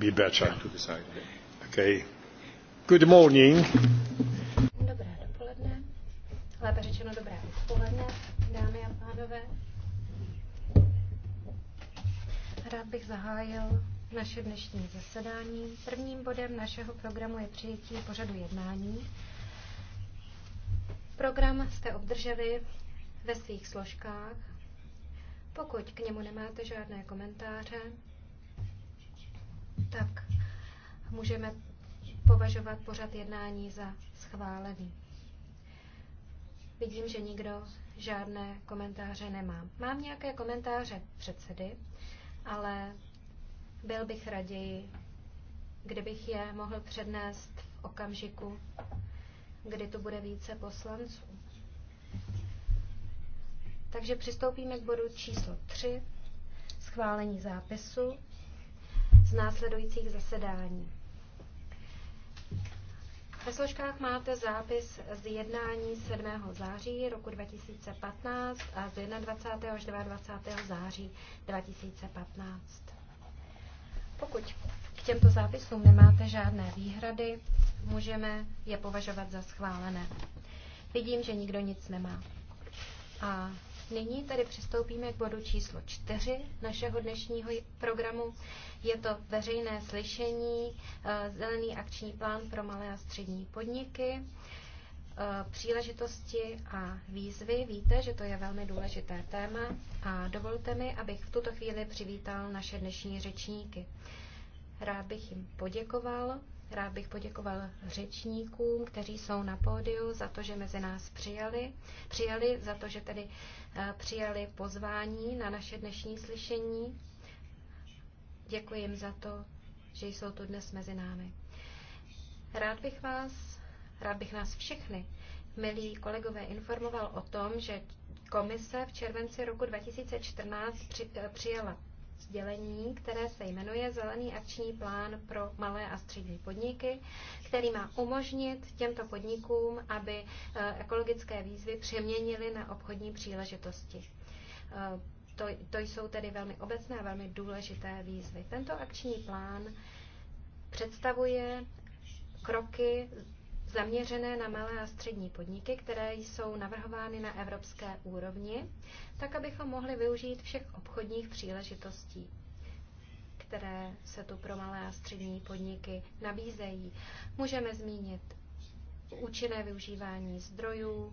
be better. Okay. Good morning. Dobré dopoledne. Lépe řečeno dobré odpoledne, dámy a pánové. Rád bych zahájil naše dnešní zasedání. Prvním bodem našeho programu je přijetí pořadu jednání. Program jste obdrželi ve svých složkách. Pokud k němu nemáte žádné komentáře, tak můžeme považovat pořad jednání za schválený. Vidím, že nikdo žádné komentáře nemá. Mám nějaké komentáře předsedy, ale byl bych raději, kdybych je mohl přednést v okamžiku, kdy tu bude více poslanců. Takže přistoupíme k bodu číslo 3, schválení zápisu z následujících zasedání. Ve složkách máte zápis z jednání 7. září roku 2015 a z 21. až 22. září 2015. Pokud k těmto zápisům nemáte žádné výhrady, můžeme je považovat za schválené. Vidím, že nikdo nic nemá. A Nyní tedy přistoupíme k bodu číslo čtyři našeho dnešního programu. Je to veřejné slyšení, eh, zelený akční plán pro malé a střední podniky, eh, příležitosti a výzvy. Víte, že to je velmi důležité téma a dovolte mi, abych v tuto chvíli přivítal naše dnešní řečníky. Rád bych jim poděkoval Rád bych poděkoval řečníkům, kteří jsou na pódiu, za to, že mezi nás přijali, přijali za to, že tedy eh, přijali pozvání na naše dnešní slyšení. Děkuji jim za to, že jsou tu dnes mezi námi. Rád bych vás, rád bych nás všechny, milí kolegové, informoval o tom, že komise v červenci roku 2014 eh, přijala sdělení, které se jmenuje Zelený akční plán pro malé a střední podniky, který má umožnit těmto podnikům, aby eh, ekologické výzvy přeměnily na obchodní příležitosti. Eh, to, to jsou tedy velmi obecné a velmi důležité výzvy. Tento akční plán představuje kroky zaměřené na malé a střední podniky, které jsou navrhovány na evropské úrovni tak abychom mohli využít všech obchodních příležitostí, které se tu pro malé a střední podniky nabízejí. Můžeme zmínit účinné využívání zdrojů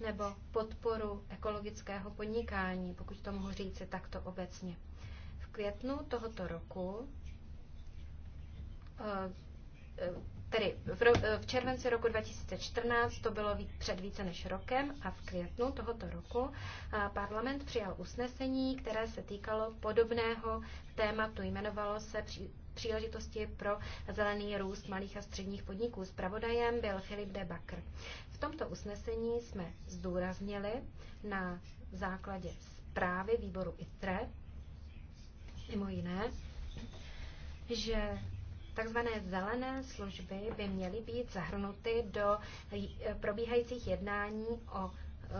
nebo podporu ekologického podnikání, pokud to mohu říct takto obecně. V květnu tohoto roku eh, eh, tedy v, ro, v červenci roku 2014, to bylo před více než rokem, a v květnu tohoto roku parlament přijal usnesení, které se týkalo podobného tématu. Jmenovalo se při, příležitosti pro zelený růst malých a středních podniků. Spravodajem byl Filip de Bakr. V tomto usnesení jsme zdůraznili na základě zprávy výboru ITRE, mimo jiné, že Takzvané zelené služby by měly být zahrnuty do eh, probíhajících jednání o eh,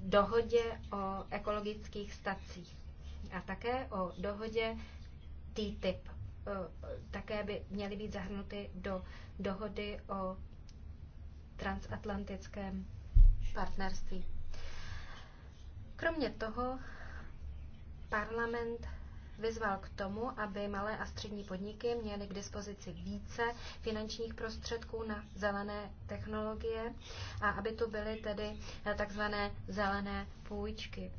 dohodě o ekologických stacích a také o dohodě TTIP. Eh, také by měly být zahrnuty do dohody o transatlantickém partnerství. Kromě toho parlament vyzval k tomu, aby malé a střední podniky měly k dispozici více finančních prostředků na zelené technologie a aby tu byly tedy eh, takzvané zelené půjčky.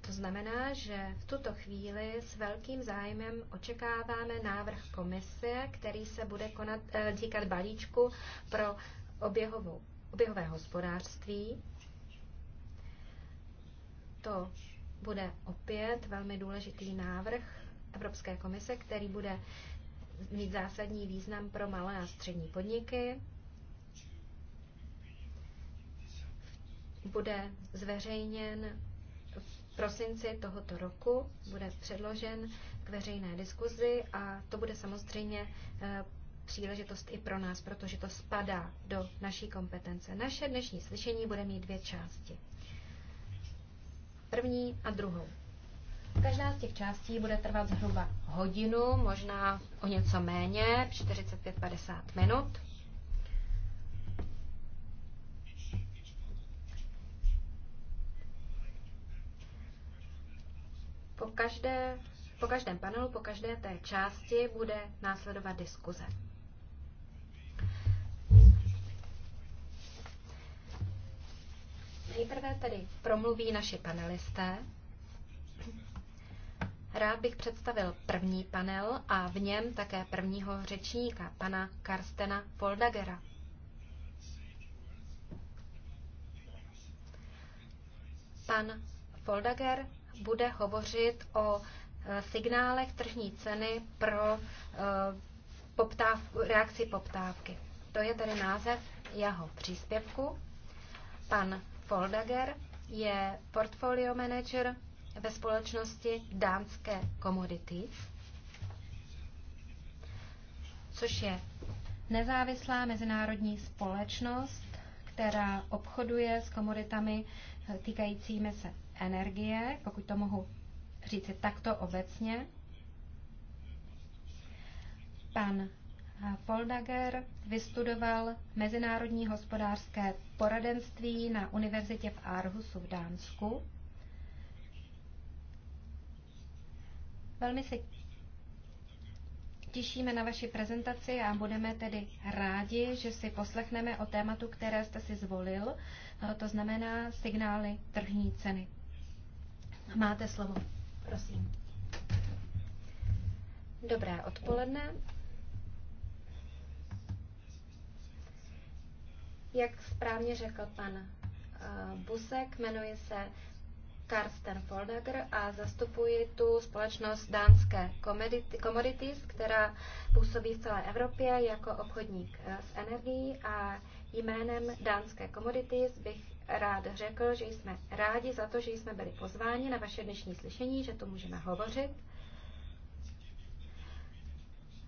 To znamená, že v tuto chvíli s velkým zájmem očekáváme návrh komise, který se bude konat, eh, týkat balíčku pro oběhovou, oběhové hospodářství. To bude opět velmi důležitý návrh Evropské komise, který bude mít zásadní význam pro malé a střední podniky. Bude zveřejněn v prosinci tohoto roku, bude předložen k veřejné diskuzi a to bude samozřejmě eh, příležitost i pro nás, protože to spadá do naší kompetence. Naše dnešní slyšení bude mít dvě části první a druhou. Každá z těch částí bude trvat zhruba hodinu, možná o něco méně, 45-50 minut. Po, každé, po každém panelu, po každé té části bude následovat diskuze. Nejprve tedy promluví naši panelisté. Rád bych představil první panel a v něm také prvního řečníka, pana Karstena Foldagera. Pan Foldager bude hovořit o e, signálech tržní ceny pro e, poptávku, reakci poptávky. To je tedy název jeho příspěvku. Pan Foldager je portfolio manager ve společnosti Dánské Commodities, což je nezávislá mezinárodní společnost, která obchoduje s komoditami eh, týkajícími se energie, pokud to mohu říci takto obecně. Pan Poldager vystudoval mezinárodní hospodářské poradenství na univerzitě v Aarhusu v Dánsku. Velmi se těšíme na vaši prezentaci a budeme tedy rádi, že si poslechneme o tématu, které jste si zvolil, to znamená signály trhní ceny. Máte slovo, prosím. Dobré odpoledne. Jak správně řekl pan eh, Busek, jmenuji se Karsten Foldager a zastupuji tu společnost Dánské Commodities, která působí v celé Evropě jako obchodník eh, s energií a jménem Dánské Commodities bych rád řekl, že jsme rádi za to, že jsme byli pozváni na vaše dnešní slyšení, že tu můžeme hovořit.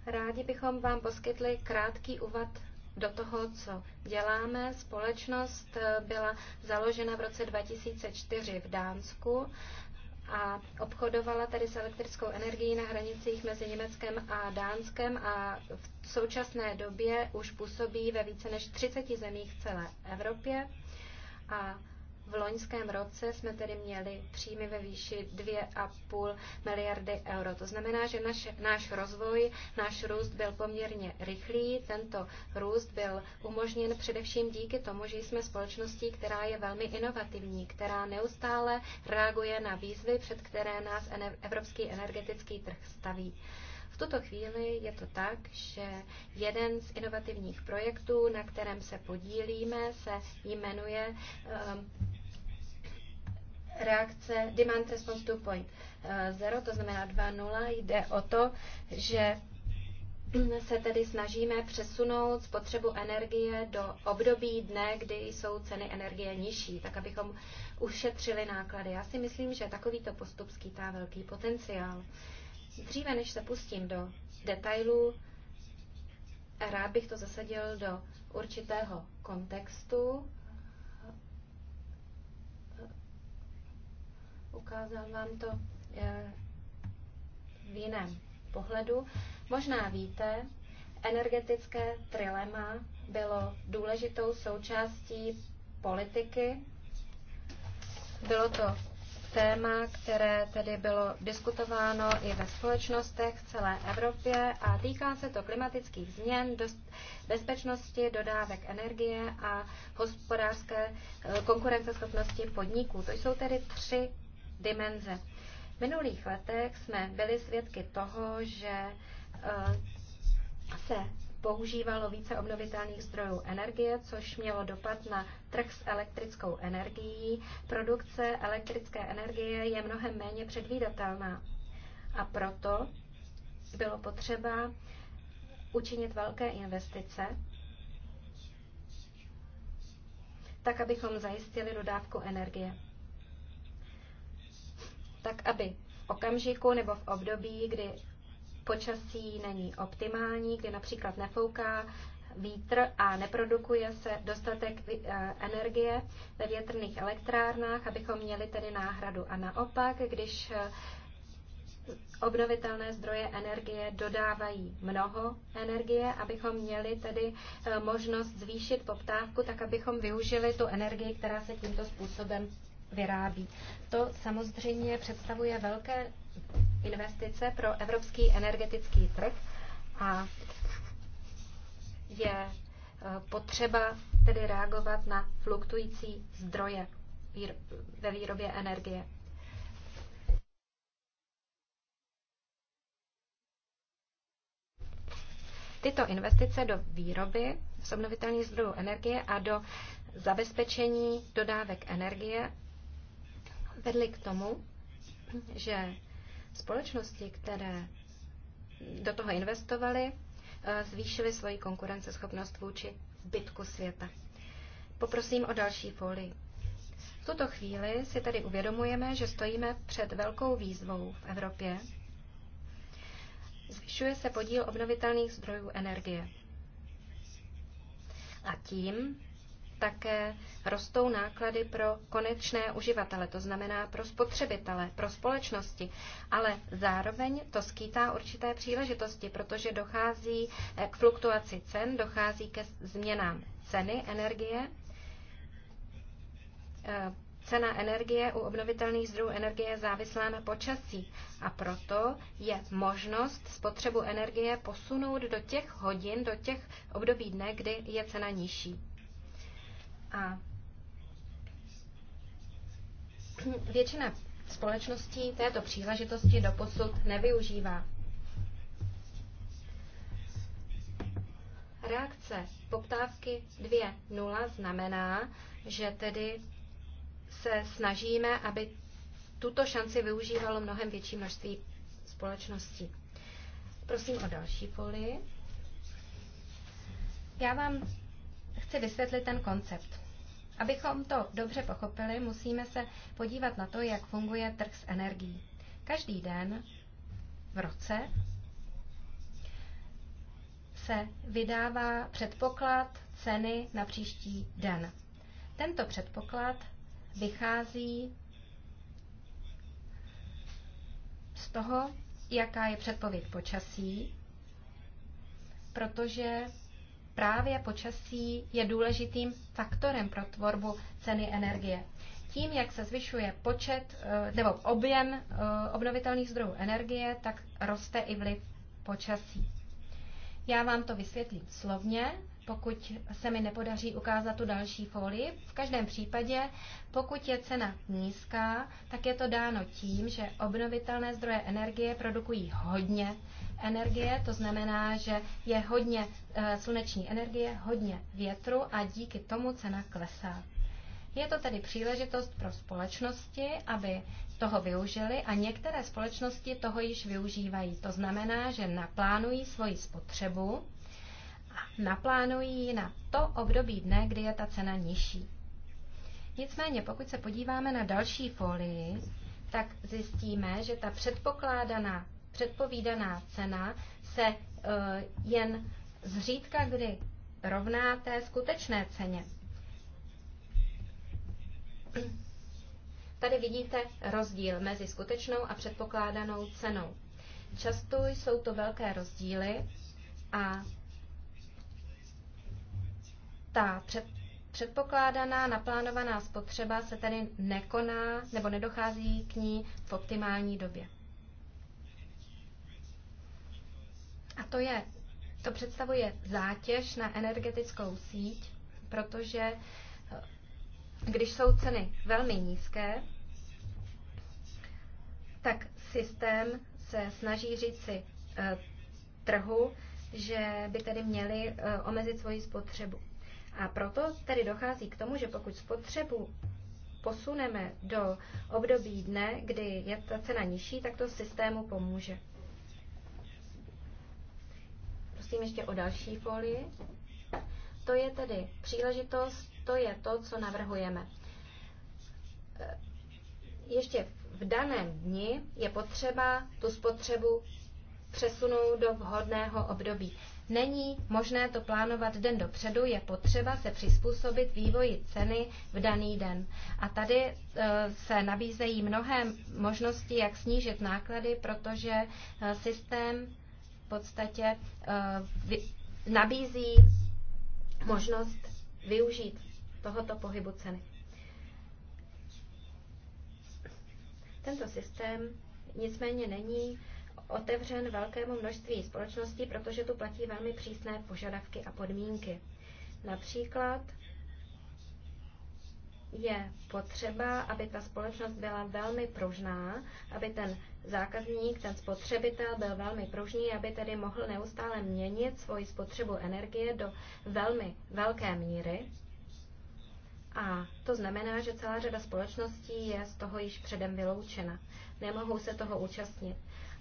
Rádi bychom vám poskytli krátký úvod do toho, co děláme. Společnost eh, byla založena v roce 2004 v Dánsku a obchodovala tady s elektrickou energií na hranicích mezi Německem a Dánskem a v současné době už působí ve více než 30 zemích v celé Evropě. A v loňském roce jsme tedy měli příjmy ve výši 2,5 miliardy euro. To znamená, že naš, náš rozvoj, náš růst byl poměrně rychlý. Tento růst byl umožněn především díky tomu, že jsme společností, která je velmi inovativní, která neustále reaguje na výzvy, před které nás evropský energetický trh staví. V tuto chvíli je to tak, že jeden z inovativních projektů, na kterém se podílíme, se jmenuje um, reakce Demand Response 2.0, to znamená 2.0, jde o to, že se tedy snažíme přesunout spotřebu energie do období dne, kdy jsou ceny energie nižší, tak abychom ušetřili náklady. Já si myslím, že takovýto postup skýtá velký potenciál. Dříve, než se pustím do detailů, rád bych to zasadil do určitého kontextu, ukázal vám to eh, v jiném pohledu. Možná víte, energetické trilema bylo důležitou součástí politiky. Bylo to téma, které tedy bylo diskutováno i ve společnostech v celé Evropě a týká se to klimatických změn, bezpečnosti, dodávek energie a hospodářské eh, konkurenceschopnosti podniků. To jsou tedy tři dimenze. V minulých letech jsme byli svědky toho, že eh, se používalo více obnovitelných zdrojů energie, což mělo dopad na trh s elektrickou energií. Produkce elektrické energie je mnohem méně předvídatelná. A proto bylo potřeba učinit velké investice, tak abychom zajistili dodávku energie tak aby v okamžiku nebo v období, kdy počasí není optimální, kdy například nefouká vítr a neprodukuje se dostatek eh, energie ve větrných elektrárnách, abychom měli tedy náhradu. A naopak, když eh, obnovitelné zdroje energie dodávají mnoho energie, abychom měli tedy eh, možnost zvýšit poptávku, tak abychom využili tu energii, která se tímto způsobem vyrábí. To samozřejmě představuje velké investice pro evropský energetický trh a je eh, potřeba tedy reagovat na fluktující zdroje ve výrobě energie. Tyto investice do výroby z obnovitelných zdrojů energie a do zabezpečení dodávek energie vedly k tomu, že společnosti, které do toho investovaly, eh, zvýšily svoji konkurenceschopnost vůči zbytku světa. Poprosím o další folii. V tuto chvíli si tedy uvědomujeme, že stojíme před velkou výzvou v Evropě. Zvyšuje se podíl obnovitelných zdrojů energie. A tím také rostou náklady pro konečné uživatele, to znamená pro spotřebitele, pro společnosti, ale zároveň to skýtá určité příležitosti, protože dochází eh, k fluktuaci cen, dochází ke změnám ceny energie. Eh, cena energie u obnovitelných zdrojů energie je závislá na počasí a proto je možnost spotřebu energie posunout do těch hodin, do těch období dne, kdy je cena nižší. A většina společností této příležitosti doposud nevyužívá. Reakce poptávky 2.0 znamená, že tedy se snažíme, aby tuto šanci využívalo mnohem větší množství společností. Prosím o další poli. Já vám chci vysvětlit ten koncept. Abychom to dobře pochopili, musíme se podívat na to, jak funguje trh s energií. Každý den v roce se vydává předpoklad ceny na příští den. Tento předpoklad vychází z toho, jaká je předpověď počasí, protože právě počasí je důležitým faktorem pro tvorbu ceny energie. Tím, jak se zvyšuje počet eh, nebo objem eh, obnovitelných zdrojů energie, tak roste i vliv počasí. Já vám to vysvětlím slovně pokud se mi nepodaří ukázat tu další folii. V každém případě, pokud je cena nízká, tak je to dáno tím, že obnovitelné zdroje energie produkují hodně energie, to znamená, že je hodně eh, sluneční energie, hodně větru a díky tomu cena klesá. Je to tedy příležitost pro společnosti, aby toho využili a některé společnosti toho již využívají. To znamená, že naplánují svoji spotřebu naplánují na to období dne, kdy je ta cena nižší. Nicméně, pokud se podíváme na další folii, tak zjistíme, že ta předpokládaná, předpovídaná cena se e, jen zřídka kdy rovná té skutečné ceně. Tady vidíte rozdíl mezi skutečnou a předpokládanou cenou. Často jsou to velké rozdíly a ta před, předpokládaná, naplánovaná spotřeba se tedy nekoná nebo nedochází k ní v optimální době. A to je, to představuje zátěž na energetickou síť, protože eh, když jsou ceny velmi nízké, tak systém se snaží říct si e, eh, trhu, že by tedy měli e, omezit svoji spotřebu. A proto tedy dochází k tomu, že pokud spotřebu posuneme do období dne, kdy je ta cena nižší, tak to systému pomůže. Prosím ještě o další folii. To je tedy příležitost, to je to, co navrhujeme. E, ještě v daném dni je potřeba tu spotřebu přesunout do vhodného období. Není možné to plánovat den dopředu, je potřeba se přizpůsobit vývoji ceny v daný den. A tady e, se nabízejí mnohé možnosti, jak snížit náklady, protože e, systém v podstatě e, nabízí možnost využít tohoto pohybu ceny. Tento systém nicméně není otevřen velkému množství společností, protože tu platí velmi přísné požadavky a podmínky. Například je potřeba, aby ta společnost byla velmi pružná, aby ten zákazník, ten spotřebitel byl velmi pružný, aby tedy mohl neustále měnit svoji spotřebu energie do velmi velké míry. A to znamená, že celá řada společností je z toho již předem vyloučena. Nemohou se toho účastnit.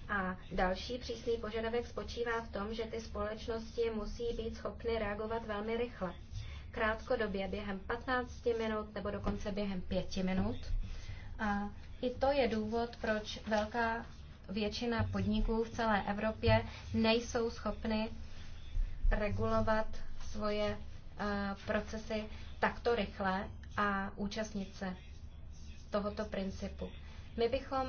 A další přísný požadavek spočívá v tom, že ty společnosti musí být schopny reagovat velmi rychle. Krátkodobě, během 15 minut nebo dokonce během 5 minut. A i to je důvod, proč velká většina podniků v celé Evropě nejsou schopny regulovat svoje eh, procesy takto rychle a účastnit se tohoto principu. My bychom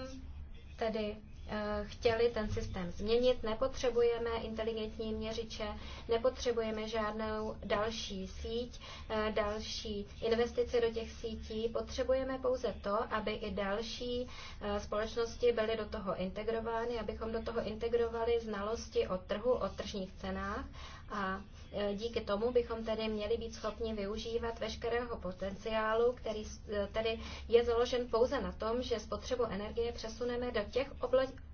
tedy Eh, chtěli ten systém změnit. Nepotřebujeme inteligentní měřiče, nepotřebujeme žádnou další síť, eh, další investice do těch sítí. Potřebujeme pouze to, aby i další eh, společnosti byly do toho integrovány, abychom do toho integrovali znalosti o trhu, o tržních cenách a e, díky tomu bychom tedy měli být schopni využívat veškerého potenciálu, který e, tedy je založen pouze na tom, že spotřebu energie přesuneme do těch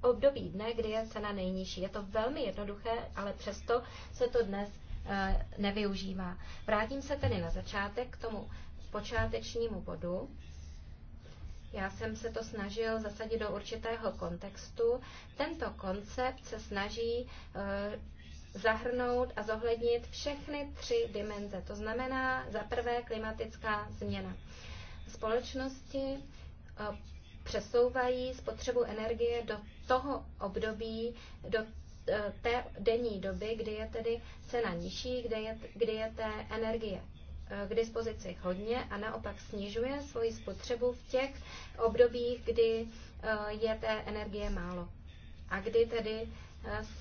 období dne, kdy je cena nejnižší. Je to velmi jednoduché, ale přesto se to dnes e, nevyužívá. Vrátím se tedy na začátek k tomu počátečnímu bodu. Já jsem se to snažil zasadit do určitého kontextu. Tento koncept se snaží zahrnout a zohlednit všechny tři dimenze. To znamená za prvé klimatická změna. Společnosti eh, přesouvají spotřebu energie do toho období, do eh, té denní doby, kdy je tedy cena nižší, kde je, kdy je té energie eh, k dispozici hodně a naopak snižuje svoji spotřebu v těch obdobích, kdy je té energie málo a kdy tedy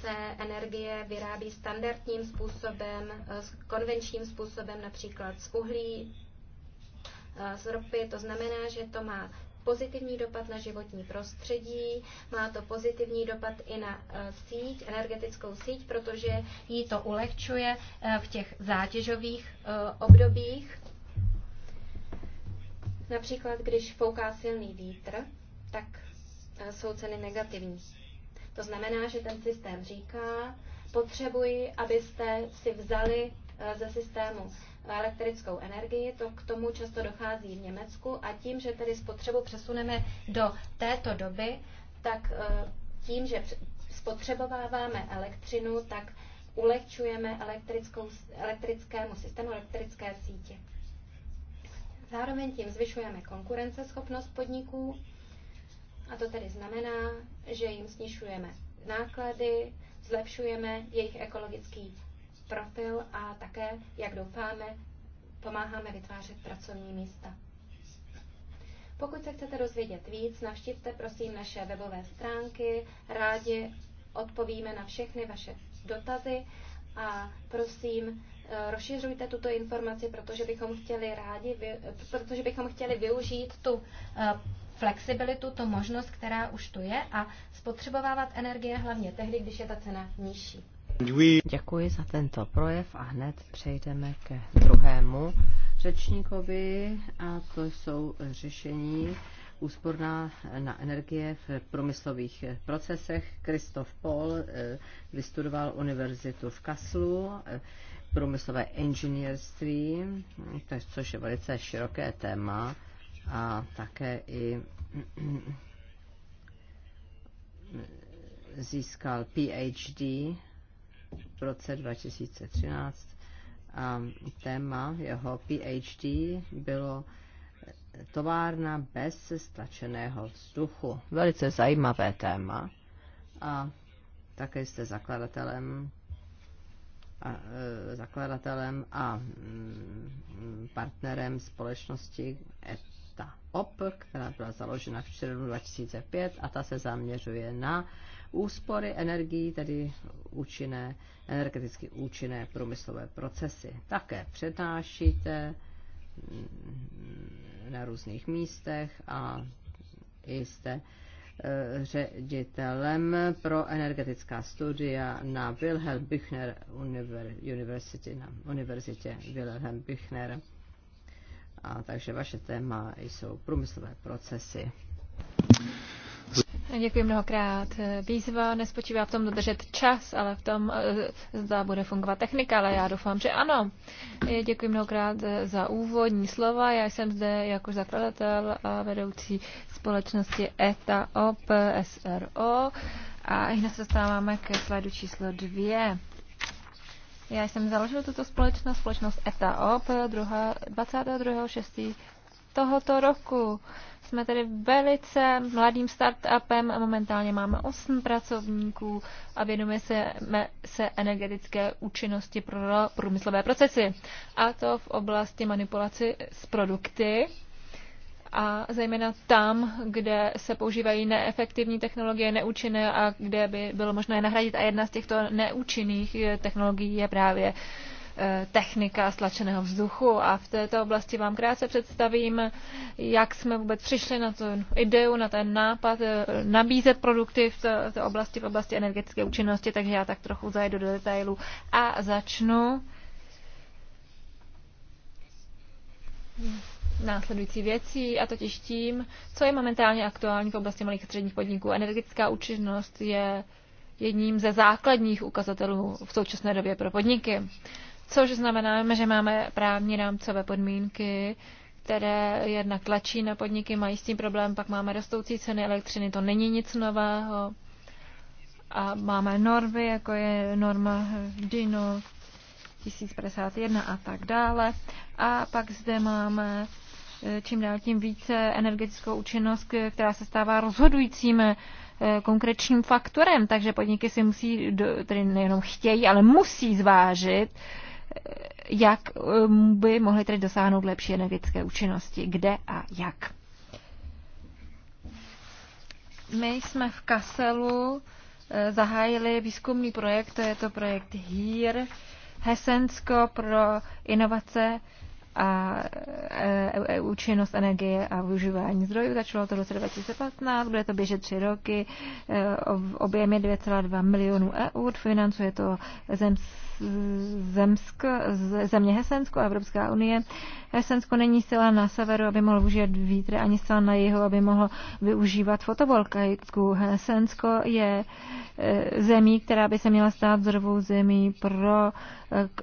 se energie vyrábí standardním způsobem, konvenčním způsobem, například z uhlí, eh, z ropy. To znamená, že to má pozitivní dopad na životní prostředí, má to pozitivní dopad i na eh, síť, energetickou síť, protože jí to ulehčuje eh, v těch zátěžových obdobích. Například, když fouká silný vítr, tak jsou ceny negativní. To znamená, že ten systém říká, potřebuji, abyste si vzali eh, ze systému eh, elektrickou energii, to k tomu často dochází v Německu a tím, že tedy spotřebu přesuneme do této doby, tak eh, tím, že spotřebováváme elektřinu, tak ulehčujeme elektrickému systému, elektrické sítě. Zároveň tím zvyšujeme konkurenceschopnost podniků a to tedy znamená, že jim snižujeme náklady, zlepšujeme jejich ekologický profil a také, jak doufáme, pomáháme vytvářet pracovní místa. Pokud se chcete dozvědět víc, navštivte prosím naše webové stránky, rádi odpovíme na všechny vaše dotazy a prosím, eh, rozšiřujte tuto informaci, protože bychom chtěli, rádi, protože bychom chtěli využít tu eh, flexibilitu, tu možnost, která už tu je a spotřebovávat energie hlavně tehdy, když je ta cena nižší. Děkuji za tento projev a hned přejdeme ke druhému řečníkovi a to jsou řešení úsporná na energie v průmyslových procesech. Kristof Pol eh, vystudoval univerzitu v Kaslu, eh, průmyslové inženýrství, což je velice široké téma a také i získal PhD v roce 2013 a téma jeho PhD bylo továrna bez stlačeného vzduchu. Velice zajímavé téma a také jste zakladatelem a, e, zakladatelem a mm, partnerem společnosti OPR, která byla založena v červnu 2005 a ta se zaměřuje na úspory energií, tedy účinné, energeticky účinné průmyslové procesy. Také přednášíte mm, na různých místech a jste eh, ředitelem pro energetická studia na Wilhelm Büchner University, na univerzitě Wilhelm Büchner a takže vaše téma jsou průmyslové procesy. Děkuji mnohokrát. Výzva nespočívá v tom dodržet čas, ale v tom, eh, zda bude fungovat technika, ale já doufám, že ano. Eh, děkuji mnohokrát eh, za úvodní slova. Já jsem zde jako zakladatel a vedoucí společnosti ETA OP SRO. A hned se dostáváme ke slajdu číslo dvě. Já jsem založil tuto společnost, společnost ETAOP 22.6. tohoto roku. Jsme tedy velice mladým startupem, momentálně máme 8 pracovníků a věnujeme se, se energetické účinnosti pro průmyslové procesy. A to v oblasti manipulaci s produkty, a zejména tam, kde se používají neefektivní technologie, neúčinné a kde by bylo možné nahradit. A jedna z těchto neúčinných eh, technologií je právě eh, technika stlačeného vzduchu a v této oblasti vám krátce představím, jak jsme vůbec přišli na tu ideu, na ten nápad eh, nabízet produkty v té oblasti, v oblasti energetické účinnosti, takže já tak trochu zajdu do detailu a začnu následující věcí, a totiž tím, co je momentálně aktuální v oblasti malých a středních podniků. Energetická účinnost je jedním ze základních ukazatelů v současné době pro podniky, což znamená, že máme právní rámcové podmínky, které jednak tlačí na podniky, mají s tím problém, pak máme rostoucí ceny elektřiny, to není nic nového. A máme normy, jako je norma DINO, 1051 a tak dále. A pak zde máme eh, čím dál tím více energetickou účinnost, která se stává rozhodujícím eh, konkrétním faktorem, takže podniky si musí, tedy nejenom chtějí, ale musí zvážit, eh, jak by mohly tedy dosáhnout lepší energetické účinnosti, kde a jak. My jsme v Kaselu zahájili výzkumný projekt, to je to projekt HERE, Hesensko pro inovace a e, e, účinnost energie a využívání zdrojů. Začalo to v roce 2015, bude to běžet tři roky, e, objem je 2,2 milionů eur, financuje to zem zemsk, země Hesensko a Evropská unie. Hesensko není sila na severu, aby mohl využívat vítr, ani sila na jihu, aby mohlo využívat fotovoltaiku. Hesensko je e, zemí, která by se měla stát zrovou zemí pro e,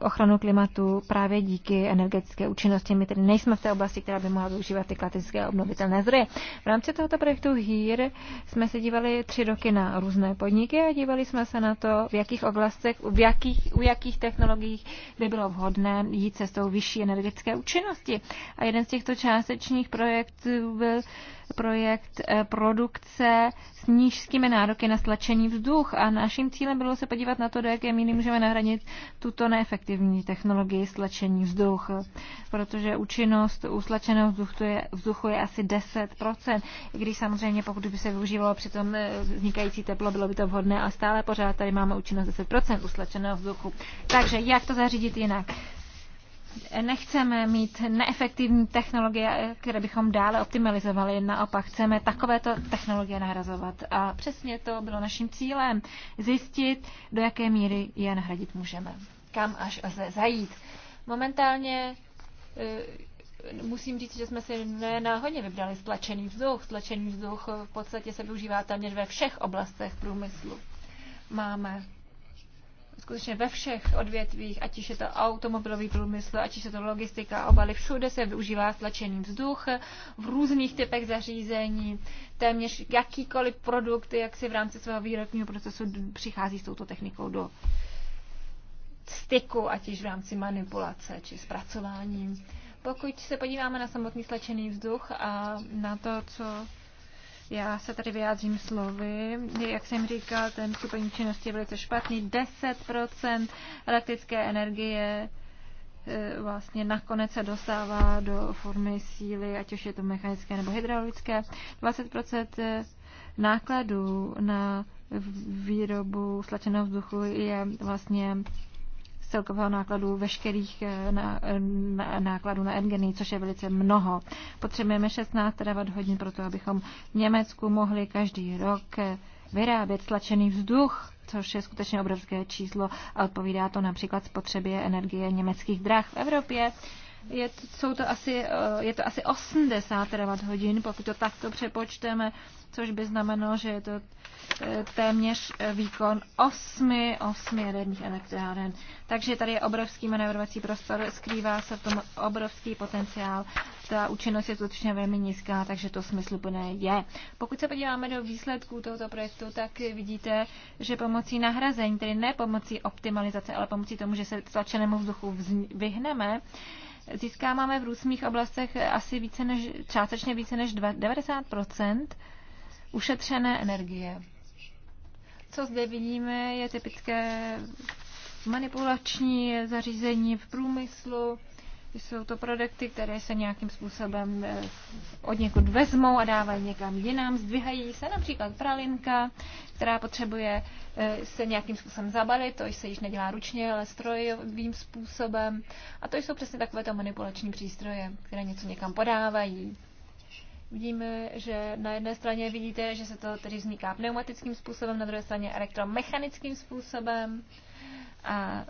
ochranu klimatu právě díky energetické účinnosti. My tedy nejsme v té oblasti, která by mohla využívat ty klasické obnovitelné zdroje. V rámci tohoto projektu HERE jsme se dívali tři roky na různé podniky a dívali jsme se na to, v jakých oblastech, v jakých, u jakých nízkých technologiích by bylo vhodné jít cestou vyšší energetické účinnosti. A jeden z těchto částečných projektů byl projekt eh, produkce s nížskými nároky na stlačení vzduch a naším cílem bylo se podívat na to, do jaké míry můžeme nahradit tuto neefektivní technologii stlačení vzduch, protože účinnost stlačeného vzduchu je, vzduchu je asi 10%, i když samozřejmě pokud by se využívalo při tom eh, vznikající teplo, bylo by to vhodné, a stále pořád tady máme účinnost 10% stlačeného vzduchu. Takže jak to zařídit jinak? nechceme mít neefektivní technologie, které bychom dále optimalizovali. Naopak chceme takovéto technologie nahrazovat. A přesně to bylo naším cílem. Zjistit, do jaké míry je nahradit můžeme. Kam až lze zajít. Momentálně eh, musím říct, že jsme si nenáhodně vybrali stlačený vzduch. Stlačený vzduch v podstatě se využívá téměř ve všech oblastech průmyslu. Máme skutečně ve všech odvětvích, ať už je to automobilový průmysl, ať už je to logistika, obaly, všude se využívá stlačený vzduch v různých typech zařízení, téměř jakýkoliv produkt, jak si v rámci svého výrobního procesu přichází s touto technikou do styku, ať již v rámci manipulace či zpracování. Pokud se podíváme na samotný stlačený vzduch a na to, co já se tady vyjádřím slovy. Jak jsem říkal, ten stupeň činnosti je velice špatný. 10% elektrické energie e, vlastně nakonec se dostává do formy síly, ať už je to mechanické nebo hydraulické. 20% e, nákladů na výrobu slačeného vzduchu je vlastně celkového nákladu veškerých eh, na, na, nákladů na Engeny, což je velice mnoho. Potřebujeme 16 terawatt hodin pro to, abychom v Německu mohli každý rok eh, vyrábět stlačený vzduch, což je skutečně obrovské číslo a odpovídá to například spotřebě energie německých drah v Evropě. Je, to, jsou to asi, eh, je to asi 80 terawatt hodin, pokud to takto přepočteme což by znamenalo, že je to eh, téměř eh, výkon osmi, osmi jaderných elektráren. Takže tady je obrovský manévrovací prostor, skrývá se v tom obrovský potenciál. Ta účinnost je skutečně velmi nízká, takže to smysluplné je. Pokud se podíváme do výsledků tohoto projektu, tak vidíte, že pomocí nahrazení, tedy ne pomocí optimalizace, ale pomocí tomu, že se tlačenému vzduchu vyhneme, získáváme v různých oblastech asi více než, částečně více než 90 ušetřené energie. Co zde vidíme, je typické manipulační zařízení v průmyslu. Jsou to produkty, které se nějakým způsobem eh, od někud vezmou a dávají někam jinam. zdvíhají se například pralinka, která potřebuje eh, se nějakým způsobem zabalit. To se již nedělá ručně, ale strojovým způsobem. A to jsou přesně takovéto manipulační přístroje, které něco někam podávají. Vidíme, že na jedné straně vidíte, že se to tedy vzniká pneumatickým způsobem, na druhé straně elektromechanickým způsobem. A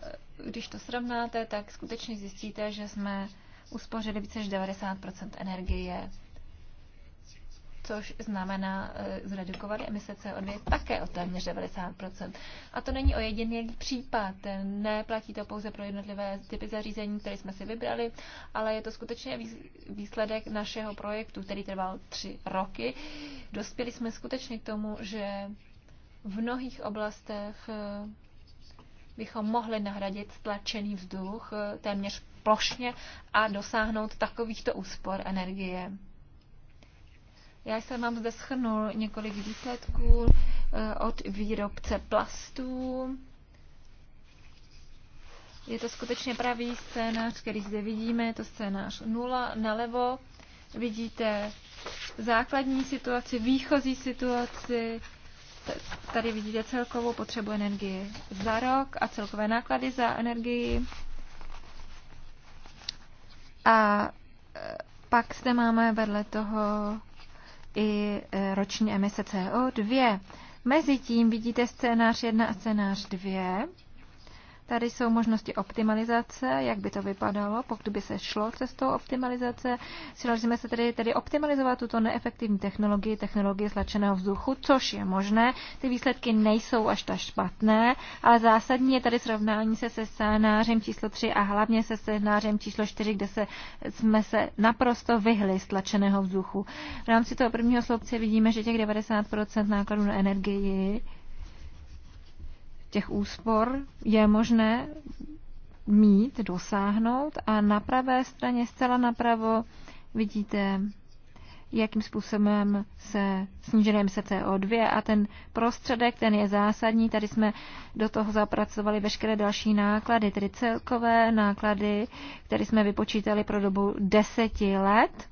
když to srovnáte, tak skutečně zjistíte, že jsme uspořili více než 90 energie což znamená eh, zredukovat emise CO2 také o téměř 90 A to není o jediný případ. Neplatí to pouze pro jednotlivé typy zařízení, které jsme si vybrali, ale je to skutečně výsledek našeho projektu, který trval tři roky. Dospěli jsme skutečně k tomu, že v mnohých oblastech eh, bychom mohli nahradit stlačený vzduch eh, téměř plošně a dosáhnout takovýchto úspor energie. Já jsem vám zde schrnul několik výsledků eh, od výrobce plastů. Je to skutečně pravý scénář, který zde vidíme, je to scénář 0 nalevo. Vidíte základní situaci, výchozí situaci, tady vidíte celkovou potřebu energie za rok a celkové náklady za energii. A eh, pak zde máme vedle toho i e, roční emise CO2. Mezitím vidíte scénář 1 a scénář 2 Tady jsou možnosti optimalizace, jak by to vypadalo, pokud by se šlo cestou optimalizace. Snažíme se tedy, tedy optimalizovat tuto neefektivní technologii, technologii slačeného vzduchu, což je možné. Ty výsledky nejsou až tak špatné, ale zásadní je tady srovnání se se scénářem číslo 3 a hlavně se scénářem číslo 4, kde se, jsme se naprosto vyhli stlačeného vzduchu. V rámci toho prvního sloupce vidíme, že těch 90% nákladů na energii těch úspor je možné mít, dosáhnout a na pravé straně zcela napravo vidíte, jakým způsobem se snížené se CO2 a ten prostředek, ten je zásadní. Tady jsme do toho zapracovali veškeré další náklady, tedy celkové náklady, které jsme vypočítali pro dobu deseti let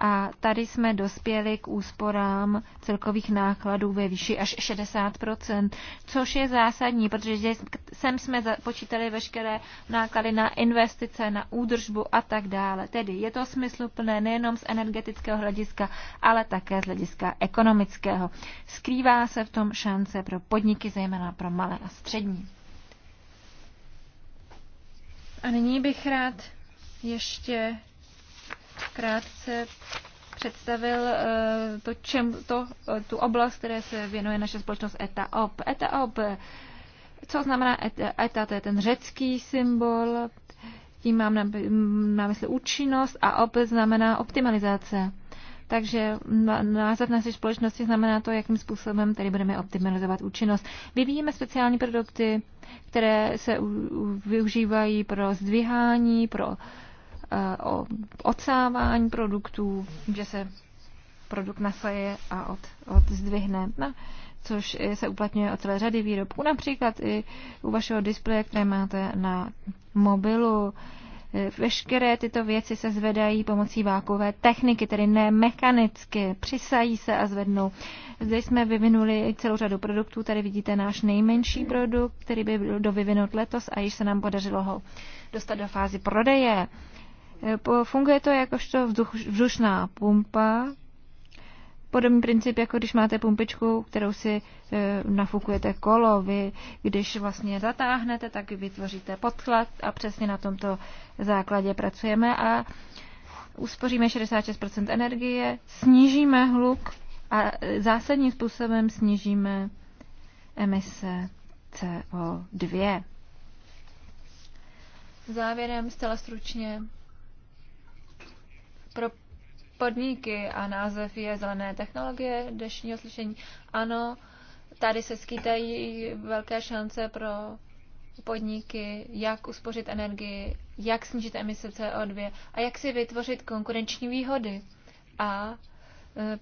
a tady jsme dospěli k úsporám celkových nákladů ve výši až 60%, což je zásadní, protože sem jsme počítali veškeré náklady na investice, na údržbu a tak dále. Tedy je to smysluplné nejenom z energetického hlediska, ale také z hlediska ekonomického. Skrývá se v tom šance pro podniky, zejména pro malé a střední. A nyní bych rád ještě krátce představil eh, to, čem, to, eh, tu oblast, které se věnuje naše společnost ETAOP. ETAOP, co znamená ETA? ETA to je ten řecký symbol, tím mám na, na mysli účinnost a OP znamená optimalizace. Takže název naší společnosti znamená to, jakým způsobem tady budeme optimalizovat účinnost. Vyvíjíme speciální produkty, které se u, u, využívají pro zdvihání, pro uh, Eh, o odsávání produktů, že se produkt nasaje a od, odzdvihne, no, což se uplatňuje od celé řady výrobků, například i u vašeho displeje, které máte na mobilu. Eh, veškeré tyto věci se zvedají pomocí vákové techniky, tedy ne mechanicky, přisají se a zvednou. Zde jsme vyvinuli celou řadu produktů, tady vidíte náš nejmenší produkt, který by byl dovyvinut letos a již se nám podařilo ho dostat do fázy prodeje. Eh, funguje to jakožto vzdušná pumpa, podobný princip, jako když máte pumpičku, kterou si e, nafukujete kolo. Vy, když vlastně zatáhnete, tak vytvoříte podklad a přesně na tomto základě pracujeme a uspoříme 66% energie, snížíme hluk a eh, zásadním způsobem snížíme emise CO2. Závěrem zcela stručně pro podniky a název je zelené technologie dnešního slyšení. Ano, tady se skýtají velké šance pro podniky, jak uspořit energii, jak snížit emise CO2 a jak si vytvořit konkurenční výhody. A e,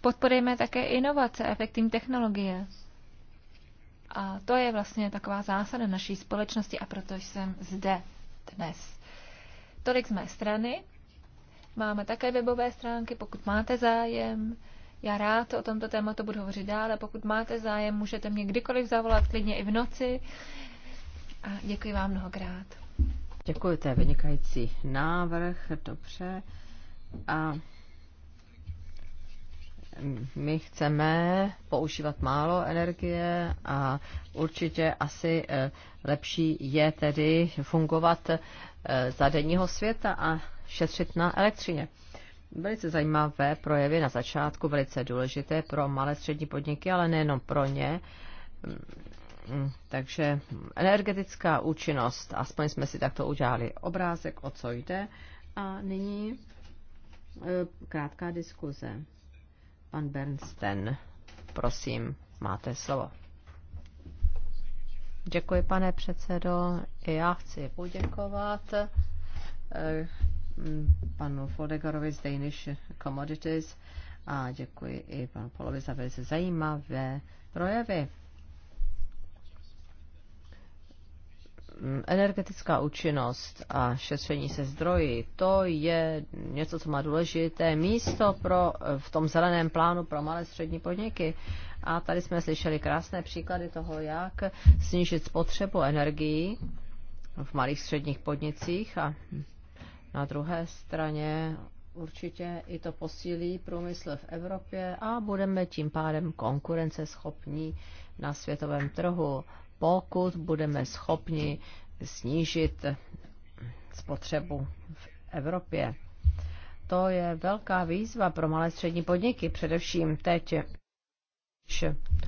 podporujeme také inovace, efektivní technologie. A to je vlastně taková zásada naší společnosti a proto jsem zde dnes. Tolik z mé strany. Máme také webové stránky, pokud máte zájem. Já rád o tomto tématu budu hovořit dále. Pokud máte zájem, můžete mě kdykoliv zavolat, klidně i v noci. A děkuji vám mnohokrát. Děkuji, to je vynikající návrh, dobře. A my chceme používat málo energie a určitě asi eh, lepší je tedy fungovat Eh, za denního světa a šetřit na elektřině. Velice zajímavé projevy na začátku, velice důležité pro malé střední podniky, ale nejenom pro ně. Mm, takže energetická účinnost, aspoň jsme si takto udělali obrázek, o co jde. A nyní eh, krátká diskuze. Pan Bernstein, prosím, máte slovo. Děkuji, pane předsedo. Já chci poděkovat eh, panu Fodegarovi z Danish Commodities a děkuji i panu Polovi za velice zajímavé projevy. energetická účinnost a šetření se zdroji, to je něco, co má důležité místo pro, v tom zeleném plánu pro malé střední podniky. A tady jsme slyšeli krásné příklady toho, jak snížit spotřebu energií v malých středních podnicích a na druhé straně určitě i to posílí průmysl v Evropě a budeme tím pádem konkurenceschopní na světovém trhu, pokud budeme schopni snížit spotřebu v Evropě. To je velká výzva pro malé střední podniky, především teď, když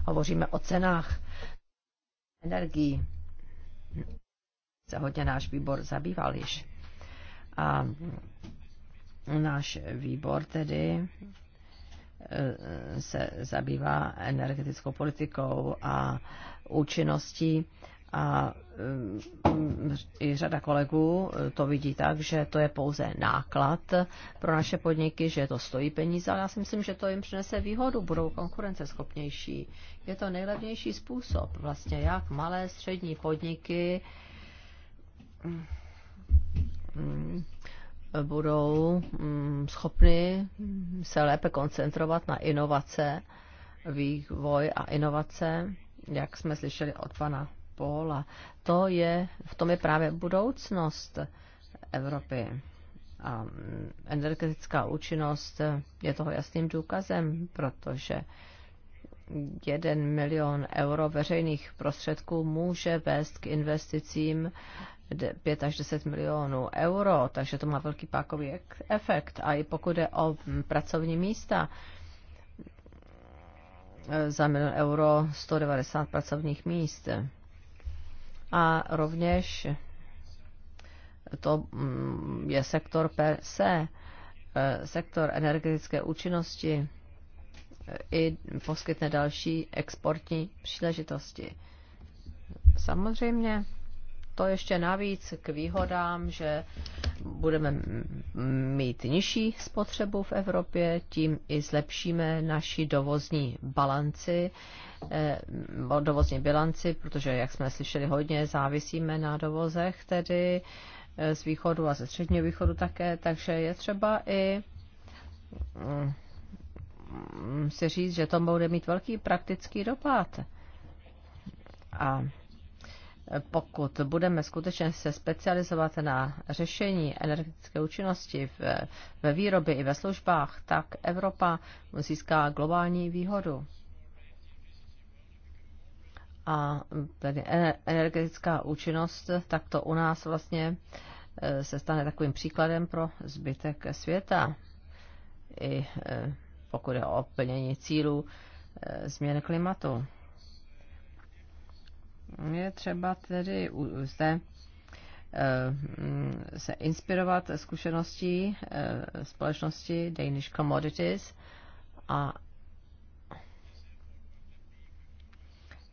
hovoříme o cenách energií, se hodně náš výbor zabýval již. A náš výbor tedy eh, se zabývá energetickou politikou a účinností a mm, i řada kolegů to vidí tak, že to je pouze náklad pro naše podniky, že to stojí peníze, ale já si myslím, že to jim přinese výhodu, budou konkurenceschopnější. Je to nejlevnější způsob, vlastně jak malé, střední podniky mm, budou mm, schopny se lépe koncentrovat na inovace, vývoj a inovace, jak jsme slyšeli od pana a To je, v tom je právě budoucnost Evropy. A energetická účinnost je toho jasným důkazem, protože jeden milion euro veřejných prostředků může vést k investicím 5 až 10 milionů euro, takže to má velký pákový efekt. A i pokud je o pracovní místa, za milion euro 190 pracovních míst a rovněž to mm, je sektor per se, e, sektor energetické účinnosti e, i poskytne další exportní příležitosti. Samozřejmě to ještě navíc k výhodám, že budeme mít nižší spotřebu v Evropě, tím i zlepšíme naši dovozní balanci, eh, dovozní bilanci, protože, jak jsme slyšeli hodně, závisíme na dovozech tedy eh, z východu a ze středního východu také, takže je třeba i mm, si říct, že to bude mít velký praktický dopad. A pokud budeme skutečně se specializovat na řešení energetické účinnosti v, ve výrobě i ve službách, tak Evropa získá globální výhodu. A tedy e, energetická účinnost, tak to u nás vlastně e, se stane takovým příkladem pro zbytek světa. I e, pokud je o plnění cílů změny klimatu je třeba tedy zde eh, mm, se inspirovat zkušeností eh, společnosti Danish Commodities a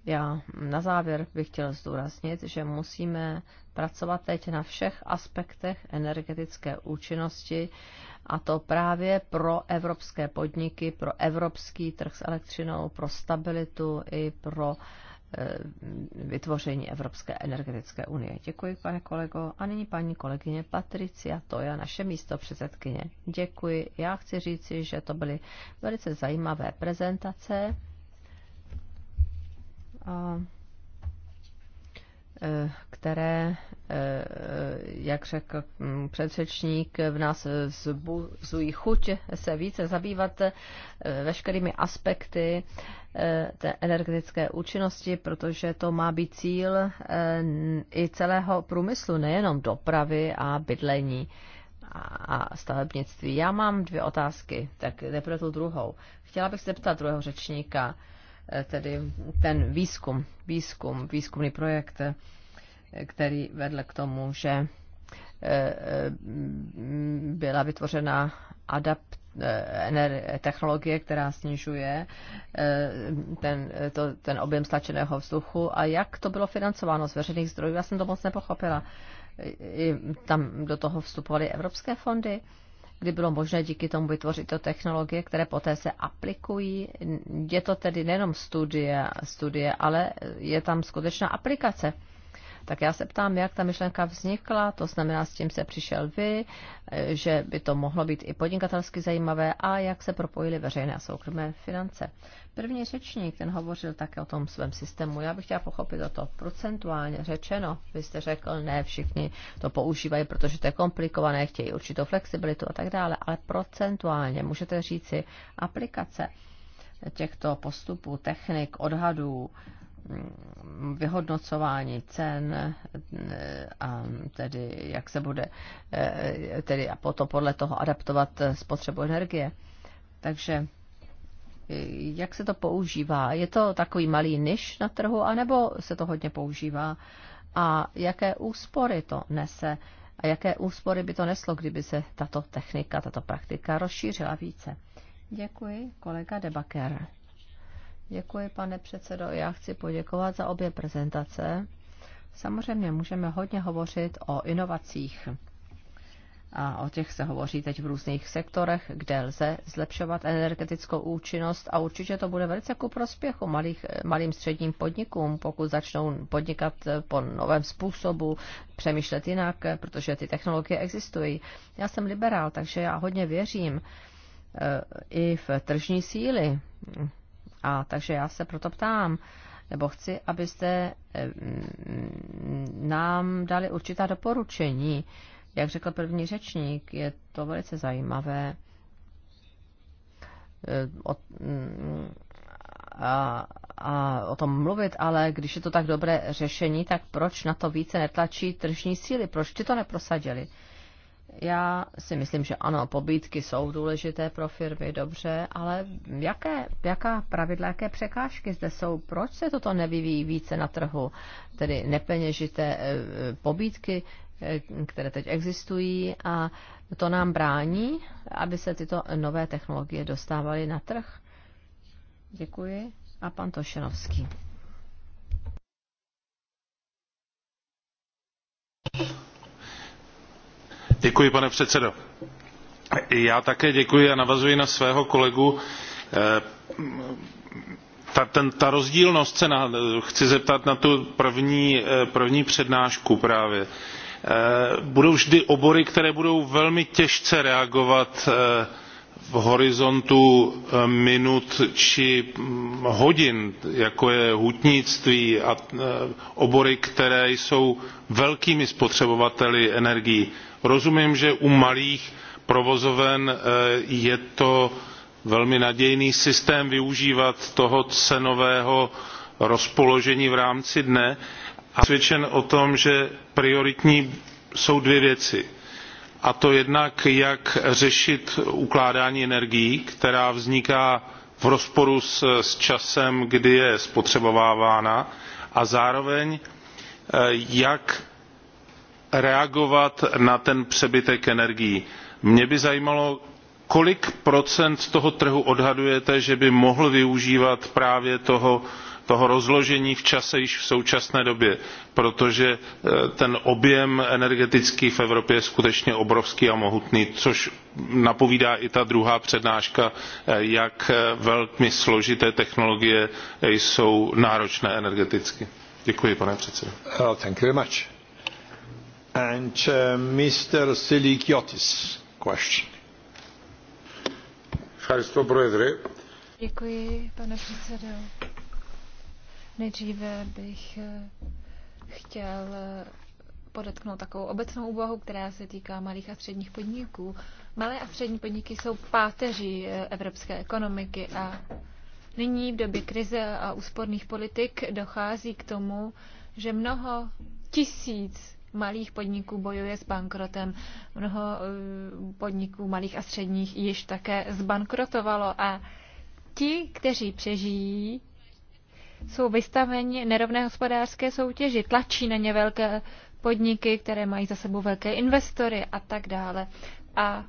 já na závěr bych chtěl zdůraznit, že musíme pracovat teď na všech aspektech energetické účinnosti a to právě pro evropské podniky, pro evropský trh s elektřinou, pro stabilitu i pro uh, Eh, vytvoření Evropské energetické unie. Děkuji, pane kolego. A nyní paní kolegyně Patricia Toja, naše místo předsedkyně. Děkuji. Já chci říci, že to byly velice zajímavé prezentace. A které, eh, jak řekl mm, předřečník, v nás vzbuzují chuť se více zabývat eh, veškerými aspekty eh, té energetické účinnosti, protože to má být cíl i celého průmyslu, nejenom dopravy a bydlení a stavebnictví. Já mám dvě otázky, tak nejprve tu druhou. Chtěla bych se zeptat druhého řečníka, Eh, tedy ten výzkum, výzkum, výzkumný projekt, eh, který vedl k tomu, že eh, byla vytvořena adapt, technologie, která snižuje ten, to, ten objem stlačeného vzduchu a jak to bylo financováno z veřejných zdrojů, já jsem to moc nepochopila. I tam do toho vstupovaly evropské fondy kdy bylo možné díky tomu vytvořit to technologie, které poté se aplikují. Je to tedy nejenom studie, studie ale je tam skutečná aplikace. Tak já se ptám, jak ta myšlenka vznikla, to znamená, s tím se přišel vy, eh, že by to mohlo být i podnikatelsky zajímavé a jak se propojily veřejné a soukromé finance. První řečník, ten hovořil také o tom svém systému. Já bych chtěla pochopit o to procentuálně řečeno. Vy jste řekl, ne všichni to používají, protože to je komplikované, chtějí určitou flexibilitu a tak dále, ale procentuálně můžete říci aplikace těchto postupů, technik, odhadů, vyhodnocování cen eh, a tedy jak se bude eh, tedy a potom podle toho adaptovat spotřebu energie. Takže eh, jak se to používá? Je to takový malý niš na trhu, anebo se to hodně používá? A jaké úspory to nese? A jaké úspory by to neslo, kdyby se tato technika, tato praktika rozšířila více? Děkuji, kolega Debaker. Děkuji, pane předsedo. Já chci poděkovat za obě prezentace. Samozřejmě můžeme hodně hovořit o inovacích. A o těch se hovoří teď v různých sektorech, kde lze zlepšovat energetickou účinnost a určitě to bude velice ku prospěchu malých, malým středním podnikům, pokud začnou podnikat po novém způsobu, přemýšlet jinak, protože ty technologie existují. Já jsem liberál, takže já hodně věřím eh, i v tržní síly a takže já se proto ptám, nebo chci, abyste eh, mm, nám dali určitá doporučení. Jak řekl první řečník, je to velice zajímavé. Eh, Od, mm, a, a o tom mluvit, ale když je to tak dobré řešení, tak proč na to více netlačí tržní síly? Proč ti to neprosadili? Já si myslím, že ano, pobídky jsou důležité pro firmy, dobře, ale jaké, jaká pravidla, jaké překážky zde jsou? Proč se toto nevyvíjí více na trhu? Tedy nepeněžité eh, pobídky, eh, které teď existují a to nám brání, aby se tyto nové technologie dostávaly na trh? Děkuji. A pan Tošenovský. Děkuji, pane předsedo. Já také děkuji a navazuji na svého kolegu. Eh, ta, rozdílnost se chci zeptat na tu první, eh, první přednášku právě. Eh, budou vždy obory, které budou velmi těžce reagovat v horizontu eh, minut či mm, hodin jako je hutnictví a eh, obory které jsou velkými spotřebovateli energií. rozumím že u malých provozoven eh, je to velmi nadějný systém využívat toho cenového rozpoložení v rámci dne a jsem přesvědčen o tom že prioritní jsou dvě věci a to jednak jak řešit ukládání energií která vzniká v rozporu s, s časem kdy je spotřebovávána a zároveň eh, jak reagovat na ten přebytek energií. mě by zajímalo kolik procent toho trhu odhadujete že by mohl využívat právě toho toho rozložení v čase již v současné době protože eh, ten objem energetický v evropě je skutečně obrovský a mohutný což napovídá i ta druhá přednáška eh, jak eh, velmi složité technologie jsou náročné energeticky. Děkuji, pane předsedo. Oh, thank you very much. And uh, Mr. Silikiotis, question. Děkuji, pane předsedo. Nejdříve bych eh, chtěl eh, podotknout takovou obecnou úvahu, která se týká malých a středních podniků. Malé a střední podniky jsou páteří eh, evropské ekonomiky a nyní v době krize a úsporných politik dochází k tomu, že mnoho tisíc malých podniků bojuje s bankrotem. Mnoho podniků malých a středních již také zbankrotovalo a ti, kteří přežijí, jsou vystaveni nerovné hospodářské soutěži, tlačí na ně velké podniky, které mají za sebou velké investory a tak dále. A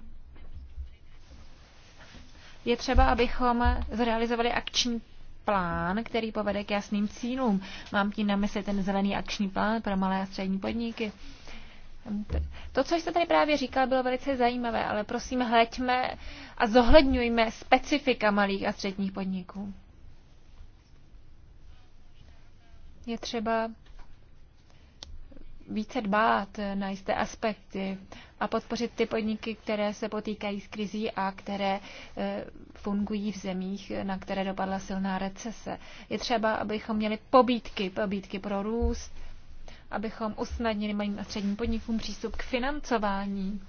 je třeba, abychom zrealizovali akční plán, který povede k jasným cílům. Mám tím na mysli ten zelený akční plán pro malé a střední podniky. To, co jste tady právě říkal, bylo velice zajímavé, ale prosím, hleďme a zohledňujme specifika malých a středních podniků. je třeba více dbát na jisté aspekty a podpořit ty podniky, které se potýkají s krizí a které eh, fungují v zemích, na které dopadla silná recese. Je třeba, abychom měli pobídky, pobídky pro růst, abychom usnadnili malým a středním podnikům přístup k financování,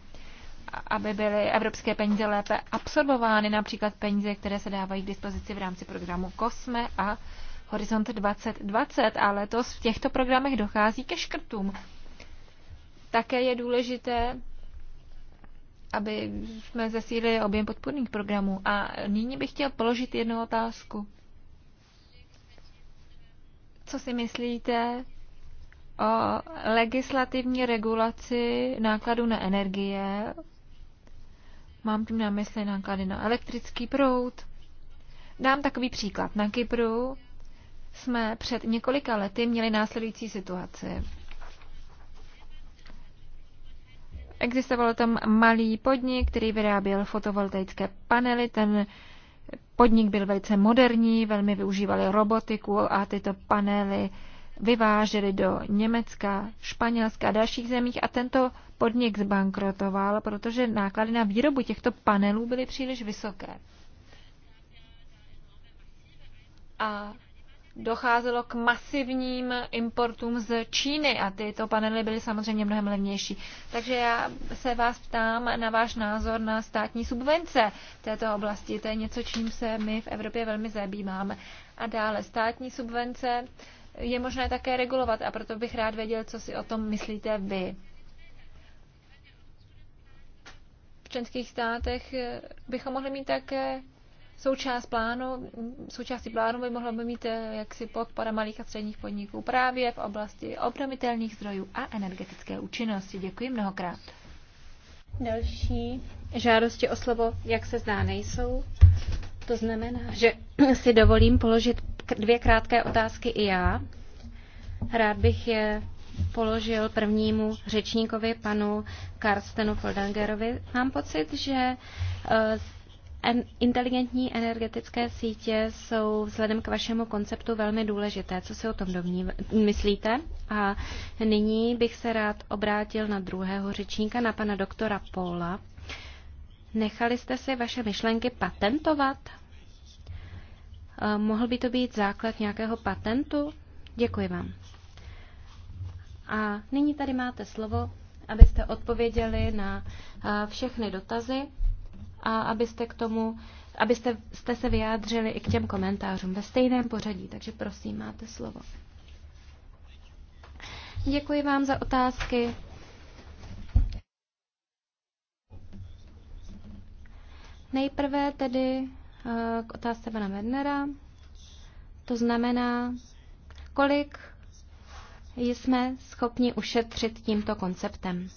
aby byly evropské peníze lépe absorbovány, například peníze, které se dávají k dispozici v rámci programu COSME a Horizont 2020 a letos v těchto programech dochází ke škrtům. Také je důležité, aby jsme zesílili objem podpůrných programů. A nyní bych chtěl položit jednu otázku. Co si myslíte o legislativní regulaci nákladů na energie? Mám tím na mysli náklady na elektrický proud. Dám takový příklad. Na Kypru jsme před několika lety měli následující situaci. Existoval tam malý podnik, který vyráběl fotovoltaické panely. Ten podnik byl velice moderní, velmi využívali robotiku a tyto panely vyváželi do Německa, Španělska a dalších zemích a tento podnik zbankrotoval, protože náklady na výrobu těchto panelů byly příliš vysoké. A docházelo k masivním importům z Číny a tyto panely byly samozřejmě mnohem levnější. Takže já se vás ptám na váš názor na státní subvence v této oblasti. To je něco, čím se my v Evropě velmi zabýváme. A dále státní subvence je možné také regulovat a proto bych rád věděl, co si o tom myslíte vy. V členských státech bychom mohli mít také Součást plánu, součástí plánu by mohla by mít eh, jaksi podpora malých a středních podniků právě v oblasti obnovitelných zdrojů a energetické účinnosti. Děkuji mnohokrát. Další žádosti o slovo, jak se zdá, nejsou. To znamená, že si dovolím položit dvě krátké otázky i já. Rád bych je položil prvnímu řečníkovi, panu Karstenu Foldangerovi. Mám pocit, že eh, inteligentní energetické sítě jsou vzhledem k vašemu konceptu velmi důležité. Co si o tom domní, myslíte? A nyní bych se rád obrátil na druhého řečníka, na pana doktora Paula. Nechali jste si vaše myšlenky patentovat? Eh, mohl by to být základ nějakého patentu? Děkuji vám. A nyní tady máte slovo, abyste odpověděli na eh, všechny dotazy a abyste k tomu, abyste jste se vyjádřili i k těm komentářům ve stejném pořadí, takže prosím, máte slovo. Děkuji vám za otázky. Nejprve tedy eh, k otázce pana Wernera. To znamená, kolik jsme schopni ušetřit tímto konceptem.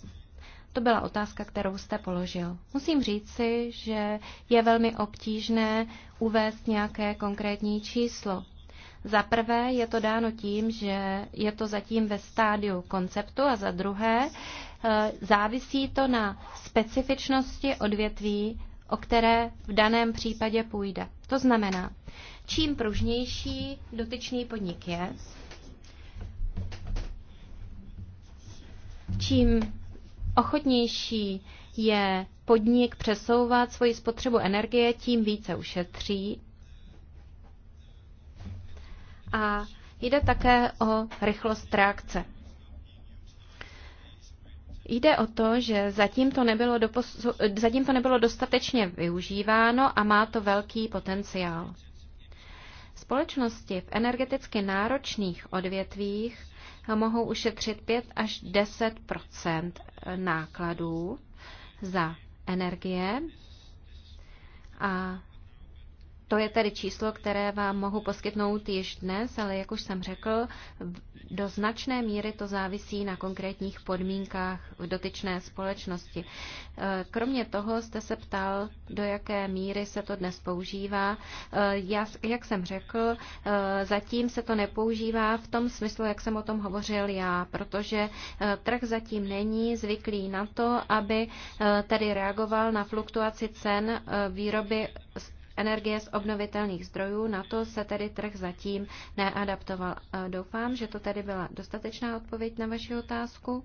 To byla otázka, kterou jste položil. Musím říct si, že je velmi obtížné uvést nějaké konkrétní číslo. Za prvé je to dáno tím, že je to zatím ve stádiu konceptu a za druhé e, závisí to na specifičnosti odvětví, o které v daném případě půjde. To znamená, čím pružnější dotyčný podnik je, čím ochotnější je podnik přesouvat svoji spotřebu energie, tím více ušetří. A jde také o rychlost reakce. Jde o to, že zatím to, nebylo doposu, zatím to nebylo dostatečně využíváno a má to velký potenciál. Společnosti v energeticky náročných odvětvích mohou ušetřit 5 až 10 nákladů za energie a to je tedy číslo, které vám mohu poskytnout již dnes, ale jak už jsem řekl, do značné míry to závisí na konkrétních podmínkách v dotyčné společnosti. E, kromě toho jste se ptal, do jaké míry se to dnes používá. E, já, jak jsem řekl, e, zatím se to nepoužívá v tom smyslu, jak jsem o tom hovořil já, protože trh zatím není zvyklý na to, aby tedy reagoval na fluktuaci cen výroby energie z obnovitelných zdrojů. Na to se tedy trh zatím neadaptoval. Doufám, že to tedy byla dostatečná odpověď na vaši otázku.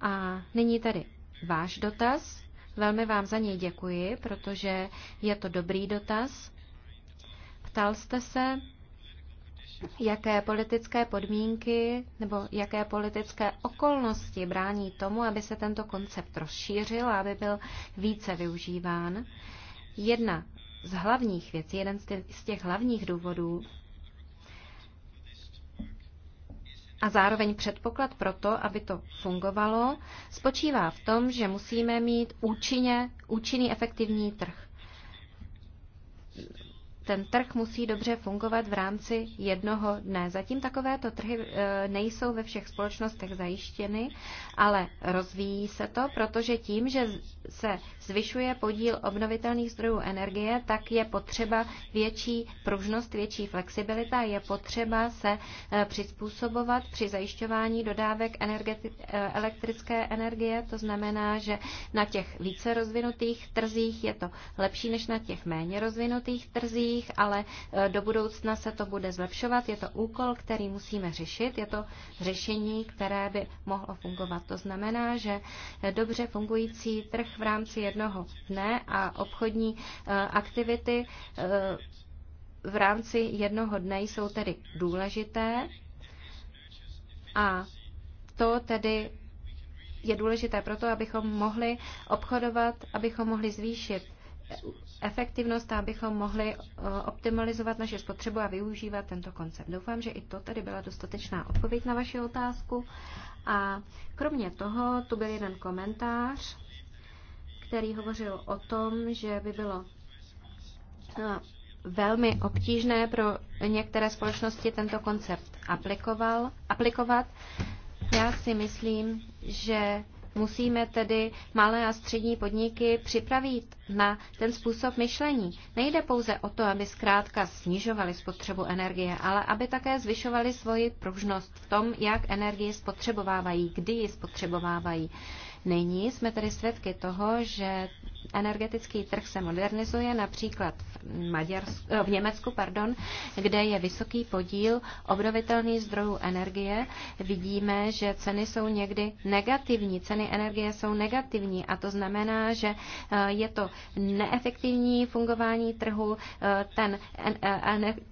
A nyní tady váš dotaz. Velmi vám za něj děkuji, protože je to dobrý dotaz. Ptal jste se, jaké politické podmínky nebo jaké politické okolnosti brání tomu, aby se tento koncept rozšířil a aby byl více využíván. Jedna z hlavních věcí, jeden z těch hlavních důvodů a zároveň předpoklad pro to, aby to fungovalo, spočívá v tom, že musíme mít účinně, účinný efektivní trh. Ten trh musí dobře fungovat v rámci jednoho dne. Zatím takovéto trhy e, nejsou ve všech společnostech zajištěny, ale rozvíjí se to, protože tím, že se zvyšuje podíl obnovitelných zdrojů energie, tak je potřeba větší pružnost, větší flexibilita, je potřeba se e, přizpůsobovat při zajišťování dodávek e, elektrické energie. To znamená, že na těch více rozvinutých trzích je to lepší než na těch méně rozvinutých trzích krocích, ale e, do budoucna se to bude zlepšovat. Je to úkol, který musíme řešit, je to řešení, které by mohlo fungovat. To znamená, že e, dobře fungující trh v rámci jednoho dne a obchodní e, aktivity v rámci jednoho dne jsou tedy důležité a to tedy je důležité proto, abychom mohli obchodovat, abychom mohli zvýšit efektivnost, abychom mohli eh, optimalizovat naše spotřebu a využívat tento koncept. Doufám, že i to tady byla dostatečná odpověď na vaši otázku. A kromě toho tu byl jeden komentář, který hovořil o tom, že by bylo eh, velmi obtížné pro některé společnosti tento koncept aplikoval, aplikovat. Já si myslím, že Musíme tedy malé a střední podniky připravit na ten způsob myšlení. Nejde pouze o to, aby zkrátka snižovali spotřebu energie, ale aby také zvyšovali svoji pružnost v tom, jak energii spotřebovávají, kdy ji spotřebovávají. Nyní jsme tedy svědky toho, že energetický trh se modernizuje, například v, Maďarsku, eh, v Německu, pardon, kde je vysoký podíl obnovitelných zdrojů energie. Vidíme, že ceny jsou někdy negativní, ceny energie jsou negativní a to znamená, že eh, je to neefektivní fungování trhu, eh, ten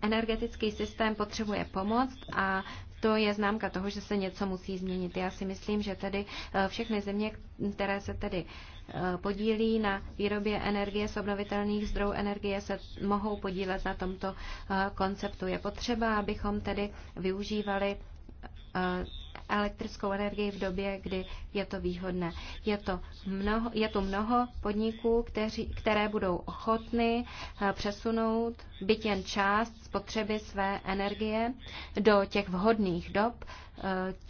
energetický systém potřebuje pomoc a to je známka toho, že se něco musí změnit. Já si myslím, že tedy všechny země, které se tedy uh, Eh, podílí na výrobě energie z obnovitelných zdrojů energie, se mohou podílet na tomto eh, konceptu. Je potřeba, abychom tedy využívali eh, elektrickou energii v době, kdy je to výhodné. Je, to mnoho, je tu mnoho podniků, kteří, které budou ochotny eh, přesunout byt jen část spotřeby své energie do těch vhodných dob, eh,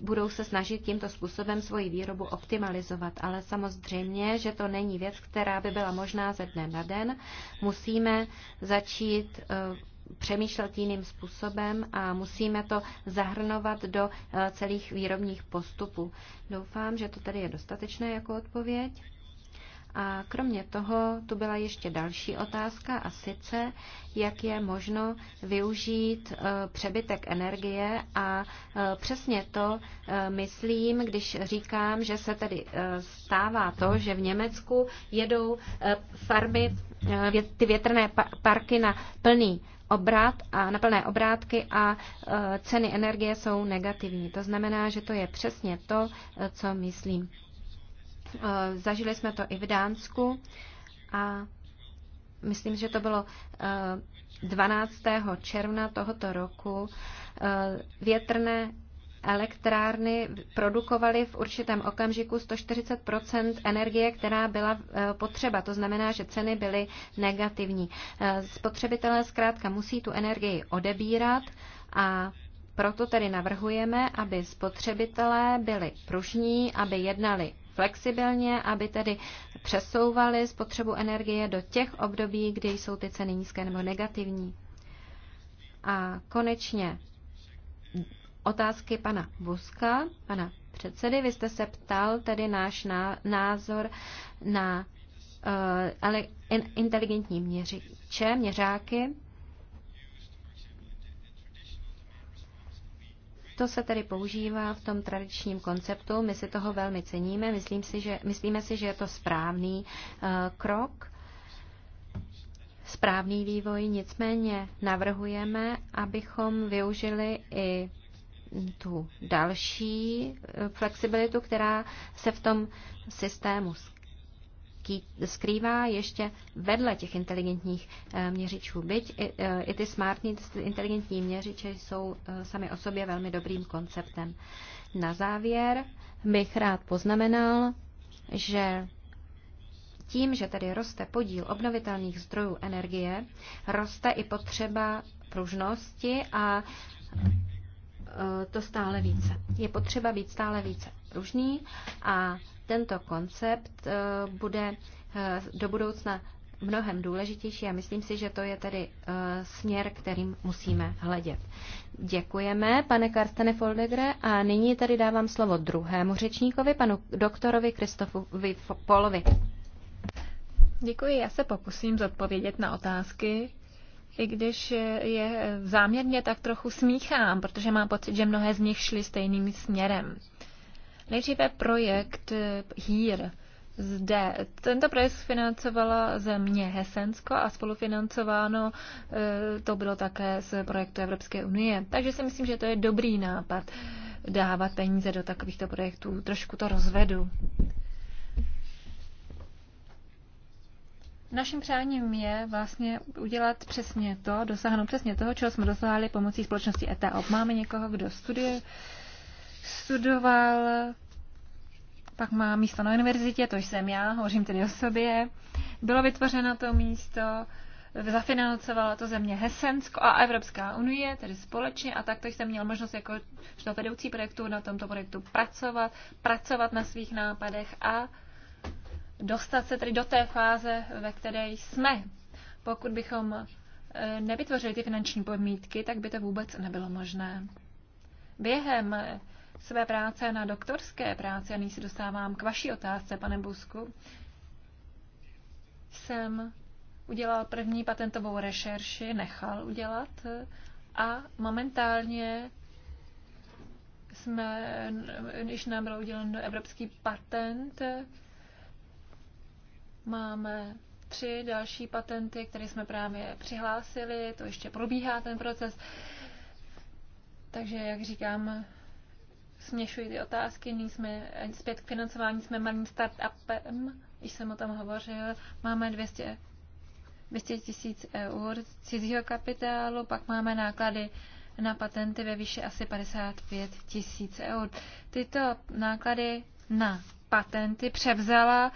budou se snažit tímto způsobem svoji výrobu optimalizovat. Ale samozřejmě, že to není věc, která by byla možná ze dne na den. Musíme začít eh, přemýšlet jiným způsobem a musíme to zahrnovat do eh, celých výrobních postupů. Doufám, že to tady je dostatečné jako odpověď. A kromě toho tu byla ještě další otázka a sice, jak je možno využít eh, přebytek energie a eh, přesně to myslím, když říkám, že se tedy stává to, že v Německu jedou farmy ty větrné parky na plný obrat a na plné obrátky a e, ceny energie jsou negativní. To znamená, že to je přesně to, e, co myslím. E, zažili jsme to i v Dánsku a myslím, že to bylo 12. června tohoto roku, větrné elektrárny produkovaly v určitém okamžiku 140 energie, která byla e, potřeba. To znamená, že ceny byly negativní. E, spotřebitelé zkrátka musí tu energii odebírat a proto tedy navrhujeme, aby spotřebitelé byli pružní, aby jednali flexibilně, aby tedy přesouvali spotřebu energie do těch období, kdy jsou ty ceny nízké nebo negativní. A konečně otázky pana Buska, pana předsedy. Vy jste se ptal tedy náš názor na ale eh, inteligentní měřiče, měřáky. To se tedy používá v tom tradičním konceptu. My si toho velmi ceníme. Myslím si, že, myslíme si, že je to správný uh, krok, správný vývoj. Nicméně navrhujeme, abychom využili i tu další eh, flexibilitu, která se v tom systému skrývá ještě vedle těch inteligentních eh, měřičů. Byť i eh, ty smartní inteligentní měřiče jsou sami o sobě velmi dobrým konceptem. Na závěr bych rád poznamenal, že tím, že tady roste podíl obnovitelných zdrojů energie, roste i potřeba pružnosti a Eh, to stále více. Je potřeba být stále více pružný a tento koncept eh, bude eh, do budoucna mnohem důležitější a myslím si, že to je tedy směr, kterým musíme hledět. Děkujeme, pane Karstene Foldegre, a nyní tady dávám slovo druhému řečníkovi, panu doktorovi Kristofu Polovi. Děkuji, já se pokusím zodpovědět na otázky, i když je záměrně tak trochu smíchám, protože mám pocit, že mnohé z nich šly stejným směrem. Nejdříve projekt HEAR eh, zde. Tento projekt financovala země Hesensko a spolufinancováno eh, to bylo také z projektu Evropské unie. Takže si myslím, že to je dobrý nápad dávat peníze do takovýchto projektů. Trošku to rozvedu. Naším přáním je vlastně udělat přesně to, dosáhnout přesně toho, čeho jsme dosáhli pomocí společnosti ETO. Máme někoho, kdo studuje, studoval, pak má místo na univerzitě, to jsem já, hovořím tedy o sobě. Bylo vytvořeno to místo, zafinancovala to země Hesensko a Evropská unie, tedy společně, a takto jsem měl možnost jako vedoucí projektu na tomto projektu pracovat, pracovat na svých nápadech a dostat se tedy do té fáze, ve které jsme. Pokud bychom e, nevytvořili ty finanční podmítky, tak by to vůbec nebylo možné. Během e, své práce na doktorské práci, a nyní se dostávám k vaší otázce, pane Busku, jsem udělal první patentovou rešerši, nechal udělat e, a momentálně jsme, když nám byl udělen evropský patent, Máme tři další patenty, které jsme právě přihlásili, to ještě probíhá ten proces. Takže, jak říkám, směšují ty otázky, nyní jsme zpět k financování, jsme malým startupem, když jsem o tom hovořil, máme 200 200 tisíc eur cizího kapitálu, pak máme náklady na patenty ve výši asi 55 tisíc eur. Tyto náklady na patenty převzala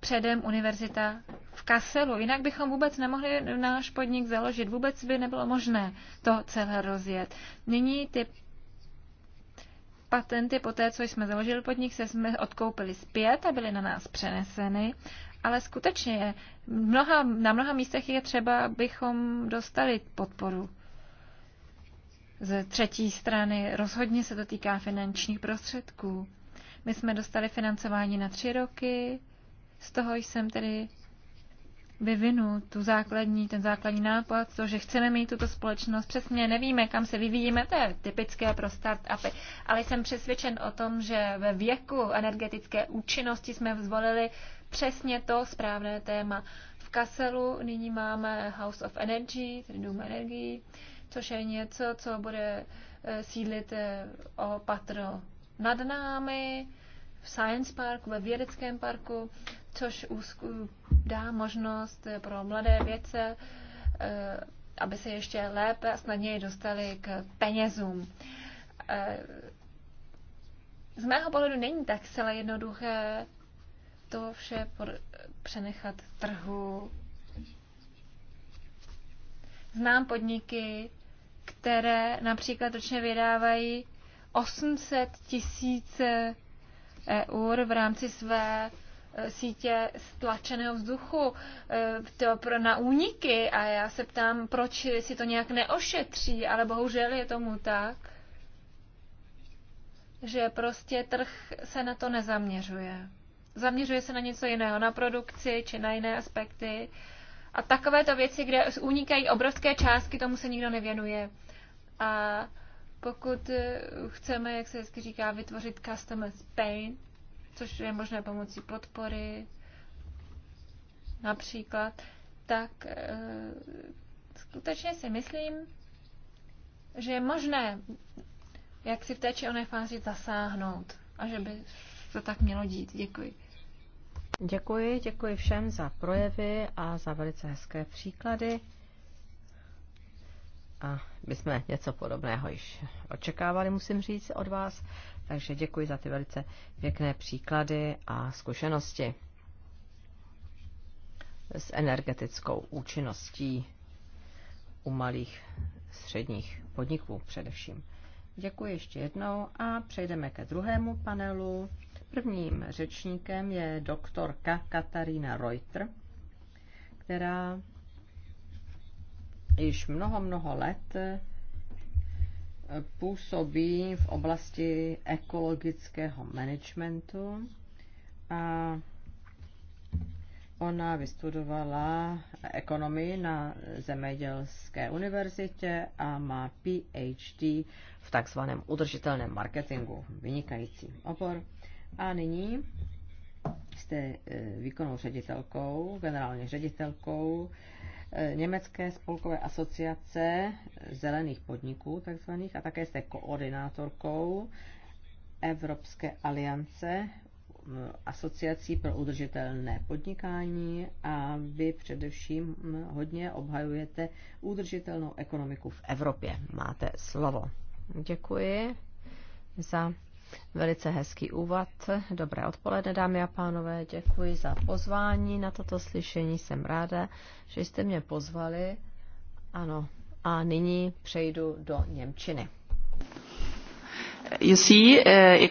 předem univerzita v Kaselu. Jinak bychom vůbec nemohli náš podnik založit. Vůbec by nebylo možné to celé rozjet. Nyní ty patenty po té, co jsme založili podnik, se jsme odkoupili zpět a byly na nás přeneseny. Ale skutečně je, mnoha, na mnoha místech je třeba, abychom dostali podporu ze třetí strany. Rozhodně se to týká finančních prostředků. My jsme dostali financování na tři roky, z toho jsem tedy vyvinul tu základní, ten základní nápad, to, že chceme mít tuto společnost. Přesně nevíme, kam se vyvíjíme, to je typické pro startupy, ale jsem přesvědčen o tom, že ve věku energetické účinnosti jsme zvolili přesně to správné téma. V Kasselu nyní máme House of Energy, tedy Dům energii, což je něco, co bude eh, sídlit eh, o patro nad námi, v Science Parku, ve vědeckém parku což dá možnost pro mladé věce, eh, aby se ještě lépe a snadněji dostali k penězům. Eh, z mého pohledu není tak celé jednoduché to vše přenechat trhu. Znám podniky, které například ročně vydávají 800 tisíc eur v rámci své Eh, sítě stlačeného vzduchu eh, to pro, na úniky a já se ptám, proč si to nějak neošetří, ale bohužel je tomu tak, že prostě trh se na to nezaměřuje. Zaměřuje se na něco jiného, na produkci či na jiné aspekty. A takovéto věci, kde unikají obrovské částky, tomu se nikdo nevěnuje. A pokud eh, chceme, jak se hezky říká, vytvořit customer's pain, což je možné pomocí podpory například, tak eh, skutečně si myslím, že je možné jak si v té či oné fázi zasáhnout a že by to tak mělo dít. Děkuji. Děkuji, děkuji všem za projevy a za velice hezké příklady. A my jsme něco podobného již očekávali, musím říct, od vás. Takže děkuji za ty velice pěkné příklady a zkušenosti s energetickou účinností u malých středních podniků především. Děkuji ještě jednou a přejdeme ke druhému panelu. Prvním řečníkem je doktorka Katarína Reuter, která již mnoho, mnoho let působí v oblasti ekologického managementu a ona vystudovala ekonomii na Zemědělské univerzitě a má PhD v takzvaném udržitelném marketingu. Vynikající obor. A nyní jste eh, výkonnou ředitelkou, generální ředitelkou E, Německé spolkové asociace zelených podniků, takzvaných, a také jste koordinátorkou Evropské aliance asociací pro udržitelné podnikání a vy především hodně obhajujete udržitelnou ekonomiku v Evropě. Máte slovo. Děkuji za velice hezký úvod. Dobré odpoledne, dámy a pánové, děkuji za pozvání na toto slyšení. Jsem ráda, že jste mě pozvali. Ano, a nyní přejdu do Němčiny. You see, uh, eh,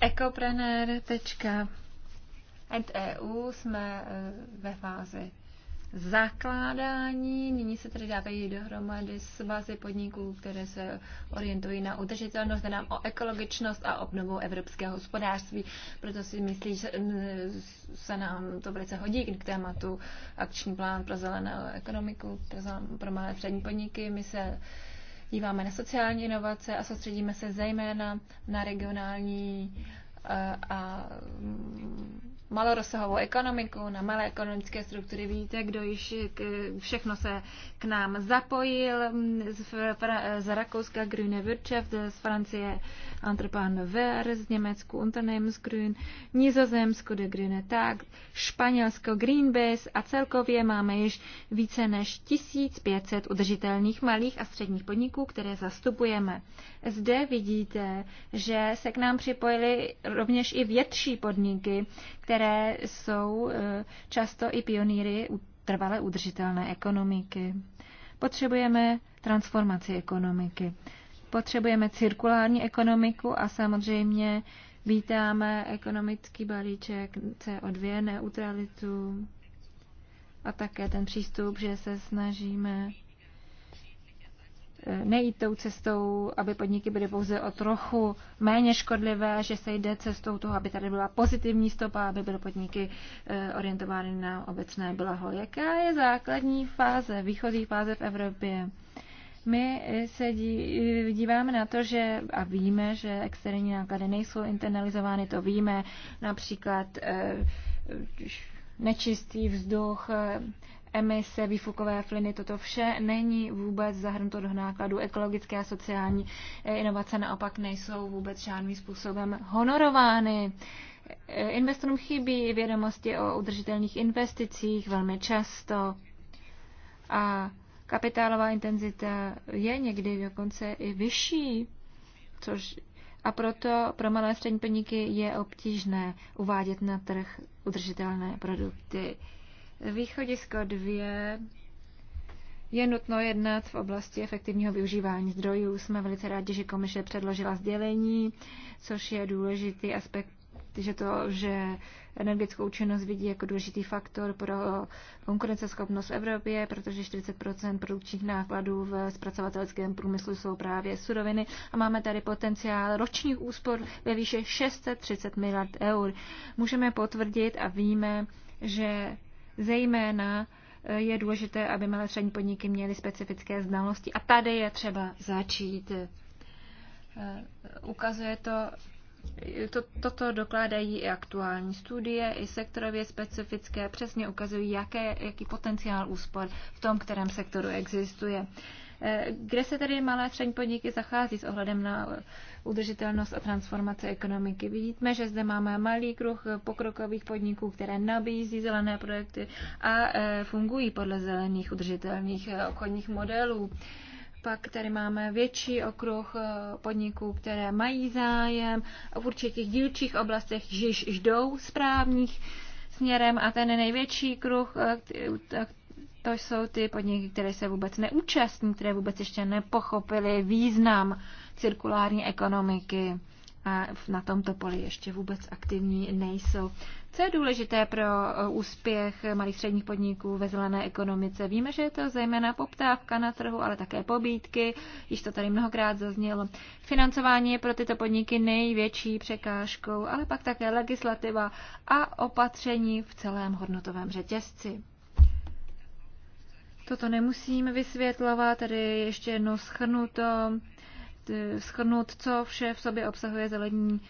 ecopreneur.eu eh, e- e jsme eh, ve fázi zakládání. Nyní se tedy dávají dohromady svazy podniků, které se orientují na udržitelnost, nám o ekologičnost a obnovu evropského hospodářství. Proto si myslí, že mm, se nám to velice hodí k tématu akční plán pro zelenou ekonomiku, pro malé střední podniky. My se díváme na sociální inovace a soustředíme se zejména na regionální a malorozsahovou ekonomiku, na malé ekonomické struktury. Vidíte, kdo již všechno se k nám zapojil mm, z, z Rakouska, Grüne Wirtschaft, z Francie Antropan Vers, Německu Unternehmensgrün, Nizozemsko De Grüne Tag, Španělsko Green Base a celkově máme již více než 1500 udržitelných malých a středních podniků, které zastupujeme. Zde vidíte, že se k nám připojily rovněž i větší podniky, které jsou eh, často i pionýry trvalé udržitelné ekonomiky. Potřebujeme transformaci ekonomiky. Potřebujeme cirkulární ekonomiku a samozřejmě vítáme ekonomický balíček CO2, neutralitu a také ten přístup, že se snažíme eh, nejít tou cestou, aby podniky byly pouze o trochu méně škodlivé, že se jde cestou toho, aby tady byla pozitivní stopa, aby byly podniky eh, orientovány na obecné blaho. Jaká je základní fáze, výchozí fáze v Evropě? My se díváme na to, že a víme, že externí náklady nejsou internalizovány, to víme, například eh, nečistý vzduch, eh, emise, výfukové fliny, toto vše není vůbec zahrnuto do nákladů. Ekologické a sociální eh, inovace naopak nejsou vůbec žádným způsobem honorovány. Investorům chybí vědomosti o udržitelných investicích velmi často a Kapitálová intenzita je někdy dokonce i vyšší, což a proto pro malé střední podniky je obtížné uvádět na trh udržitelné produkty. Východisko dvě je nutno jednat v oblasti efektivního využívání zdrojů. Jsme velice rádi, že komise předložila sdělení, což je důležitý aspekt, že to, že energetickou účinnost vidí jako důležitý faktor pro konkurenceschopnost v Evropě, protože 40 produkčních nákladů v zpracovatelském průmyslu jsou právě suroviny a máme tady potenciál ročních úspor ve výše 630 miliard eur. Můžeme potvrdit a víme, že zejména eh, je důležité, aby malé střední podniky měly specifické znalosti. A tady je třeba začít. Eh, ukazuje to to, toto dokládají i aktuální studie, i sektorově specifické, přesně ukazují, jaké, jaký potenciál úspor v tom, kterém sektoru existuje. Eh, kde se tedy malé a střední podniky zachází s ohledem na udržitelnost a transformaci ekonomiky? Vidíme, že zde máme malý kruh pokrokových podniků, které nabízí zelené projekty a eh, fungují podle zelených udržitelných eh, obchodních modelů. Pak tady máme větší okruh eh, podniků, které mají zájem v určitých dílčích oblastech, již jdou správných směrem a ten největší kruh, eh, to jsou ty podniky, které se vůbec neúčastní, které vůbec ještě nepochopily význam cirkulární ekonomiky a na tomto poli ještě vůbec aktivní nejsou. Co je důležité pro eh, úspěch malých středních podniků ve zelené ekonomice? Víme, že je to zejména poptávka na trhu, ale také pobídky, již to tady mnohokrát zaznělo. Financování je pro tyto podniky největší překážkou, ale pak také legislativa a opatření v celém hodnotovém řetězci. Toto nemusím vysvětlovat, tady ještě jednou schrnuto. Eh, schrnout, co vše v sobě obsahuje zelený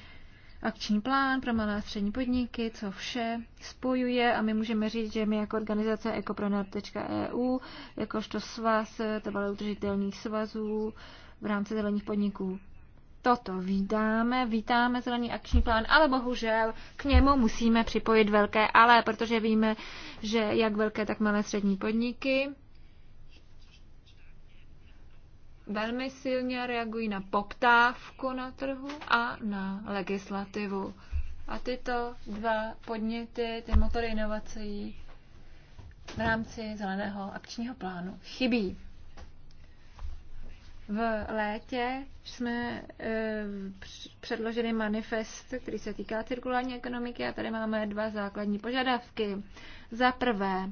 akční plán pro malé a střední podniky, co vše spojuje a my můžeme říct, že my jako organizace ekopronor.eu, e jakožto svaz trvalé udržitelných svazů v rámci zelených podniků toto vítáme, vítáme zelený akční plán, ale bohužel k němu musíme připojit velké ale, protože víme, že jak velké, tak malé střední podniky velmi silně reagují na poptávku na trhu a na legislativu. A tyto dva podněty, ty motory inovací v rámci zeleného akčního plánu chybí. V létě jsme e, předložili manifest, který se týká cirkulární ekonomiky a tady máme dva základní požadavky. Za prvé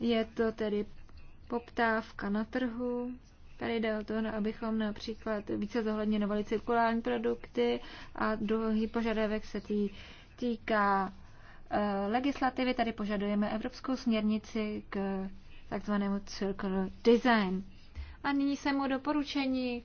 je to tedy poptávka na trhu Tady jde o to, abychom například více zohledněnovali cirkulární produkty a druhý požadavek se tý, týká eh, legislativy. Tady požadujeme evropskou směrnici k takzvanému circular design. A nyní se mu doporučení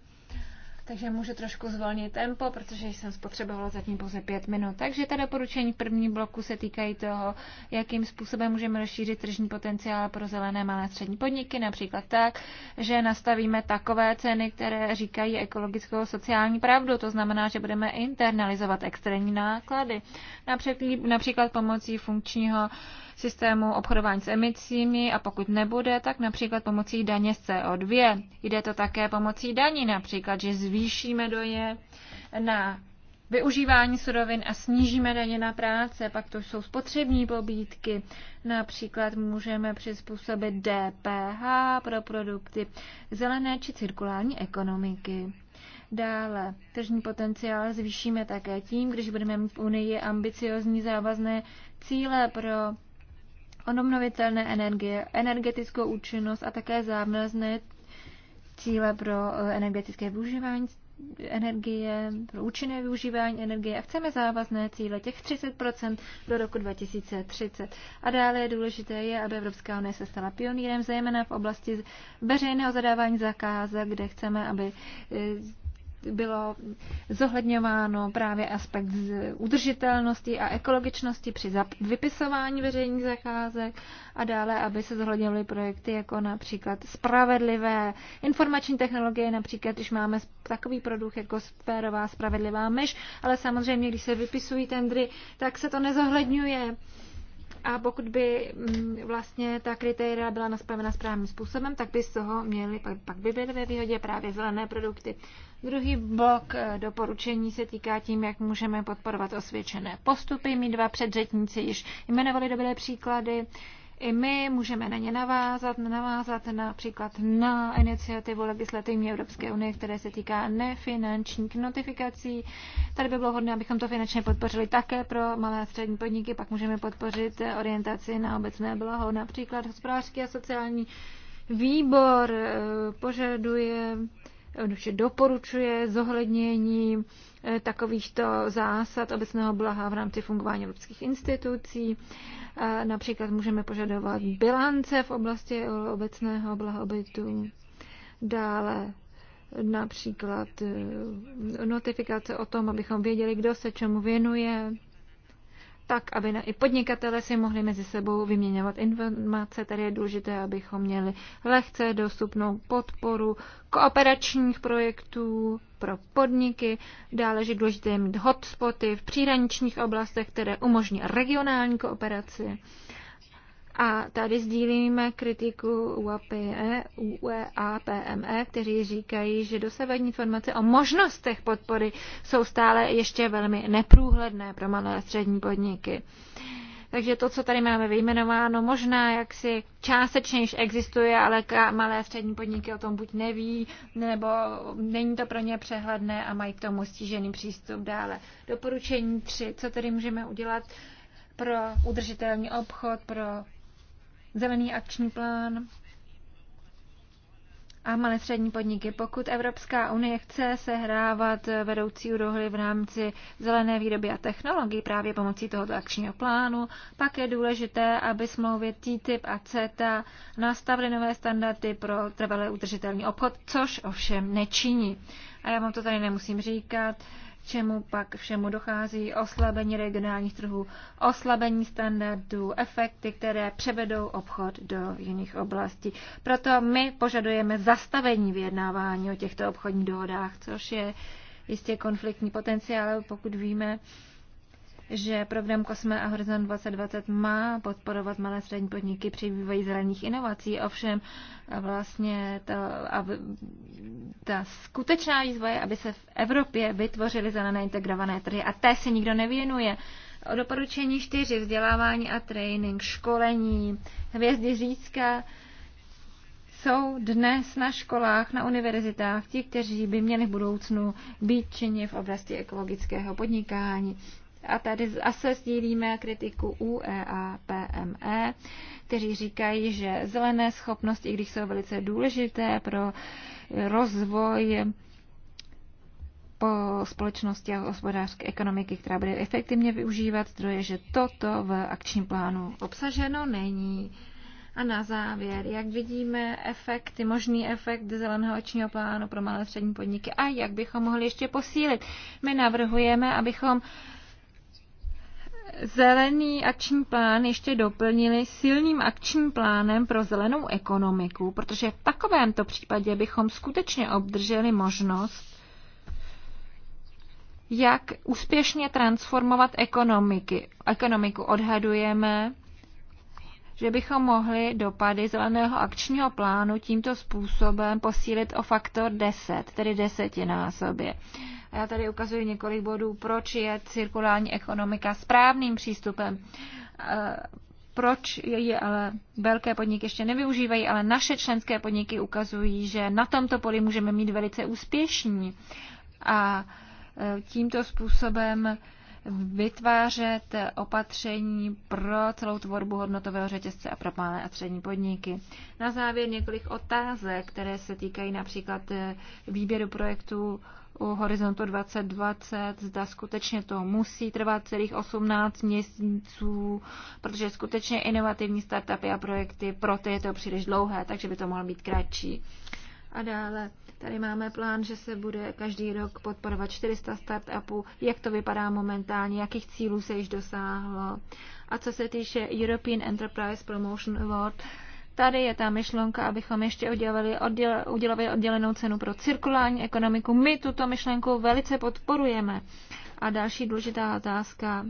takže můžu trošku zvolnit tempo, protože jsem spotřebovala zatím pouze pět minut. Takže ta doporučení první bloku se týkají toho, jakým způsobem můžeme rozšířit tržní potenciál pro zelené malé střední podniky, například tak, že nastavíme takové ceny, které říkají ekologickou sociální pravdu, to znamená, že budeme internalizovat externí náklady, například, například pomocí funkčního uh, systému obchodování s emicími a pokud nebude, tak například pomocí daně z CO2. Jde to také pomocí daní, například, že zvýšíme doje na využívání surovin a snížíme daně na práce, pak to jsou spotřební pobídky. Například můžeme přizpůsobit DPH pro produkty zelené či cirkulární ekonomiky. Dále tržní potenciál zvýšíme také tím, když budeme mít v Unii ambiciozní závazné cíle pro obnovitelné energie, energetickou účinnost a také závazné cíle pro eh, energetické využívání energie, pro účinné využívání energie a chceme závazné cíle těch 30% do roku 2030. A dále je důležité je, aby Evropská unie se stala pionýrem, zejména v oblasti veřejného zadávání zakázek, kde chceme, aby eh, bylo zohledňováno právě aspekt udržitelnosti a ekologičnosti při vypisování veřejných zakázek a dále, aby se zohledňovaly projekty jako například spravedlivé informační technologie, například když máme takový produkt jako sférová spravedlivá myš, ale samozřejmě, když se vypisují tendry, tak se to nezohledňuje. A pokud by mm, vlastně ta kritéria byla nastavena správným způsobem, tak by z toho měli, pak, pak by byly ve výhodě právě zelené produkty. Druhý blok eh, doporučení se týká tím, jak můžeme podporovat osvědčené postupy. Mí dva předřetníci již jmenovali dobré příklady i my můžeme na ně navázat, navázat například na iniciativu legislativní Evropské unie, které se týká nefinančních notifikací. Tady by bylo hodné, abychom to finančně podpořili také pro malé a střední podniky, pak můžeme podpořit orientaci na obecné blaho, například hospodářský a sociální výbor eh, požaduje doporučuje zohlednění eh, takovýchto zásad obecného blaha v rámci fungování evropských institucí. Eh, například můžeme požadovat bilance v oblasti obecného blahobytu, dále například eh, notifikace o tom, abychom věděli, kdo se čemu věnuje, tak, aby i podnikatele si mohli mezi sebou vyměňovat informace. Tady je důležité, abychom měli lehce dostupnou podporu kooperačních projektů pro podniky. Dále, že důležité je mít hotspoty v příraničních oblastech, které umožní regionální kooperaci. A tady sdílíme kritiku UAPE, UEA, PME, kteří říkají, že dosavadní informace o možnostech podpory jsou stále ještě velmi neprůhledné pro malé a střední podniky. Takže to, co tady máme vyjmenováno, možná jaksi částečně již existuje, ale malé a střední podniky o tom buď neví, nebo není to pro ně přehledné a mají k tomu stížený přístup dále. Doporučení tři, Co tedy můžeme udělat pro udržitelný obchod, pro zelený akční plán a malé střední podniky. Pokud Evropská unie chce sehrávat vedoucí úrohly v rámci zelené výroby a technologií právě pomocí tohoto akčního plánu, pak je důležité, aby smlouvy TTIP a CETA nastavily nové standardy pro trvalé udržitelný obchod, což ovšem nečiní. A já vám to tady nemusím říkat čemu pak všemu dochází, oslabení regionálních trhů, oslabení standardů, efekty, které převedou obchod do jiných oblastí. Proto my požadujeme zastavení vyjednávání o těchto obchodních dohodách, což je jistě konfliktní potenciál, pokud víme, že program Kosme a Horizon 2020 má podporovat malé střední podniky při vývoji zelených inovací, ovšem vlastně to, aby, ta skutečná výzva je, aby se v Evropě vytvořily zelené integrované trhy a té se nikdo nevěnuje. O doporučení čtyři vzdělávání a trénink, školení, hvězdy řícka jsou dnes na školách, na univerzitách ti, kteří by měli v budoucnu být činně v oblasti ekologického podnikání. A tady zase sdílíme kritiku UE a PME, kteří říkají, že zelené schopnosti, i když jsou velice důležité pro rozvoj po společnosti a hospodářské ekonomiky, která bude efektivně využívat zdroje, že toto v akčním plánu obsaženo není. A na závěr, jak vidíme efekty, možný efekt zeleného očního plánu pro malé střední podniky a jak bychom mohli ještě posílit. My navrhujeme, abychom zelený akční plán ještě doplnili silným akčním plánem pro zelenou ekonomiku, protože v takovémto případě bychom skutečně obdrželi možnost, jak úspěšně transformovat ekonomiky. Ekonomiku odhadujeme, že bychom mohli dopady zeleného akčního plánu tímto způsobem posílit o faktor 10, tedy desetinásobě. A já tady ukazuji několik bodů, proč je cirkulární ekonomika správným přístupem eh, proč je ale velké podniky ještě nevyužívají, ale naše členské podniky ukazují, že na tomto poli můžeme mít velice úspěšní. A eh, tímto způsobem vytvářet opatření pro celou tvorbu hodnotového řetězce a pro malé a střední podniky. Na závěr několik otázek, které se týkají například eh, výběru projektů u Horizontu 2020, zda skutečně to musí trvat celých 18 měsíců, protože skutečně inovativní startupy a projekty, pro je to příliš dlouhé, takže by to mohlo být kratší. A dále Tady máme plán, že se bude každý rok podporovat 400 startupů, jak to vypadá momentálně, jakých cílů se již dosáhlo. A co se týče European Enterprise Promotion Award, Tady je ta myšlenka, abychom ještě udělali, odděl, udělali oddělenou cenu pro cirkulární ekonomiku. My tuto myšlenku velice podporujeme. A další důležitá otázka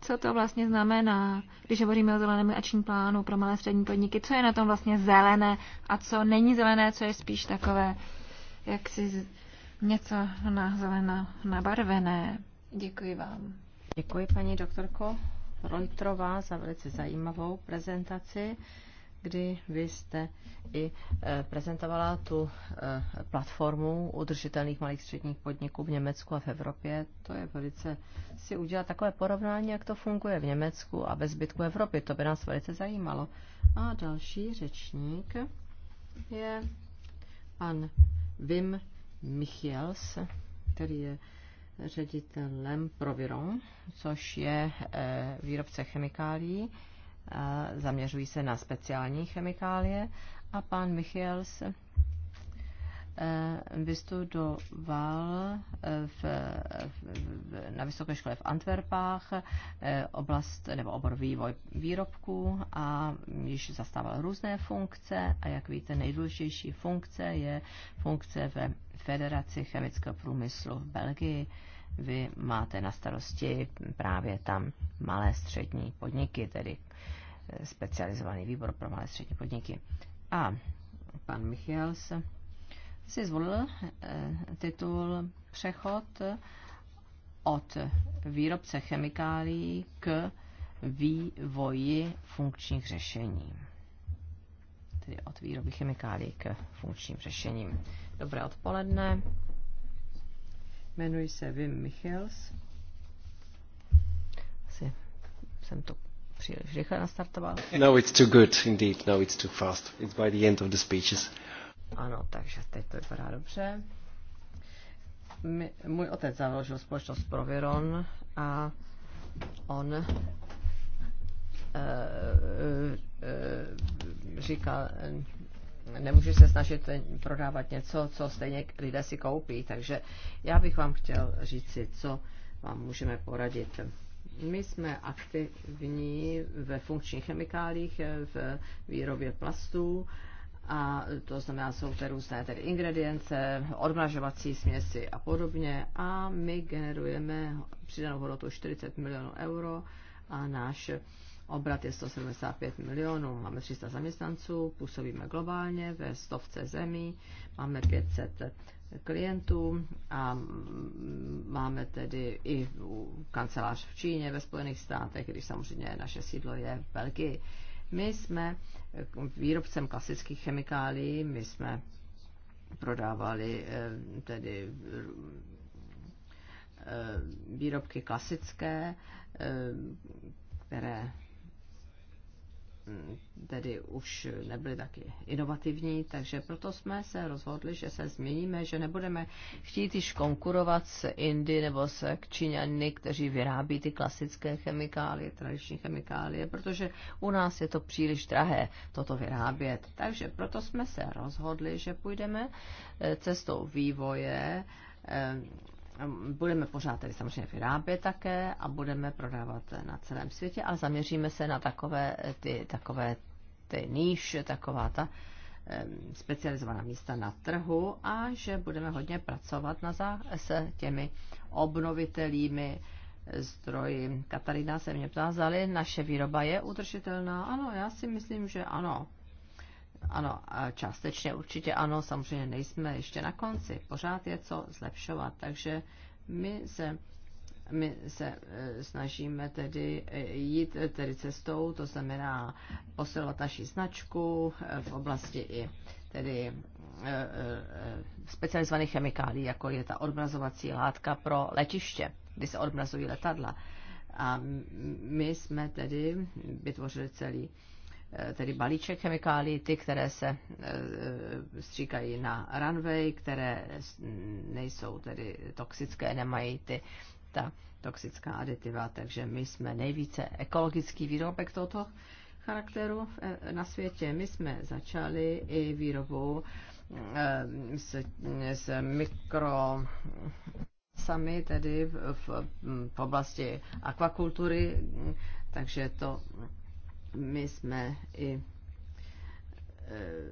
co to vlastně znamená, když hovoříme o zeleném ačním plánu pro malé střední podniky, co je na tom vlastně zelené a co není zelené, co je spíš takové, jak si něco na zeleno nabarvené. Děkuji vám. Děkuji paní doktorko Rojtrová za velice zajímavou prezentaci kdy vy jste i e, prezentovala tu e, platformu udržitelných malých středních podniků v Německu a v Evropě. To je velice, si udělat takové porovnání, jak to funguje v Německu a ve zbytku Evropy. To by nás velice zajímalo. A další řečník je pan Wim Michiels, který je ředitelem Proviron, což je e, výrobce chemikálií zaměřují se na speciální chemikálie. A pan Michiels eh, vystudoval eh, v, v, na vysoké škole v Antwerpách eh, oblast nebo obor vývoj výrobků a již zastával různé funkce a jak víte, nejdůležitější funkce je funkce ve Federaci chemického průmyslu v Belgii vy máte na starosti právě tam malé střední podniky, tedy eh, specializovaný výbor pro malé střední podniky. A pan Michal si zvolil eh, titul Přechod od výrobce chemikálií k vývoji funkčních řešení. Tedy od výroby chemikálií k funkčním řešením. Dobré odpoledne. Jmenuji se Vim Michels. Asi jsem to příliš rychle nastartoval. No, it's too good, indeed. No, it's too fast. It's by the end of the speeches. Ano, takže teď to vypadá dobře. My, můj otec založil společnost Proviron a on uh, eh, uh, uh, eh, říkal, nemůžu se snažit prodávat něco, co stejně lidé si koupí. Takže já bych vám chtěl si, co vám můžeme poradit. My jsme aktivní ve funkčních chemikálích, v výrobě plastů, a to znamená, jsou to různé tedy ingredience, odmražovací směsi a podobně. A my generujeme přidanou hodnotu 40 milionů euro a náš Obrat je 175 milionů, máme 300 zaměstnanců, působíme globálně ve stovce zemí, máme 500 klientů a máme tedy i kancelář v Číně, ve Spojených státech, když samozřejmě naše sídlo je v Belgii. My jsme výrobcem klasických chemikálií, my jsme prodávali eh, tedy eh, výrobky klasické, eh, které tedy už nebyli taky inovativní, takže proto jsme se rozhodli, že se změníme, že nebudeme chtít již konkurovat s Indy nebo s Číňany, kteří vyrábí ty klasické chemikálie, tradiční chemikálie, protože u nás je to příliš drahé toto vyrábět. Takže proto jsme se rozhodli, že půjdeme eh, cestou vývoje eh, Ehm, budeme pořád tedy samozřejmě vyrábět také a budeme prodávat na celém světě, a zaměříme se na takové eh, ty, takové ty níž, taková ta ehm, specializovaná místa na trhu a že budeme hodně pracovat na zá- těmi obnovitelými eh, zdroji. Katarína se mě ptá, zali naše výroba je udržitelná. Ano, já si myslím, že ano. Ano, částečně určitě ano, samozřejmě nejsme ještě na konci, pořád je co zlepšovat, takže my se, my se eh, snažíme tedy eh, jít eh, tedy cestou, to znamená posilovat naši značku v oblasti i tedy specializovaných chemikálí, jako je ta odmrazovací látka pro letiště, kdy se odmrazují letadla. A my jsme tedy vytvořili celý Eh, tedy balíček chemikálií, ty, které se eh, stříkají na runway, které nejsou tedy toxické, nemají ty ta toxická aditiva, takže my jsme nejvíce ekologický výrobek tohoto charakteru eh, na světě. My jsme začali i výrobu s, s mikro sami tedy v, v, v oblasti akvakultury, takže to my jsme i eh,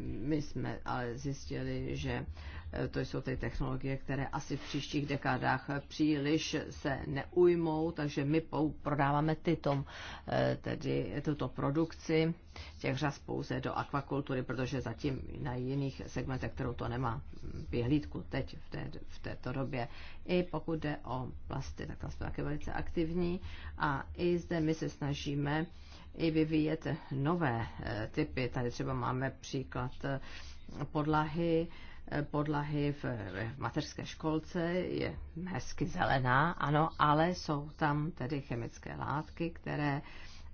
my jsme ale zjistili, že Eh, to jsou ty technologie, které asi v příštích dekádách příliš se neujmou, takže my prodáváme tyto, eh, tedy tuto produkci těch řas pouze do akvakultury, protože zatím na jiných segmentech, kterou to nemá hm, vyhlídku teď v, té, v této době. I pokud jde o plasty, tak tam jsme také velice aktivní a i zde my se snažíme i vyvíjet nové eh, typy. Tady třeba máme příklad podlahy, podlahy v, v mateřské školce, je hezky zelená, ano, ale jsou tam tedy chemické látky, které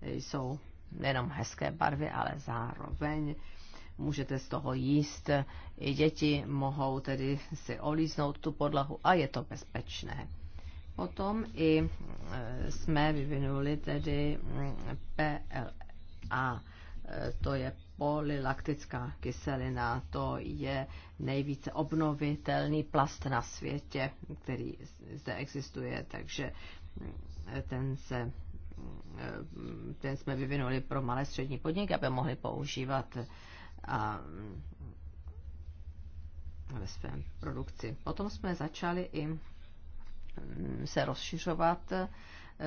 jsou nejenom hezké barvy, ale zároveň můžete z toho jíst. I děti mohou tedy si olíznout tu podlahu a je to bezpečné. Potom i e, jsme vyvinuli tedy PLA to je polylaktická kyselina, to je nejvíce obnovitelný plast na světě, který zde existuje, takže ten se ten jsme vyvinuli pro malé střední podniky, aby mohli používat a, ve své produkci. Potom jsme začali i mm, se rozšiřovat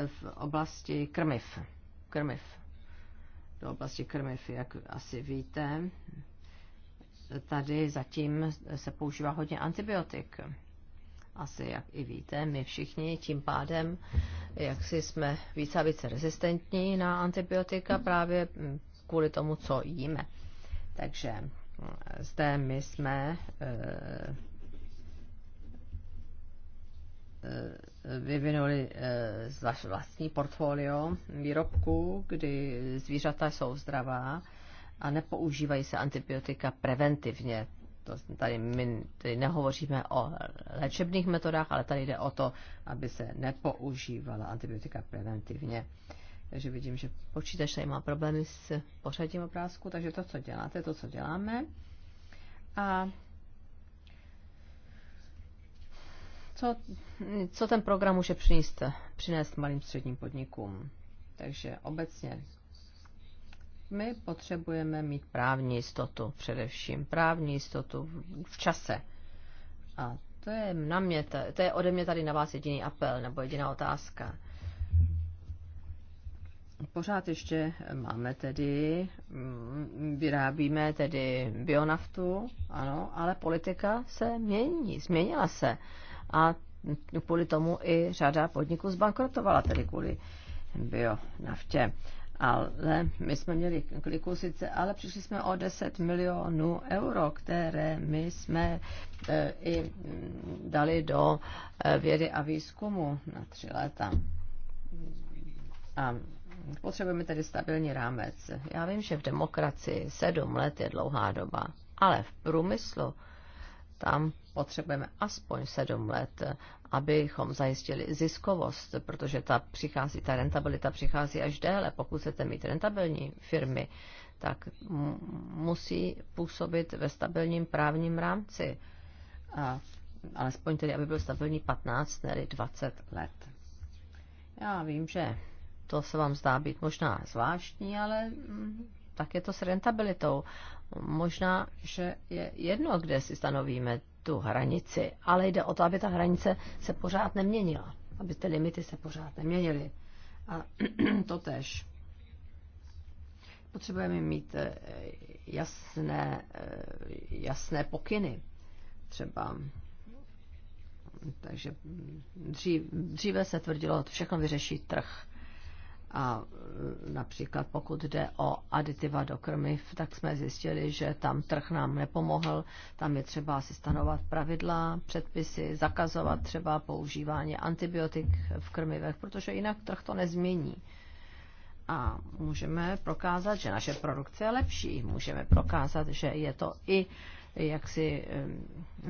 v oblasti krmiv. krmiv do oblasti krmiv, jak asi víte. Tady zatím se používá hodně antibiotik. Asi, jak i víte, my všichni tím pádem, jak si jsme více a více rezistentní na antibiotika právě kvůli tomu, co jíme. Takže mm, zde my jsme eh, Eh, vyvinuli eh, vlastní portfolio výrobků, kdy zvířata jsou zdravá a nepoužívají se antibiotika preventivně. To tady my tady nehovoříme o léčebných metodách, ale tady jde o to, aby se nepoužívala antibiotika preventivně. Takže vidím, že počítač tady má problémy s pořadím obrázku, takže to, co děláte, to, co děláme. A co, co ten program může přinést, přinést malým středním podnikům. Takže obecně my potřebujeme mít právní jistotu, především právní jistotu v čase. A to je, na mě, to je ode mě tady na vás jediný apel nebo jediná otázka. Pořád ještě máme tedy, mm, vyrábíme tedy bionaftu, ano, ale politika se mění, změnila se a kvůli tomu i řada podniků zbankrotovala, tedy kvůli bionaftě. Ale my jsme měli kliku sice, ale přišli jsme o 10 milionů euro, které my jsme e, i mm, dali do e, vědy a výzkumu na tři léta. A potřebujeme tedy stabilní rámec. Já vím, že v demokracii sedm let je dlouhá doba, ale v průmyslu tam potřebujeme aspoň sedm let, abychom zajistili ziskovost, protože ta přichází, ta rentabilita přichází až déle. Pokud chcete mít rentabilní firmy, tak musí působit ve stabilním právním rámci. A alespoň tedy, aby byl stabilní 15, nebo 20 let. Já vím, že to se vám zdá být možná zvláštní, ale mm, tak je to s rentabilitou. Možná, že je jedno, kde si stanovíme tu hranici, ale jde o to, aby ta hranice se pořád neměnila, aby ty limity se pořád neměnily. A to tež. Potřebujeme mít eh, jasné, eh, jasné pokyny. Třeba takže dřív, dříve se tvrdilo, že všechno vyřeší trh. A e, například pokud jde o aditiva do krmiv, tak jsme zjistili, že tam trh nám nepomohl. Tam je třeba si stanovat pravidla, předpisy, zakazovat třeba používání antibiotik v krmivech, protože jinak trh to nezmění. A můžeme prokázat, že naše produkce je lepší. Můžeme prokázat, že je to i jaksi e,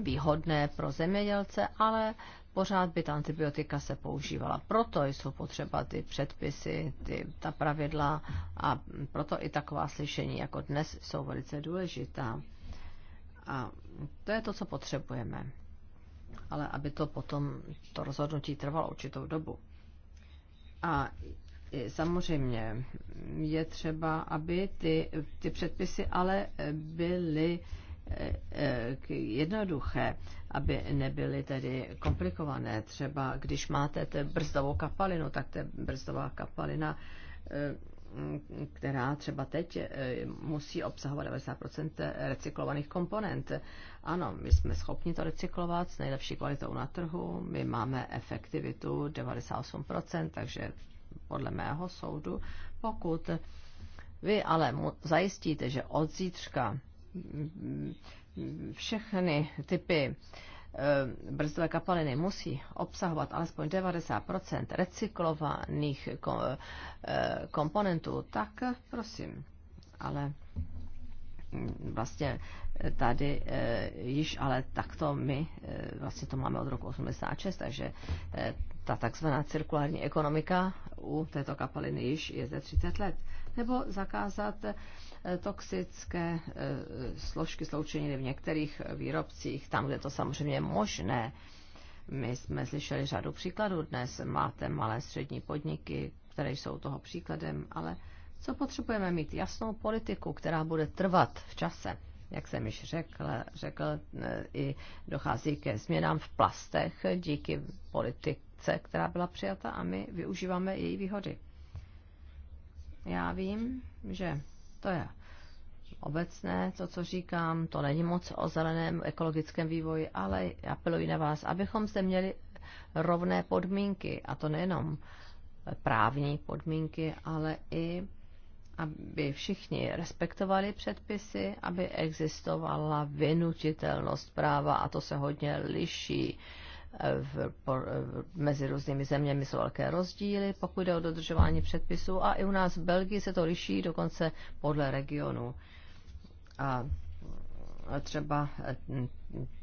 výhodné pro zemědělce, ale pořád by ta antibiotika se používala. Proto jsou potřeba ty předpisy, ty, ta pravidla a proto i taková slyšení jako dnes jsou velice důležitá. A to je to, co potřebujeme. Ale aby to potom, to rozhodnutí trvalo určitou dobu. A samozřejmě je třeba, aby ty, ty předpisy ale byly jednoduché, aby nebyly tedy komplikované. Třeba když máte brzdovou kapalinu, tak ta brzdová kapalina eh, která třeba teď eh, musí obsahovat 90% recyklovaných komponent. Ano, my jsme schopni to recyklovat s nejlepší kvalitou na trhu, my máme efektivitu 98%, takže podle mého soudu, pokud vy ale zajistíte, že od zítřka všechny typy eh, brzdové kapaliny musí obsahovat alespoň 90 recyklovaných eh, komponentů, tak prosím, ale mm, vlastně tady e, již, ale takto my e, vlastně to máme od roku 86, takže e, ta takzvaná cirkulární ekonomika u této kapaliny již je ze 30 let. E, nebo zakázat eh, toxické eh, složky sloučeniny v některých eh, výrobcích, tam, kde to samozřejmě je možné. My jsme slyšeli řadu příkladů dnes. Máte malé střední podniky, které jsou toho příkladem, ale co potřebujeme mít? Jasnou politiku, která bude trvat v čase. Jak jsem již řekl, řekl i dochází ke změnám v plastech díky politice, která byla přijata a my využíváme její výhody. Já vím, že to je obecné, to, co říkám, to není moc o zeleném ekologickém vývoji, ale apeluji na vás, abychom se měli rovné podmínky, a to nejenom právní podmínky, ale i aby všichni respektovali předpisy, aby existovala vynutitelnost práva a to se hodně liší v, po, mezi různými zeměmi jsou velké rozdíly, pokud jde o dodržování předpisů a i u nás v Belgii se to liší dokonce podle regionu. A třeba eh,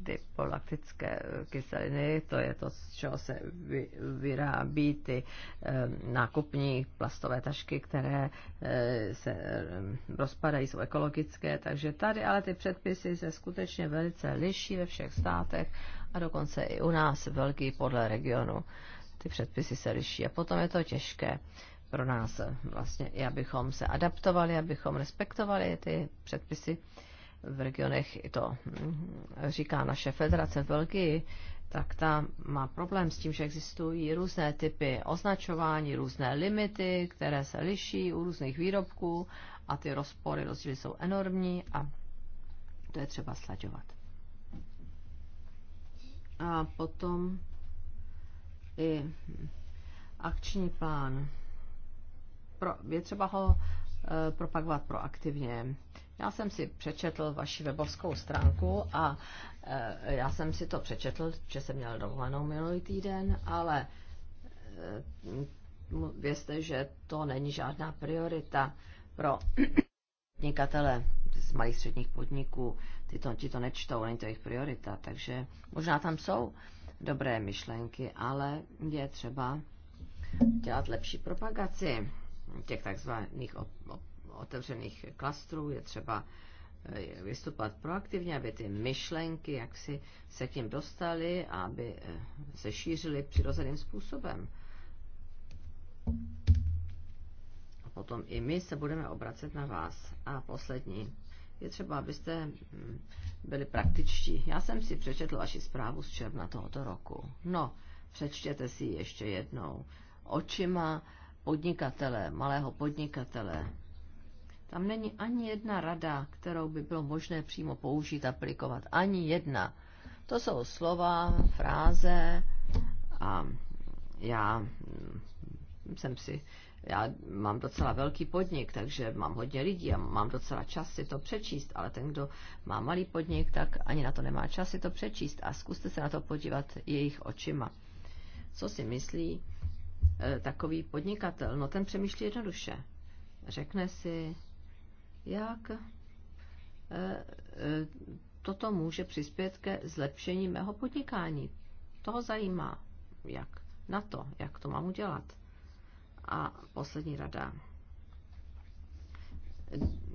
ty polaktické eh, kyseliny, to je to, z čeho se vy, vyrábí ty e, nákupní plastové tašky, které e, se e, rozpadají, jsou ekologické, takže tady ale ty předpisy se skutečně velice liší ve všech státech a dokonce i u nás v Belgii podle regionu ty předpisy se liší a potom je to těžké pro nás vlastně, i abychom se adaptovali, abychom respektovali ty předpisy v regionech, i to mm, říká naše federace v Belgii, tak ta má problém s tím, že existují různé typy označování, různé limity, které se liší u různých výrobků a ty rozpory, rozdíly jsou enormní a to je třeba slaďovat. A potom i akční plán. Pro, je třeba ho e, propagovat proaktivně. Já jsem si přečetl vaši webovskou stránku a e, já jsem si to přečetl, že jsem měl dovolenou minulý týden, ale e, vězte, že to není žádná priorita pro podnikatele z malých středních podniků. E, ty to, ti to nečtou, není to jejich priorita, takže možná tam jsou dobré myšlenky, ale je třeba dělat lepší propagaci těch takzvaných otevřených klastrů, je třeba eh, vystupovat proaktivně, aby ty myšlenky jak si se k ním dostaly aby eh, se šířily přirozeným způsobem. A potom i my se budeme obracet na vás. A poslední je třeba, abyste mm, byli praktičtí. Já jsem si přečetl vaši zprávu z června tohoto roku. No, přečtěte si ji ještě jednou. Očima podnikatele, malého podnikatele. Tam není ani jedna rada, kterou by bylo možné přímo použít, aplikovat. Ani jedna. To jsou slova, fráze a já mm, jsem si já mám docela velký podnik, takže mám hodně lidí a mám docela čas si to přečíst, ale ten, kdo má malý podnik, tak ani na to nemá čas si to přečíst a zkuste se na to podívat jejich očima. Co si myslí eh, takový podnikatel? No ten přemýšlí jednoduše. Řekne si, jak eh, eh, toto může přispět ke zlepšení mého podnikání. Toho zajímá, jak na to, jak to mám udělat. A poslední rada.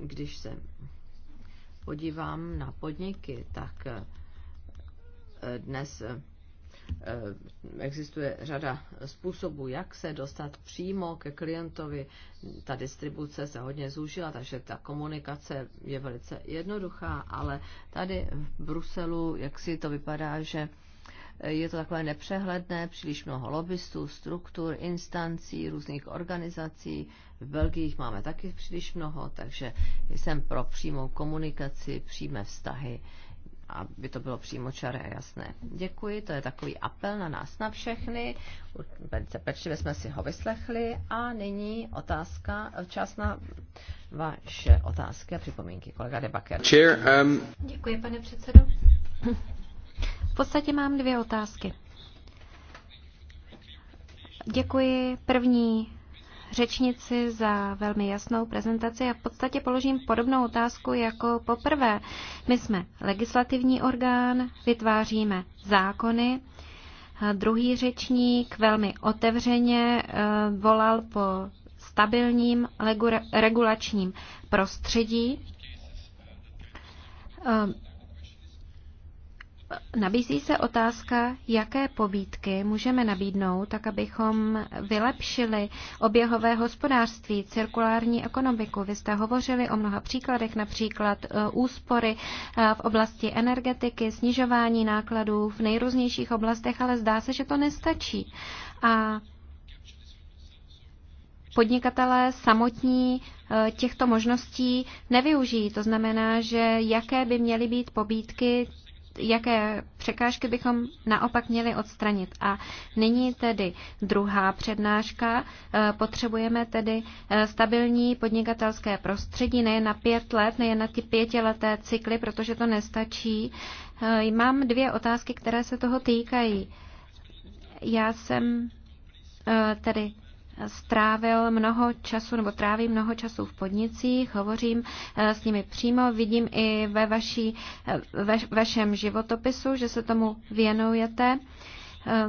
Když se podívám na podniky, tak eh, dnes eh, existuje řada způsobů, jak se dostat přímo ke klientovi. Ta distribuce se hodně zúžila, takže ta komunikace je velice jednoduchá, ale tady v Bruselu, jak si to vypadá, že je to takové nepřehledné, příliš mnoho lobbystů, struktur, instancí, různých organizací. V Belgii jich máme taky příliš mnoho, takže jsem pro přímou komunikaci, přímé vztahy, aby to bylo přímo čaré a jasné. Děkuji, to je takový apel na nás, na všechny. Velice pečlivě jsme si ho vyslechli a nyní otázka, čas na vaše otázky a připomínky. Kolega Debaker. um... Děkuji, pane předsedo podstatě mám dvě otázky. Děkuji první řečnici za velmi jasnou prezentaci a v podstatě položím podobnou otázku jako poprvé. My jsme legislativní orgán, vytváříme zákony. Druhý řečník velmi otevřeně eh, volal po stabilním regulačním prostředí. Eh, nabízí se otázka, jaké pobídky můžeme nabídnout, tak abychom vylepšili oběhové hospodářství, cirkulární ekonomiku. Vy jste hovořili o mnoha příkladech, například e, úspory e, v oblasti energetiky, snižování nákladů v nejrůznějších oblastech, ale zdá se, že to nestačí. A podnikatelé samotní e, těchto možností nevyužijí. To znamená, že jaké by měly být pobídky jaké překážky bychom naopak měli odstranit. A nyní tedy druhá přednáška. E, potřebujeme tedy e, stabilní podnikatelské prostředí, nejen na pět let, nejen na ty pětileté cykly, protože to nestačí. E, mám dvě otázky, které se toho týkají. Já jsem tedy strávil mnoho času nebo tráví mnoho času v podnicích, hovořím eh, s nimi přímo, vidím i ve, vaší, eh, ve vašem životopisu, že se tomu věnujete. Eh,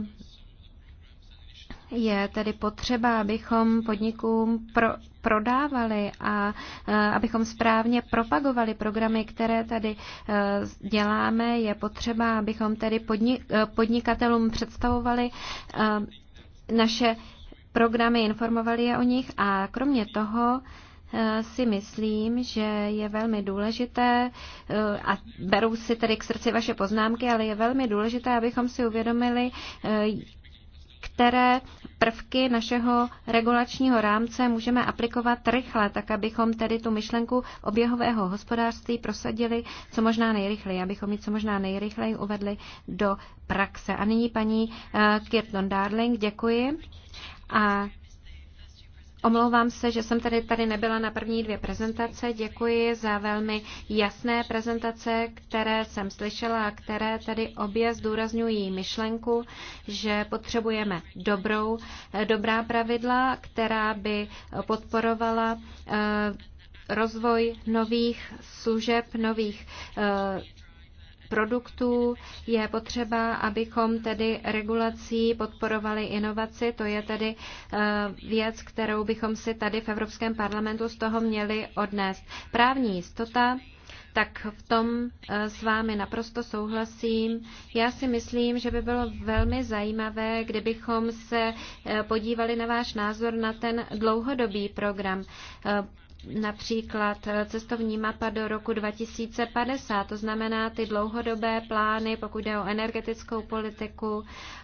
je tedy potřeba, abychom podnikům pro, prodávali a abychom správně propagovali programy, které tady děláme. Je potřeba, abychom tedy podnik, podnikatelům představovali naše programy, informovali je o nich a kromě toho eh, si myslím, že je velmi důležité, eh, a beru si tedy k srdci vaše poznámky, ale je velmi důležité, abychom si uvědomili, eh, které prvky našeho regulačního rámce můžeme aplikovat rychle, tak abychom tedy tu myšlenku oběhového hospodářství prosadili co možná nejrychleji, abychom ji co možná nejrychleji uvedli do praxe. A nyní paní Kirton Darling, děkuji. A Omlouvám se, že jsem tady, tady nebyla na první dvě prezentace. Děkuji za velmi jasné prezentace, které jsem slyšela a které tady obě zdůrazňují myšlenku, že potřebujeme dobrou, dobrá pravidla, která by podporovala eh, rozvoj nových služeb, nových eh, produktů. Je potřeba, abychom tedy regulací podporovali inovaci. To je tedy eh, věc, kterou bychom si tady v Evropském parlamentu z toho měli odnést. Právní jistota tak v tom eh, s vámi naprosto souhlasím. Já si myslím, že by bylo velmi zajímavé, kdybychom se eh, podívali na váš názor na ten dlouhodobý program například cestovní mapa do roku 2050, to znamená ty dlouhodobé plány, pokud jde o energetickou politiku,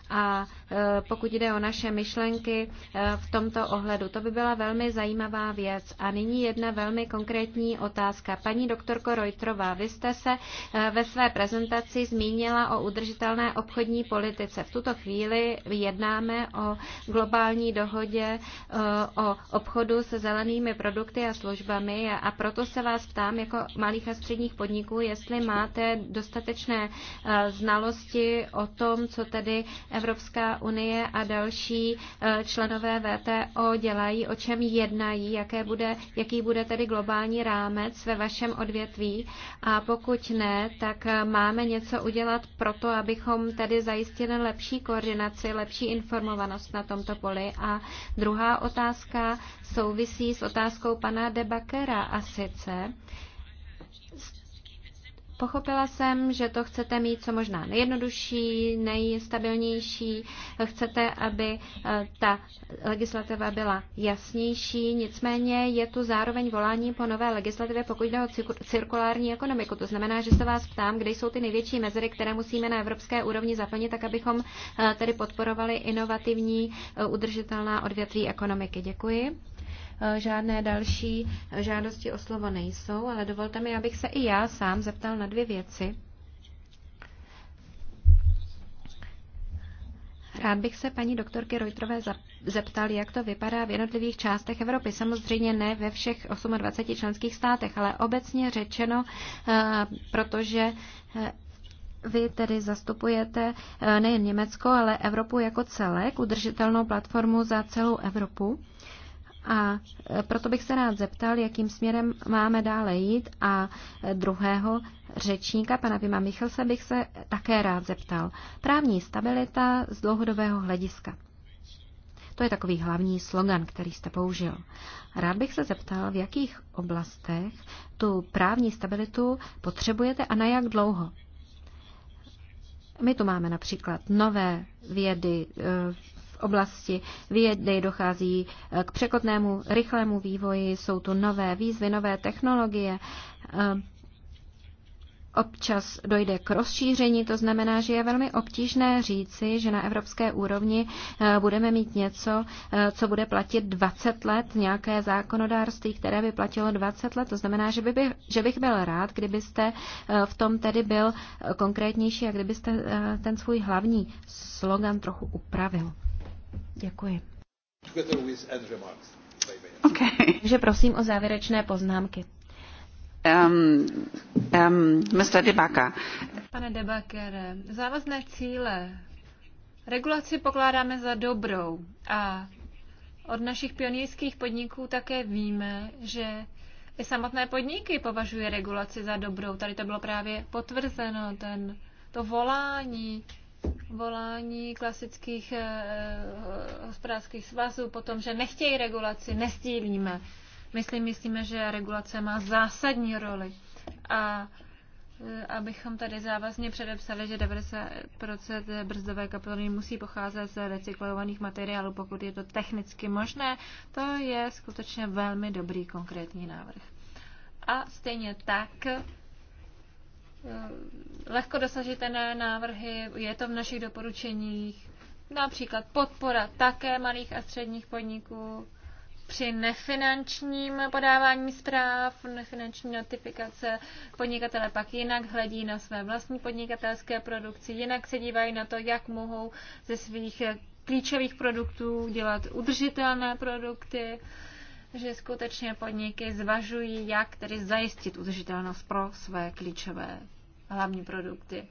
a e, pokud jde o naše myšlenky e, v tomto ohledu. To by byla velmi zajímavá věc. A nyní jedna velmi konkrétní otázka. Paní doktorko Rojtrová, vy jste se e, ve své prezentaci zmínila o udržitelné obchodní politice. V tuto chvíli jednáme o globální dohodě o obchodu se zelenými produkty a službami a proto se vás ptám jako malých a středních podniků, jestli máte dostatečné znalosti o tom, co tedy Evropská unie a další eh, členové VTO dělají, o čem jednají, jaké bude, jaký bude tedy globální rámec ve vašem odvětví a pokud ne, tak eh, máme něco udělat pro to, abychom tedy zajistili lepší koordinaci, lepší informovanost na tomto poli. A druhá otázka souvisí s otázkou pana Debakera a sice, Pochopila jsem, že to chcete mít co možná nejjednodušší, nejstabilnější, chcete, aby eh, ta legislativa byla jasnější, nicméně je tu zároveň volání po nové legislativě, pokud jde o cirkulární ekonomiku. To znamená, že se vás ptám, kde jsou ty největší mezery, které musíme na evropské úrovni zaplnit, tak abychom eh, tedy podporovali inovativní, eh, udržitelná odvětví ekonomiky. Děkuji. Eh, žádné další eh, žádosti o slovo nejsou, ale dovolte mi, abych se i já sám zeptal na dvě věci. Rád bych se paní doktorky Reutrové zeptal, jak to vypadá v jednotlivých částech Evropy. Samozřejmě ne ve všech 28 členských státech, ale obecně řečeno, eh, protože vy tedy zastupujete nejen Německo, ale Evropu jako celek, udržitelnou platformu za celou Evropu. A e, proto bych se rád zeptal, jakým směrem máme dále jít a e, druhého řečníka, pana Vima Michelsa, bych se také rád zeptal. Právní stabilita z dlouhodobého hlediska. To je takový hlavní slogan, který jste použil. Rád bych se zeptal, v jakých oblastech tu právní stabilitu potřebujete a na jak dlouho. My tu máme například nové vědy, e, oblasti vědy dochází eh, k překotnému, rychlému vývoji, jsou tu nové výzvy, nové technologie. Eh, občas dojde k rozšíření, to znamená, že je velmi obtížné říci, že na evropské úrovni eh, budeme mít něco, co bude platit 20 let, nějaké zákonodárství, které by platilo 20 let. To znamená, že, by bych, že bych byl rád, kdybyste v tom tedy byl konkrétnější a kdybyste ten svůj hlavní slogan trochu upravil. Děkuji. Okay. Že prosím o závěrečné poznámky. Um, um, Mr. Debaka. Pane Debaker, závazné cíle. Regulaci pokládáme za dobrou a od našich pionýrských podniků také víme, že i samotné podniky považují regulaci za dobrou. Tady to bylo právě potvrzeno, ten, to volání volání klasických eh, eh, hospodářských svazů, potom, že nechtějí regulaci, nestílíme. Myslím, myslíme, že regulace má zásadní roli. A eh, abychom tady závazně předepsali, že 90% brzdové kapitoly musí pocházet z recyklovaných materiálů, pokud je to technicky možné, to je skutečně velmi dobrý konkrétní návrh. A stejně tak Eh, lehko dosažitelné návrhy, je to v našich doporučeních, například podpora také malých a středních podniků při nefinančním podávání zpráv, nefinanční notifikace. Podnikatele pak jinak hledí na své vlastní podnikatelské produkci, jinak se dívají na to, jak mohou ze svých klíčových produktů dělat udržitelné produkty že skutečně podniky zvažují, jak tedy zajistit udržitelnost pro své klíčové hlavní produkty.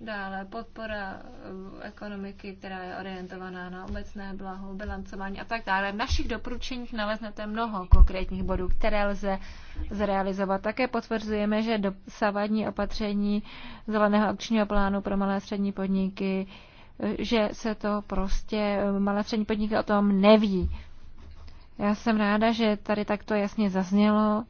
Dále podpora eh, ekonomiky, která je orientovaná na obecné blaho, bilancování a tak dále. V našich doporučeních naleznete mnoho konkrétních bodů, které lze zrealizovat. Také potvrzujeme, že dosavadní opatření zeleného akčního plánu pro malé a střední podniky eh, že se to prostě eh, malé střední podniky o tom neví. Já jsem ráda, že tady takto jasně zaznělo,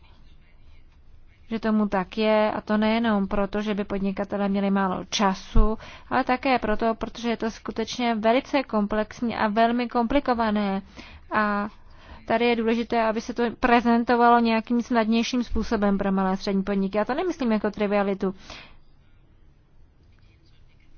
že tomu tak je a to nejenom proto, že by podnikatele měli málo času, ale také proto, protože je to skutečně velice komplexní a velmi komplikované a tady je důležité, aby se to prezentovalo nějakým snadnějším způsobem pro malé a střední podniky. Já to nemyslím jako trivialitu.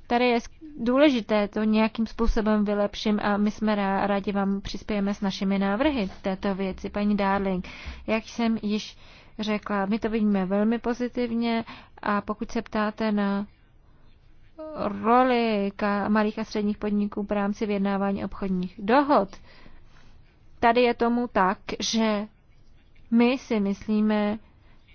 Tady je důležité to nějakým způsobem vylepším a my jsme rádi vám přispějeme s našimi návrhy v této věci. Paní Darling, jak jsem již řekla, my to vidíme velmi pozitivně a pokud se ptáte na roli malých a středních podniků v rámci vyjednávání obchodních dohod, tady je tomu tak, že my si myslíme,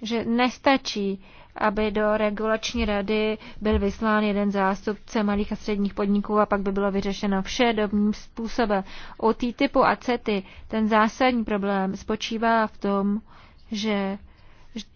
že nestačí aby do regulační rady byl vyslán jeden zástupce malých a středních podniků a pak by bylo vyřešeno vše dobným způsobem. O TTIPu a CETY ten zásadní problém spočívá v tom, že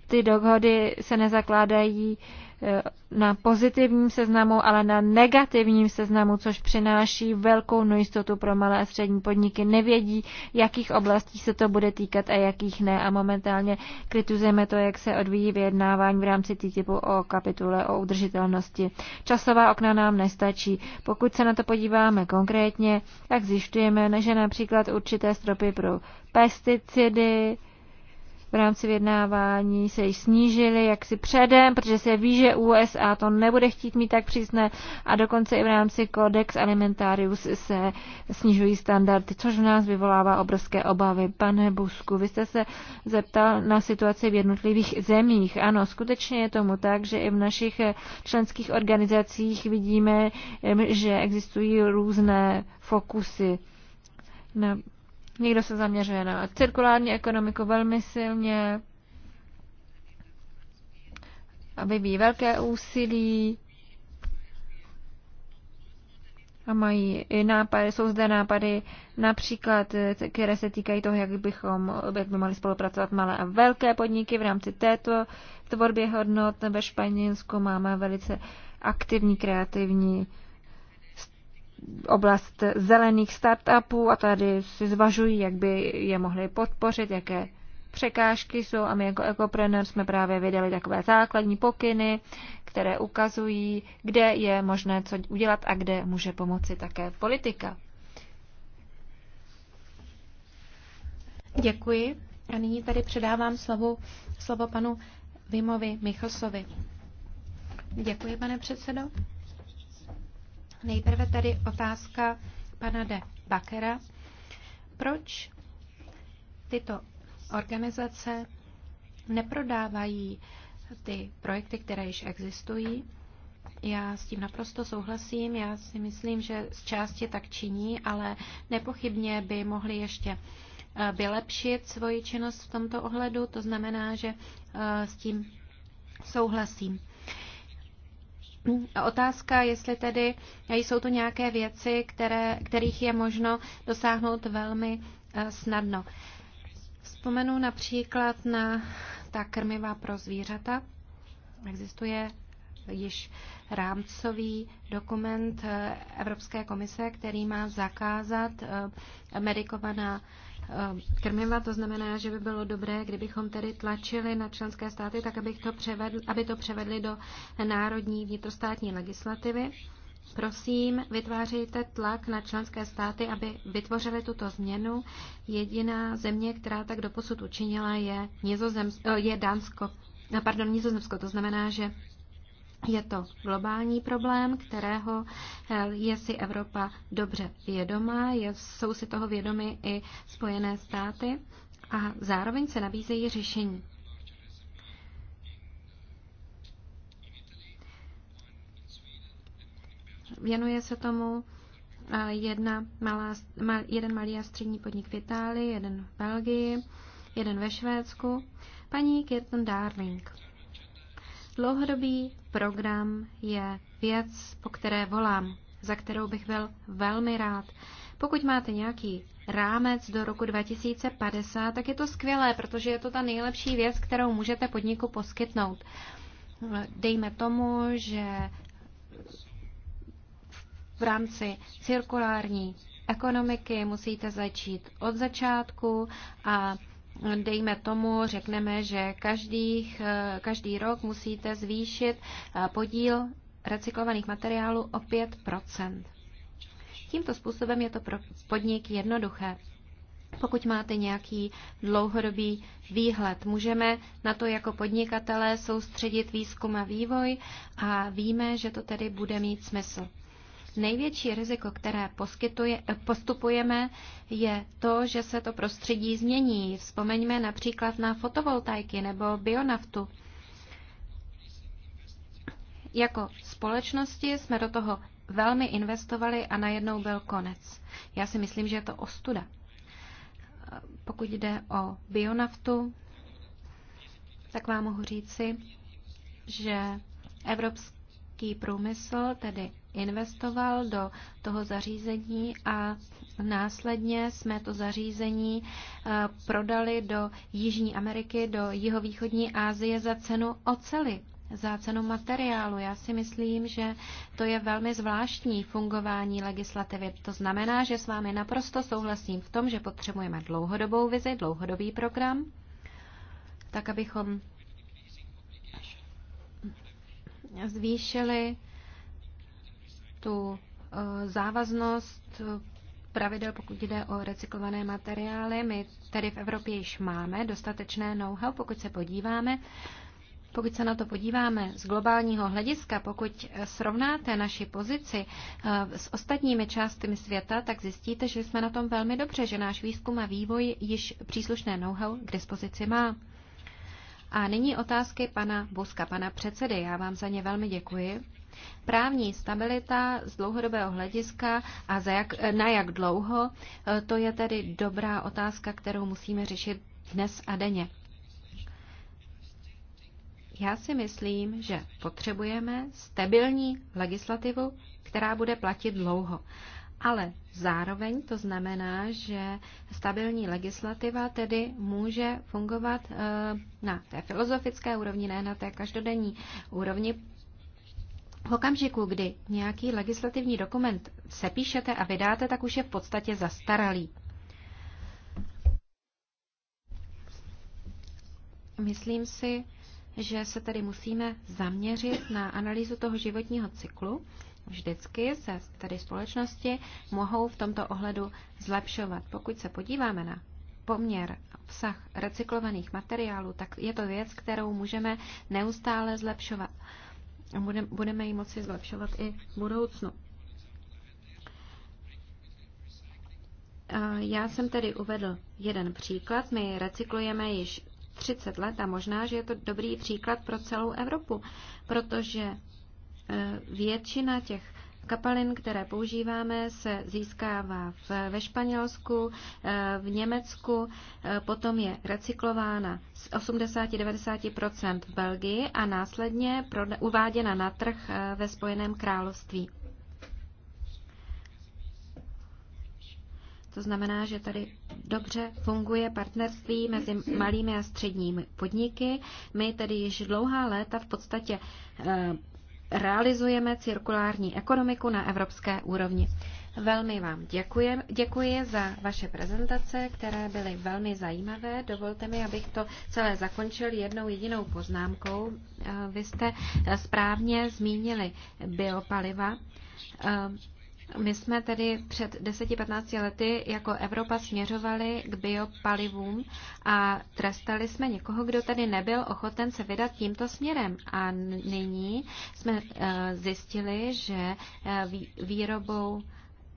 ty dohody se nezakládají Eh, na pozitivním seznamu, ale na negativním seznamu, což přináší velkou nejistotu pro malé a střední podniky. Nevědí, jakých oblastí se to bude týkat a jakých ne. A momentálně kritizujeme to, jak se odvíjí vyjednávání v rámci TTIPu o kapitule o udržitelnosti. Časová okna nám nestačí. Pokud se na to podíváme konkrétně, tak zjišťujeme, že například určité stropy pro pesticidy, v rámci vyjednávání se již snížily jaksi předem, protože se ví, že USA to nebude chtít mít tak přísné a dokonce i v rámci Codex Alimentarius se snižují standardy, což v nás vyvolává obrovské obavy. Pane Busku, vy jste se zeptal na situaci v jednotlivých zemích. Ano, skutečně je tomu tak, že i v našich členských organizacích vidíme, že existují různé fokusy. Na Někdo se zaměřuje na cirkulární ekonomiku velmi silně aby byly velké úsilí a mají i nápady, jsou zde nápady například, které se týkají toho, jak, bychom, jak by mohli spolupracovat malé a velké podniky v rámci této tvorby hodnot. Ve Španělsku máme velice aktivní kreativní oblast zelených startupů a tady si zvažují, jak by je mohli podpořit, jaké překážky jsou a my jako ekopreneur jsme právě vydali takové základní pokyny, které ukazují, kde je možné co udělat a kde může pomoci také politika. Děkuji. A nyní tady předávám slovo, slovo panu Vimovi Michlsovi. Děkuji, pane předsedo. Nejprve tady otázka pana de Bakera. Proč tyto organizace neprodávají ty projekty, které již existují. Já s tím naprosto souhlasím, já si myslím, že z části tak činí, ale nepochybně by mohli ještě eh, vylepšit svoji činnost v tomto ohledu, to znamená, že eh, s tím souhlasím. Otázka, jestli tedy jsou to nějaké věci, které, kterých je možno dosáhnout velmi eh, snadno. Vzpomenu například na ta krmiva pro zvířata. Existuje již rámcový dokument eh, Evropské komise, který má zakázat eh, medikovaná krmiva. To znamená, že by bylo dobré, kdybychom tedy tlačili na členské státy, tak abych to převedl, aby to převedli do národní vnitrostátní legislativy. Prosím, vytvářejte tlak na členské státy, aby vytvořili tuto změnu. Jediná země, která tak doposud učinila, je, Nizozemsko, eh, je Dánsko. Pardon, Nizozemsko. To znamená, že je to globální problém, kterého eh, je si Evropa dobře vědomá, jsou si toho vědomy i Spojené státy a zároveň se nabízejí řešení. Věnuje se tomu eh, jedna malá, jeden malý a střední podnik v Itálii, jeden v Belgii, jeden ve Švédsku. Paní Kirton Darling Dlouhodobý program je věc, po které volám, za kterou bych byl velmi rád. Pokud máte nějaký rámec do roku 2050, tak je to skvělé, protože je to ta nejlepší věc, kterou můžete podniku poskytnout. Dejme tomu, že v rámci cirkulární ekonomiky musíte začít od začátku a dejme tomu, řekneme, že každých, každý rok musíte zvýšit eh, podíl recyklovaných materiálů o 5 Tímto způsobem je to pro podnik jednoduché. Pokud máte nějaký dlouhodobý výhled, můžeme na to jako podnikatelé soustředit výzkum a vývoj a víme, že to tedy bude mít smysl. Největší riziko, které poskytuje, postupujeme, je to, že se to prostředí změní. Vzpomeňme například na fotovoltaiky nebo bionaftu. Jako společnosti jsme do toho velmi investovali a najednou byl konec. Já si myslím, že je to ostuda. Pokud jde o bionaftu, tak vám mohu říci, že evropské chemický průmysl tedy investoval do toho zařízení a následně jsme to zařízení eh, prodali do Jižní Ameriky, do Jihovýchodní Asie za cenu ocely za cenu materiálu. Já si myslím, že to je velmi zvláštní fungování legislativy. To znamená, že s vámi naprosto souhlasím v tom, že potřebujeme dlouhodobou vizi, dlouhodobý program, tak abychom zvýšili tu eh, závaznost pravidel, pokud jde o recyklované materiály. My tady v Evropě již máme dostatečné know-how, pokud se podíváme. Pokud se na to podíváme z globálního hlediska, pokud srovnáte naši pozici eh, s ostatními částmi světa, tak zjistíte, že jsme na tom velmi dobře, že náš výzkum a vývoj již příslušné know-how k dispozici má. A nyní otázky pana Boska, pana předsedy. Já vám za ně velmi děkuji. Právní stabilita z dlouhodobého hlediska a za jak, na jak dlouho, e, to je tedy dobrá otázka, kterou musíme řešit dnes a denně. Já si myslím, že potřebujeme stabilní legislativu, která bude platit dlouho ale zároveň to znamená, že stabilní legislativa tedy může fungovat eh, na té filozofické úrovni, ne na té každodenní úrovni. V okamžiku, kdy nějaký legislativní dokument sepíšete a vydáte, tak už je v podstatě zastaralý. Myslím si, že se tedy musíme zaměřit na analýzu toho životního cyklu vždycky se tedy společnosti mohou v tomto ohledu zlepšovat. Pokud se podíváme na poměr obsah recyklovaných materiálů, tak je to věc, kterou můžeme neustále zlepšovat. Budeme ji moci zlepšovat i v budoucnu. Já jsem tedy uvedl jeden příklad. My recyklujeme již 30 let a možná, že je to dobrý příklad pro celou Evropu, protože Eh, většina těch kapalin, které používáme, se získává ve Španělsku, eh, v Německu, eh, potom je recyklována z 80-90% v Belgii a následně uváděna na trh ve Spojeném království. To znamená, že tady dobře funguje partnerství mezi malými a středními podniky. My tedy již dlouhá léta v podstatě realizujeme cirkulární ekonomiku na evropské úrovni. Velmi vám děkuji, děkuji za vaše prezentace, které byly velmi zajímavé. Dovolte mi, abych to celé zakončil jednou jedinou poznámkou. Eh, vy jste eh, správně zmínili biopaliva. Eh, my jsme tedy před 10-15 lety jako Evropa směřovali k biopalivům a trestali jsme někoho, kdo tady nebyl ochoten se vydat tímto směrem. A nyní jsme eh, zjistili, že eh, výrobou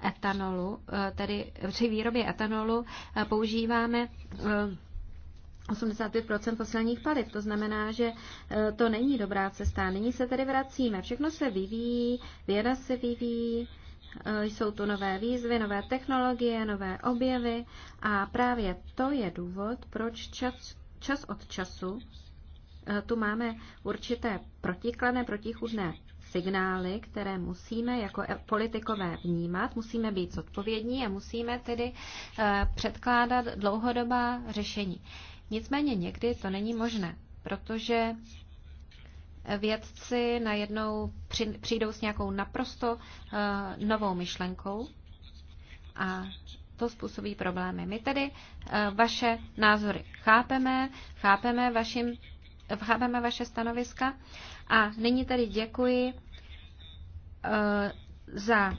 etanolu, eh, tedy při výrobě etanolu používáme 85 fosilních paliv. To znamená, že to není dobrá cesta. Nyní se tedy vracíme. Všechno se vyvíjí, věda se vyvíjí, Eh, jsou tu nové výzvy, nové technologie, nové objevy a právě to je důvod, proč čas, čas od času eh, tu máme určité protikladné, protichudné signály, které musíme jako e, politikové vnímat, musíme být zodpovědní a musíme tedy eh, předkládat dlouhodobá řešení. Nicméně někdy to není možné, protože vědci najednou přijdou s nějakou naprosto eh, novou myšlenkou a to způsobí problémy. My tedy eh, vaše názory chápeme, chápeme, vašim, chápeme vaše stanoviska a nyní tedy děkuji eh, za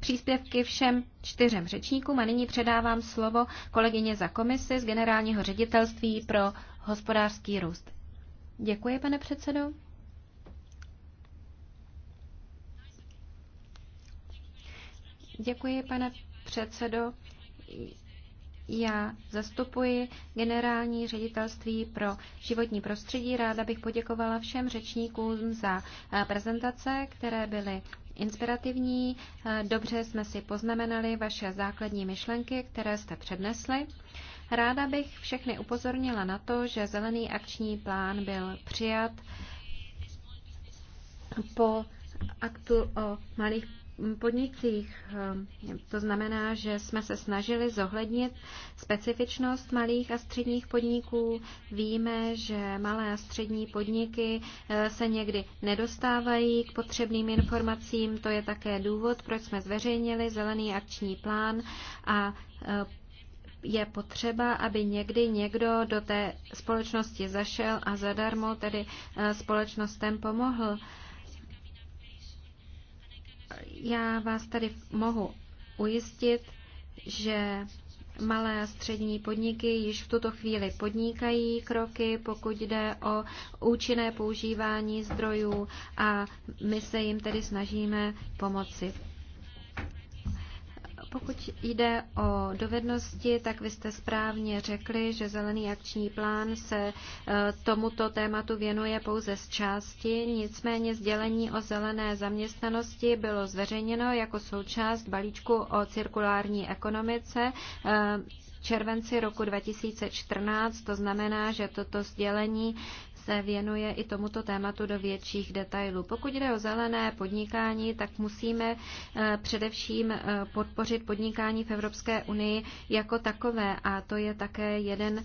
příspěvky všem čtyřem řečníkům a nyní předávám slovo kolegyně za komisi z Generálního ředitelství pro hospodářský růst. Děkuji, pane předsedo. Děkuji, pane předsedo. Já zastupuji generální ředitelství pro životní prostředí. Ráda bych poděkovala všem řečníkům za eh, prezentace, které byly inspirativní. Eh, dobře jsme si poznamenali vaše základní myšlenky, které jste přednesli. Ráda bych všechny upozornila na to, že zelený akční plán byl přijat po aktu o malých podnicích. To znamená, že jsme se snažili zohlednit specifičnost malých a středních podniků. Víme, že malé a střední podniky eh, se někdy nedostávají k potřebným informacím. To je také důvod, proč jsme zveřejnili zelený akční plán a eh, je potřeba, aby někdy někdo do té společnosti zašel a zadarmo tedy eh, společnostem pomohl. Já vás tady mohu ujistit, že Malé a střední podniky již v tuto chvíli podnikají kroky, pokud jde o účinné používání zdrojů a my se jim tedy snažíme pomoci. Pokud jde o dovednosti, tak vy jste správně řekli, že zelený akční plán se e, tomuto tématu věnuje pouze z části, nicméně sdělení o zelené zaměstnanosti bylo zveřejněno jako součást balíčku o cirkulární ekonomice e, červenci roku 2014, to znamená, že toto sdělení se věnuje i tomuto tématu do větších detailů. Pokud jde o zelené podnikání, tak musíme eh, především eh, podpořit podnikání v Evropské unii jako takové a to je také jeden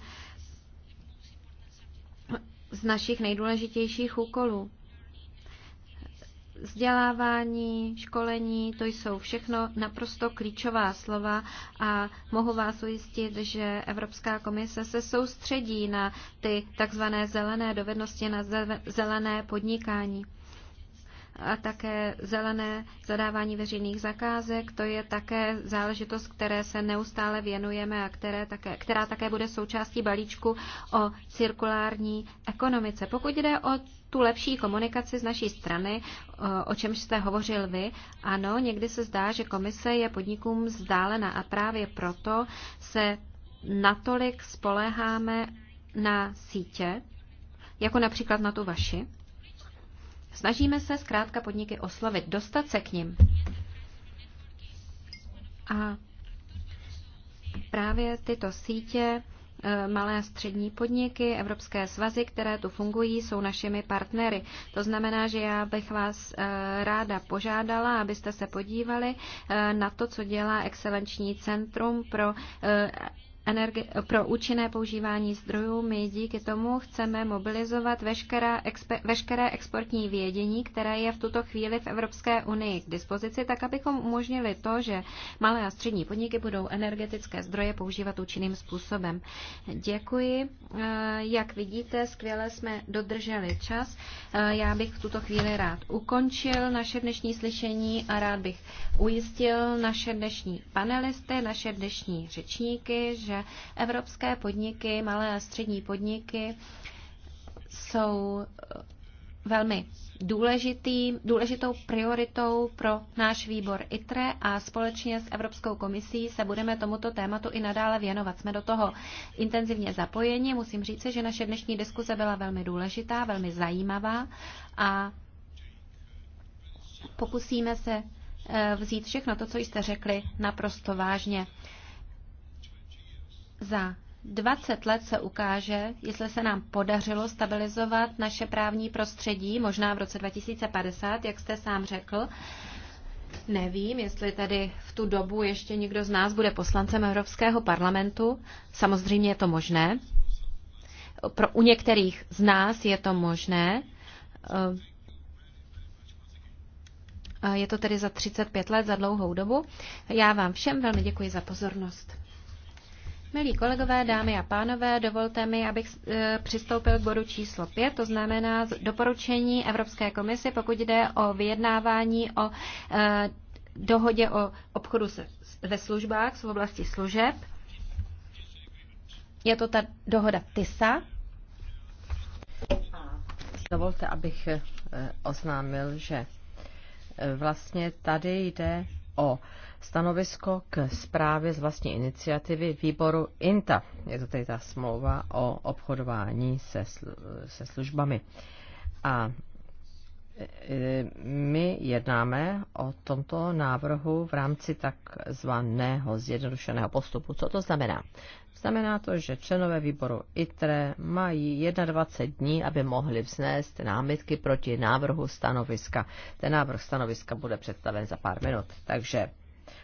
z našich nejdůležitějších úkolů. Vzdělávání, školení, to jsou všechno naprosto klíčová slova a mohu vás ujistit, že Evropská komise se soustředí na ty takzvané zelené dovednosti, na zelené podnikání a také zelené zadávání veřejných zakázek. To je také záležitost, které se neustále věnujeme a které také, která také bude součástí balíčku o cirkulární ekonomice. Pokud jde o tu lepší komunikaci z naší strany, eh, o čemž jste hovořil vy. Ano, někdy se zdá, že komise je podnikům vzdálena a právě proto se natolik spoléháme na sítě, jako například na tu vaši. Snažíme se zkrátka podniky oslovit, dostat se k ním. A právě tyto sítě Eh, malé a střední podniky, evropské svazy, které tu fungují, jsou našimi partnery. To znamená, že já bych vás eh, ráda požádala, abyste se podívali eh, na to, co dělá Excelenční centrum pro energi- pro účinné používání zdrojů. My díky tomu chceme mobilizovat veškerá expe- veškeré exportní vědění, které je v tuto chvíli v Evropské unii k dispozici, tak abychom umožnili to, že malé a střední podniky budou energetické zdroje používat účinným způsobem. Děkuji. Eh, jak vidíte, skvěle jsme dodrželi čas. Eh, já bych v tuto chvíli rád ukončil naše dnešní slyšení a rád bych ujistil naše dnešní panelisty, naše dnešní řečníky, že evropské podniky, malé a střední podniky jsou eh, velmi důležitý, důležitou prioritou pro náš výbor ITRE a společně s Evropskou komisí se budeme tomuto tématu i nadále věnovat. Jsme do toho intenzivně zapojeni. Musím říct, že naše dnešní diskuze byla velmi důležitá, velmi zajímavá a pokusíme se eh, vzít všechno to, co jste řekli, naprosto vážně za 20 let se ukáže, jestli se nám podařilo stabilizovat naše právní prostředí, možná v roce 2050, jak jste sám řekl. Nevím, jestli tady v tu dobu ještě někdo z nás bude poslancem Evropského parlamentu. Samozřejmě je to možné. Pro, u některých z nás je to možné. Eh, je to tedy za 35 let, za dlouhou dobu. Já vám všem velmi děkuji za pozornost. Milí kolegové, dámy a pánové, dovolte mi, abych eh, přistoupil k bodu číslo 5, to znamená doporučení Evropské komisi, pokud jde o vyjednávání o eh, dohodě o obchodu se, ve službách v oblasti služeb. Je to ta dohoda TISA. Dovolte, abych eh, oznámil, že vlastně tady jde o stanovisko k zprávě z vlastní iniciativy výboru INTA. Je to tedy ta smlouva o obchodování se, se službami. A e, my jednáme o tomto návrhu v rámci takzvaného zjednodušeného postupu. Co to znamená? Znamená to, že členové výboru ITRE mají 21 dní, aby mohli vznést námitky proti návrhu stanoviska. Ten návrh stanoviska bude představen za pár minut. Takže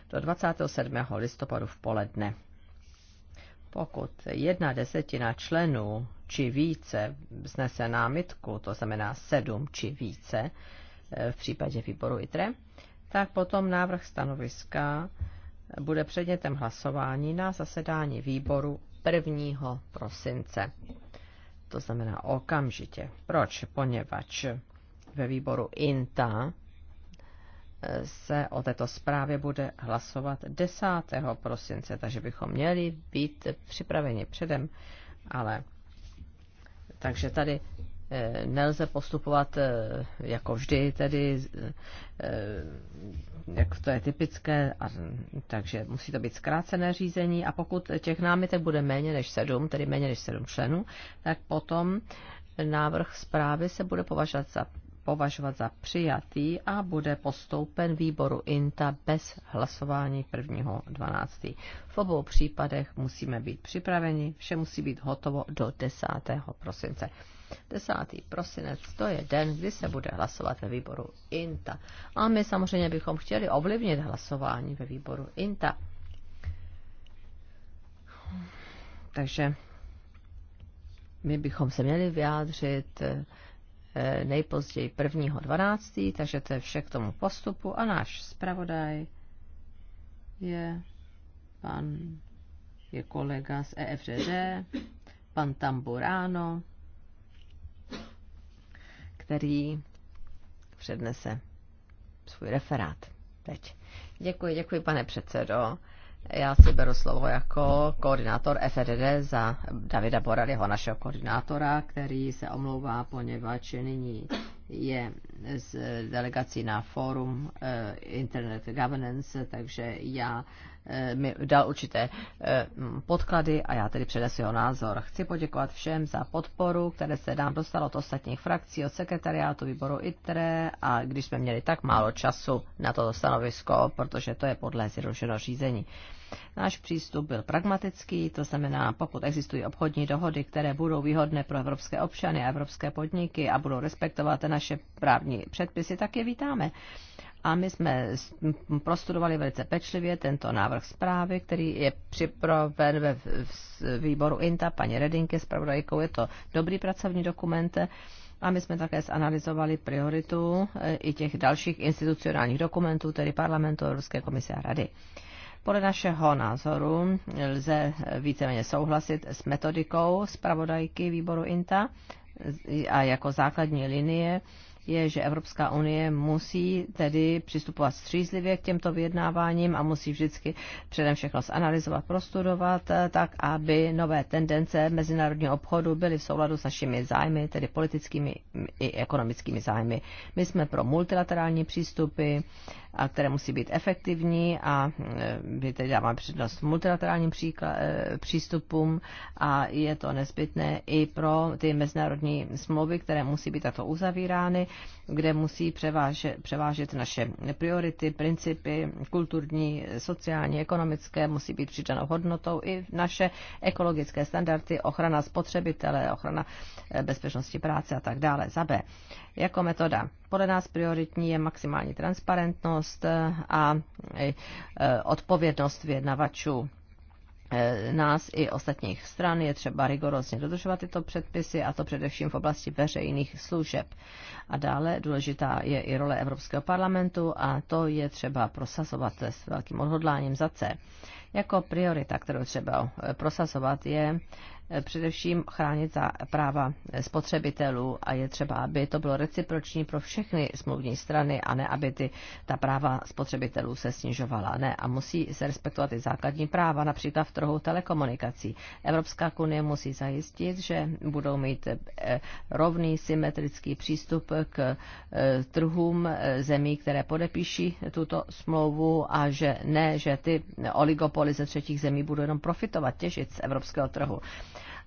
do 27. listopadu v poledne. Pokud jedna desetina členů či více vznese námitku, to znamená sedm či více, e, v případě výboru ITRE, tak potom návrh stanoviska bude předmětem hlasování na zasedání výboru 1. prosince. To znamená okamžitě. Proč? Poněvadž ve výboru INTA se o této zprávě bude hlasovat 10. prosince, takže bychom měli být připraveni předem, ale takže tady eh, nelze postupovat eh, jako vždy, tedy eh, jak to je typické, a, takže musí to být zkrácené řízení a pokud těch námitek bude méně než sedm, tedy méně než sedm členů, tak potom návrh zprávy se bude považovat za považovat za přijatý a bude postoupen výboru INTA bez hlasování 1.12. V obou případech musíme být připraveni, vše musí být hotovo do 10. prosince. 10. prosinec, to je den, kdy se bude hlasovat ve výboru INTA. A my samozřejmě bychom chtěli ovlivnit hlasování ve výboru INTA. Takže my bychom se měli vyjádřit Eh, nejpozději 1.12., takže to je vše k tomu postupu. A náš zpravodaj je pan je kolega z EFDD, pan Tamburano, který přednese svůj referát teď. Děkuji, děkuji, pane předsedo. Já si beru slovo jako koordinátor FDD za Davida Boraliho, našeho koordinátora, který se omlouvá, poněvadž nyní je z delegací na fórum eh, Internet Governance, takže já eh, mi dal určité eh, podklady a já tedy předesu jeho názor. Chci poděkovat všem za podporu, které se nám dostalo od ostatních frakcí, od sekretariátu výboru ITRE a když jsme měli tak málo času na toto stanovisko, protože to je podle zjednodušeného řízení. Náš přístup byl pragmatický, to znamená, pokud existují obchodní dohody, které budou výhodné pro evropské občany a evropské podniky a budou respektovat naše právní předpisy, tak je vítáme. A my jsme prostudovali velice pečlivě tento návrh zprávy, který je připraven ve výboru INTA paní Redinke s pravodajkou. Je to dobrý pracovní dokument. A my jsme také zanalizovali prioritu eh, i těch dalších institucionálních dokumentů, tedy parlamentu, Evropské komise a rady. Podle našeho názoru lze víceméně souhlasit s metodikou zpravodajky výboru INTA a jako základní linie je, že Evropská unie musí tedy přistupovat střízlivě k těmto vyjednáváním a musí vždycky předem všechno zanalizovat, prostudovat, eh, tak aby nové tendence mezinárodního obchodu byly v souladu s našimi zájmy, tedy politickými i ekonomickými zájmy. My jsme pro multilaterální přístupy, a které musí být efektivní a eh, my tedy dáváme přednost multilaterálním eh, přístupům a je to nezbytné i pro ty mezinárodní smlouvy, které musí být tato uzavírány, kde musí převážet, převážet naše priority, principy, kulturní, sociální, ekonomické, musí být přidanou hodnotou i naše ekologické standardy, ochrana spotřebitele, ochrana eh, bezpečnosti práce a tak dále. Za B. Jako metoda. Podle nás prioritní je maximální transparentnost, odpovědnost eh, a eh, odpovědnost vyjednavačů eh, nás i ostatních stran je třeba rigorózně dodržovat tyto předpisy, a to především v oblasti veřejných služeb. A dále důležitá je i role Evropského parlamentu a to je třeba prosazovat s velkým odhodláním za C. Jako priorita, kterou třeba prosazovat, je Eh, především chránit za práva spotřebitelů a je třeba, aby to bylo reciproční pro všechny smluvní strany a ne, aby ty, ta práva spotřebitelů se snižovala. Ne, a musí se respektovat i základní práva, například v trhu telekomunikací. Evropská unie musí zajistit, že budou mít eh, rovný symetrický přístup k eh, trhům zemí, které podepíší tuto smlouvu a že ne, že ty oligopoly ze třetích zemí budou jenom profitovat, těžit z evropského trhu.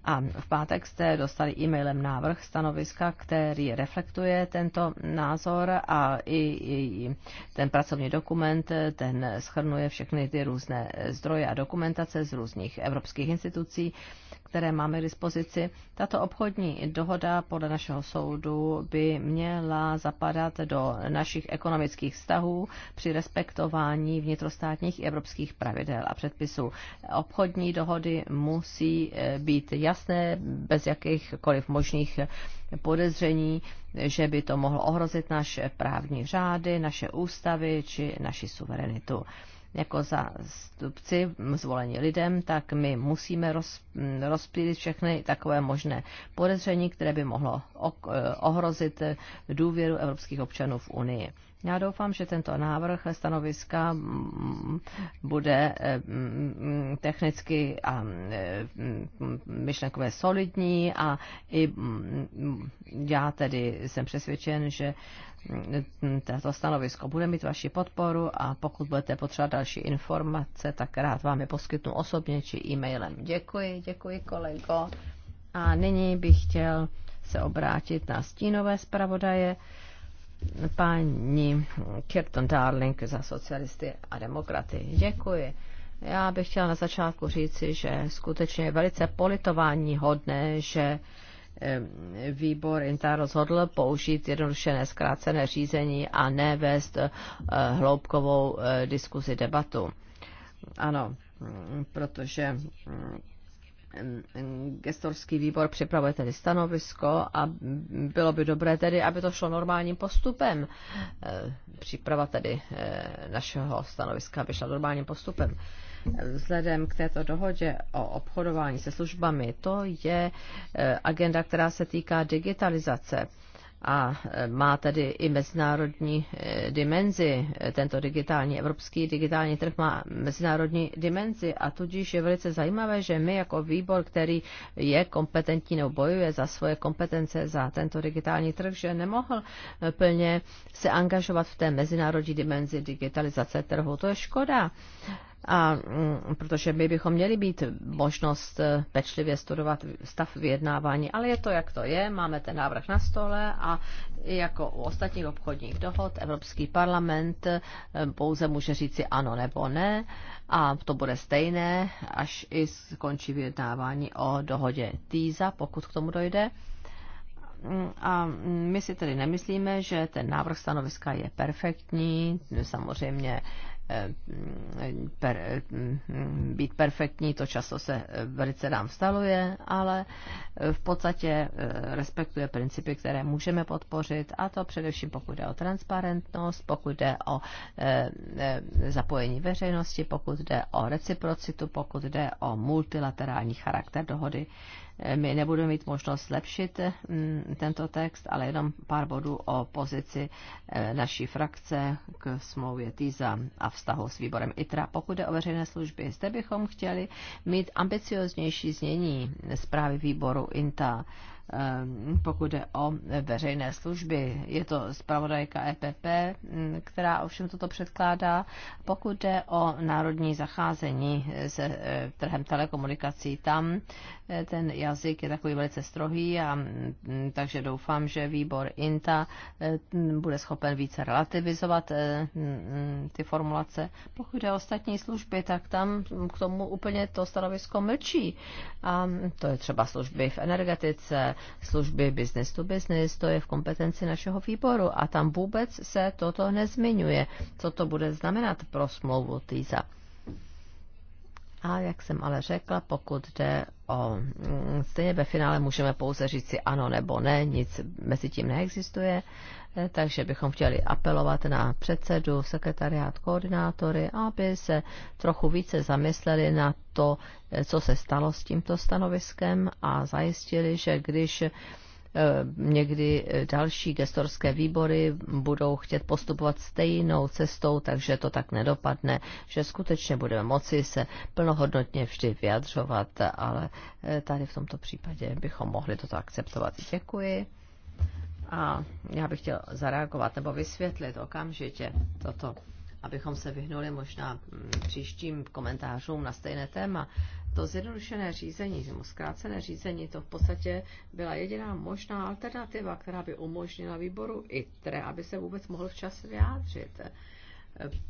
A v pátek jste dostali e-mailem návrh stanoviska, který reflektuje tento názor a i, i ten pracovní dokument, ten schrnuje všechny ty různé zdroje a dokumentace z různých evropských institucí, které máme k dispozici. Tato obchodní dohoda podle našeho soudu by měla zapadat do našich ekonomických vztahů při respektování vnitrostátních i evropských pravidel a předpisů. Obchodní dohody musí eh, být jasné, bez jakýchkoliv možných podezření, že by to mohlo ohrozit naše právní řády, naše ústavy či naši suverenitu jako stupci, zvolení lidem, tak my musíme roz, rozpílit všechny takové možné podezření, které by mohlo eh, ohrozit důvěru evropských občanů v Unii. Já doufám, že tento návrh stanoviska mm, bude eh, mm, technicky a eh, myšlenkové solidní a i mm, já tedy jsem přesvědčen, že tato stanovisko bude mít vaši podporu a pokud budete potřebovat další informace, tak rád vám je poskytnu osobně či e-mailem. Děkuji, děkuji kolego. A nyní bych chtěl se obrátit na stínové zpravodaje paní Kirton Darling za socialisty a demokraty. Děkuji. Já bych chtěla na začátku říci, že skutečně je velice politování hodné, že výbor INTA rozhodl použít jednodušené zkrácené řízení a ne vést eh, hloubkovou eh, diskuzi debatu. Ano, mm, protože mm, mm, gestorský výbor připravuje tedy stanovisko a bylo by dobré tedy, aby to šlo normálním postupem. Eh, příprava tedy našeho stanoviska by šla normálním postupem vzhledem k této dohodě o obchodování se službami, to je eh, agenda, která se týká digitalizace a eh, má tedy i mezinárodní eh, dimenzi. Tento digitální, evropský digitální trh má mezinárodní dimenzi a tudíž je velice zajímavé, že my jako výbor, který je kompetentní nebo bojuje za svoje kompetence za tento digitální trh, že nemohl plně se angažovat v té mezinárodní dimenzi digitalizace trhu. To je škoda. A mm, protože my bychom měli být možnost eh, pečlivě studovat stav vyjednávání, ale je to, jak to je, máme ten návrh na stole a jako u ostatních obchodních dohod Evropský parlament eh, pouze může říci ano nebo ne a to bude stejné, až i skončí vyjednávání o dohodě TISA, pokud k tomu dojde mm, a my si tedy nemyslíme, že ten návrh stanoviska je perfektní. Samozřejmě per, být perfektní, to často se velice nám vstaluje, ale v podstatě eh, respektuje principy, které můžeme podpořit, a to především pokud jde o transparentnost, pokud jde o eh, eh, zapojení veřejnosti, pokud jde o reciprocitu, pokud jde o multilaterální charakter dohody. My nebudeme mít možnost zlepšit mm, tento text, ale jenom pár bodů o pozici eh, naší frakce k smlouvě TISA a vztahu s výborem ITRA. Pokud jde o veřejné služby, zde bychom chtěli mít ambicioznější znění zprávy výboru INTA Ehm, pokud jde o veřejné služby. Je to zpravodajka EPP, mm, která ovšem toto předkládá. Pokud jde o národní zacházení se eh, trhem telekomunikací, tam eh, ten jazyk je takový velice strohý, a, mm, takže doufám, že výbor INTA eh, mm, bude schopen více relativizovat ty formulace. Pokud jde o ostatní služby, tak tam k tomu úplně to stanovisko mlčí. A to je třeba služby v energetice, služby business to business, to je v kompetenci našeho výboru a tam vůbec se toto nezmiňuje, co to bude znamenat pro smlouvu TISA. A jak jsem ale řekla, pokud jde o... Mm, stejně ve finále můžeme pouze říct si ano nebo ne, nic mezi tím neexistuje. Eh, takže bychom chtěli apelovat na předsedu, sekretariát, koordinátory, aby se trochu více zamysleli na to, eh, co se stalo s tímto stanoviskem a zajistili, že když eh, někdy další gestorské výbory budou chtět postupovat stejnou cestou, takže to tak nedopadne, že skutečně budeme moci se plnohodnotně vždy vyjadřovat, ale tady v tomto případě bychom mohli toto akceptovat. Děkuji. A já bych chtěl zareagovat nebo vysvětlit okamžitě toto, abychom se vyhnuli možná mm, příštím komentářům na stejné téma. To zjednodušené řízení, zkrácené řízení, to v podstatě byla jediná možná alternativa, která by umožnila výboru ITRE, aby se vůbec mohl včas vyjádřit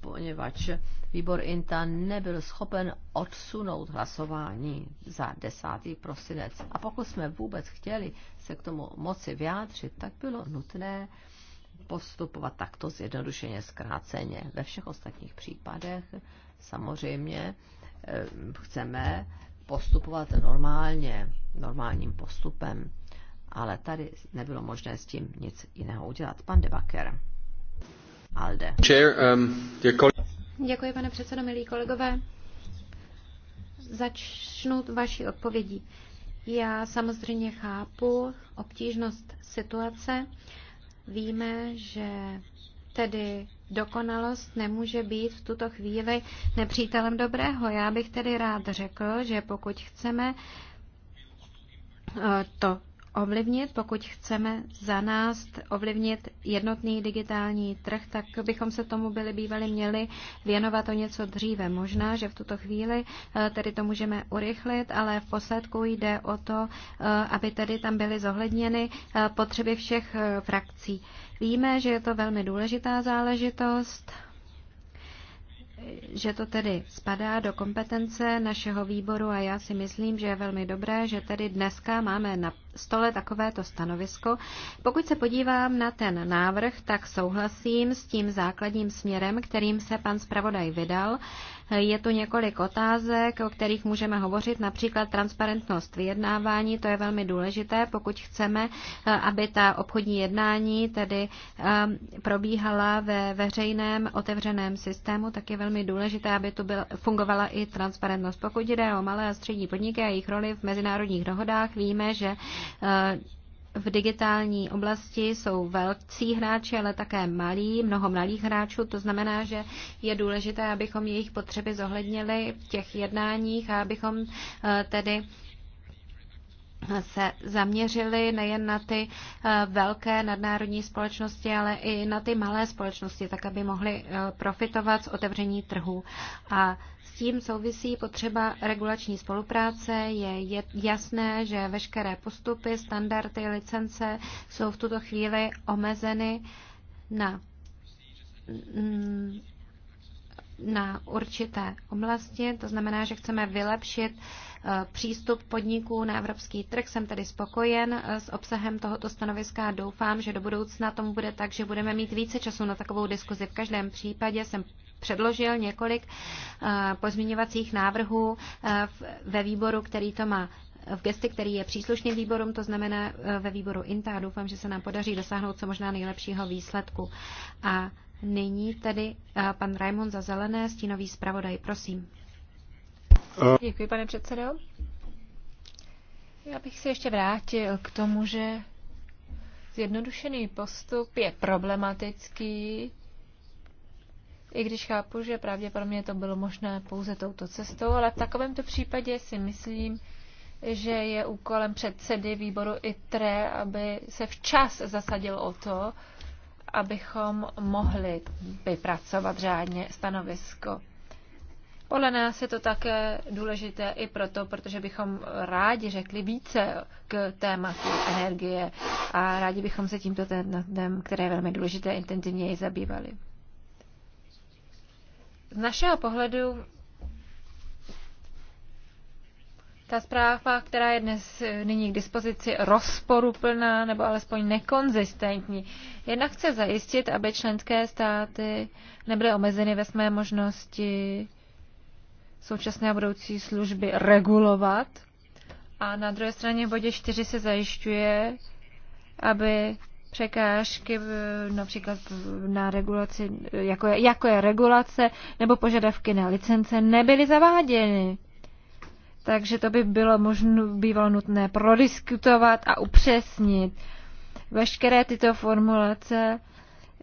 poněvadž výbor INTA nebyl schopen odsunout hlasování za 10. prosinec. A pokud jsme vůbec chtěli se k tomu moci vyjádřit, tak bylo nutné postupovat takto zjednodušeně, zkráceně. Ve všech ostatních případech samozřejmě eh, chceme postupovat normálně, normálním postupem, ale tady nebylo možné s tím nic jiného udělat. Pan Debaker. Alde. Chair, um, Děkuji, pane předsedo, milí kolegové. Začnu vaší odpovědí. Já samozřejmě chápu obtížnost situace. Víme, že tedy dokonalost nemůže být v tuto chvíli nepřítelem dobrého. Já bych tedy rád řekl, že pokud chceme eh, to ovlivnit. Pokud chceme za nás ovlivnit jednotný digitální trh, tak bychom se tomu byli bývali měli věnovat o něco dříve. Možná, že v tuto chvíli eh, tedy to můžeme urychlit, ale v posledku jde o to, eh, aby tedy tam byly zohledněny eh, potřeby všech frakcí. Víme, že je to velmi důležitá záležitost že to tedy spadá do kompetence našeho výboru a já si myslím, že je velmi dobré, že tedy dneska máme na stole takovéto stanovisko. Pokud se podívám na ten návrh, tak souhlasím s tím základním směrem, kterým se pan zpravodaj vydal. Je tu několik otázek, o kterých můžeme hovořit, například transparentnost vyjednávání, to je velmi důležité, pokud chceme, eh, aby ta obchodní jednání tedy eh, probíhala ve veřejném otevřeném systému, tak je velmi důležité, aby tu byl, fungovala i transparentnost. Pokud jde o malé a střední podniky a jejich roli v mezinárodních dohodách, víme, že eh, v digitální oblasti jsou velcí hráči, ale také malí, mnoho malých hráčů. To znamená, že je důležité, abychom jejich potřeby zohlednili v těch jednáních a abychom eh, tedy se zaměřili nejen na ty eh, velké nadnárodní společnosti, ale i na ty malé společnosti, tak aby mohly eh, profitovat z otevření trhu. A tím souvisí potřeba regulační spolupráce. Je jasné, že veškeré postupy, standardy, licence jsou v tuto chvíli omezeny na mm, na určité oblasti, to znamená, že chceme vylepšit eh, přístup podniků na evropský trh. Jsem tedy spokojen eh, s obsahem tohoto stanoviska a doufám, že do budoucna tomu bude tak, že budeme mít více času na takovou diskuzi. V každém případě jsem předložil několik eh, pozměňovacích návrhů ve výboru, který to má v gesti, který je příslušným výborům, to znamená ve výboru INTA doufám, že se nám podaří dosáhnout co možná nejlepšího výsledku. A Nyní tedy eh, pan Raimond za zelené, stínový zpravodaj, prosím. Eh. Děkuji, pane předsedo. Já bych se ještě vrátil k tomu, že zjednodušený postup je problematický, i když chápu, že pravděpodobně to bylo možné pouze touto cestou, ale v takovémto případě si myslím, že je úkolem předsedy výboru ITRE, aby se včas zasadil o to, abychom mohli vypracovat řádně stanovisko. Podle nás je to také důležité i proto, protože bychom rádi řekli více k tématu energie a rádi bychom se tímto tématem, které je velmi důležité, intenzivněji zabývali. Z našeho pohledu ta zpráva, která je dnes eh, nyní k dispozici, rozporuplná nebo alespoň nekonzistentní. Jednak chce zajistit, aby členské státy nebyly omezeny ve své možnosti současné a budoucí služby regulovat. A na druhé straně v bodě 4 se zajišťuje, aby překážky například na regulaci, jako je, jako je regulace nebo požadavky na licence, nebyly zaváděny takže to by bylo možno, bývalo nutné prodiskutovat a upřesnit. Veškeré tyto formulace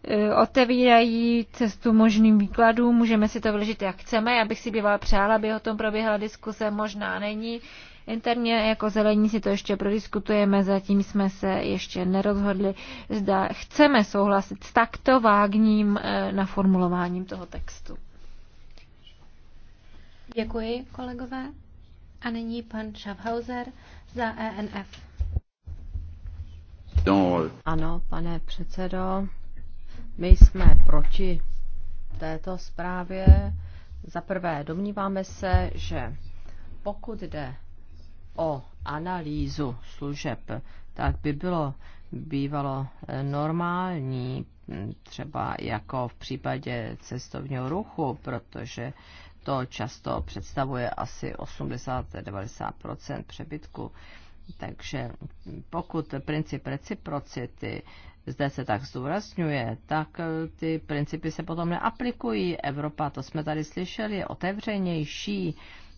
e, otevírají cestu možným výkladům, můžeme si to vložit jak chceme, já bych si bývala přála, aby o tom proběhla diskuse, možná není. Interně jako zelení si to ještě prodiskutujeme, zatím jsme se ještě nerozhodli, zda chceme souhlasit s takto vágním e, naformulováním toho textu. Děkuji, kolegové. A nyní pan Schaffhauser za ENF. Ano, pane předsedo, my jsme proti této zprávě. Za prvé, domníváme se, že pokud jde o analýzu služeb, tak by bylo bývalo normální, třeba jako v případě cestovního ruchu, protože to často představuje asi 80-90 přebytku. Takže pokud princip reciprocity zde se tak zdůrazňuje, tak ty principy se potom neaplikují. Evropa, to jsme tady slyšeli, je otevřenější,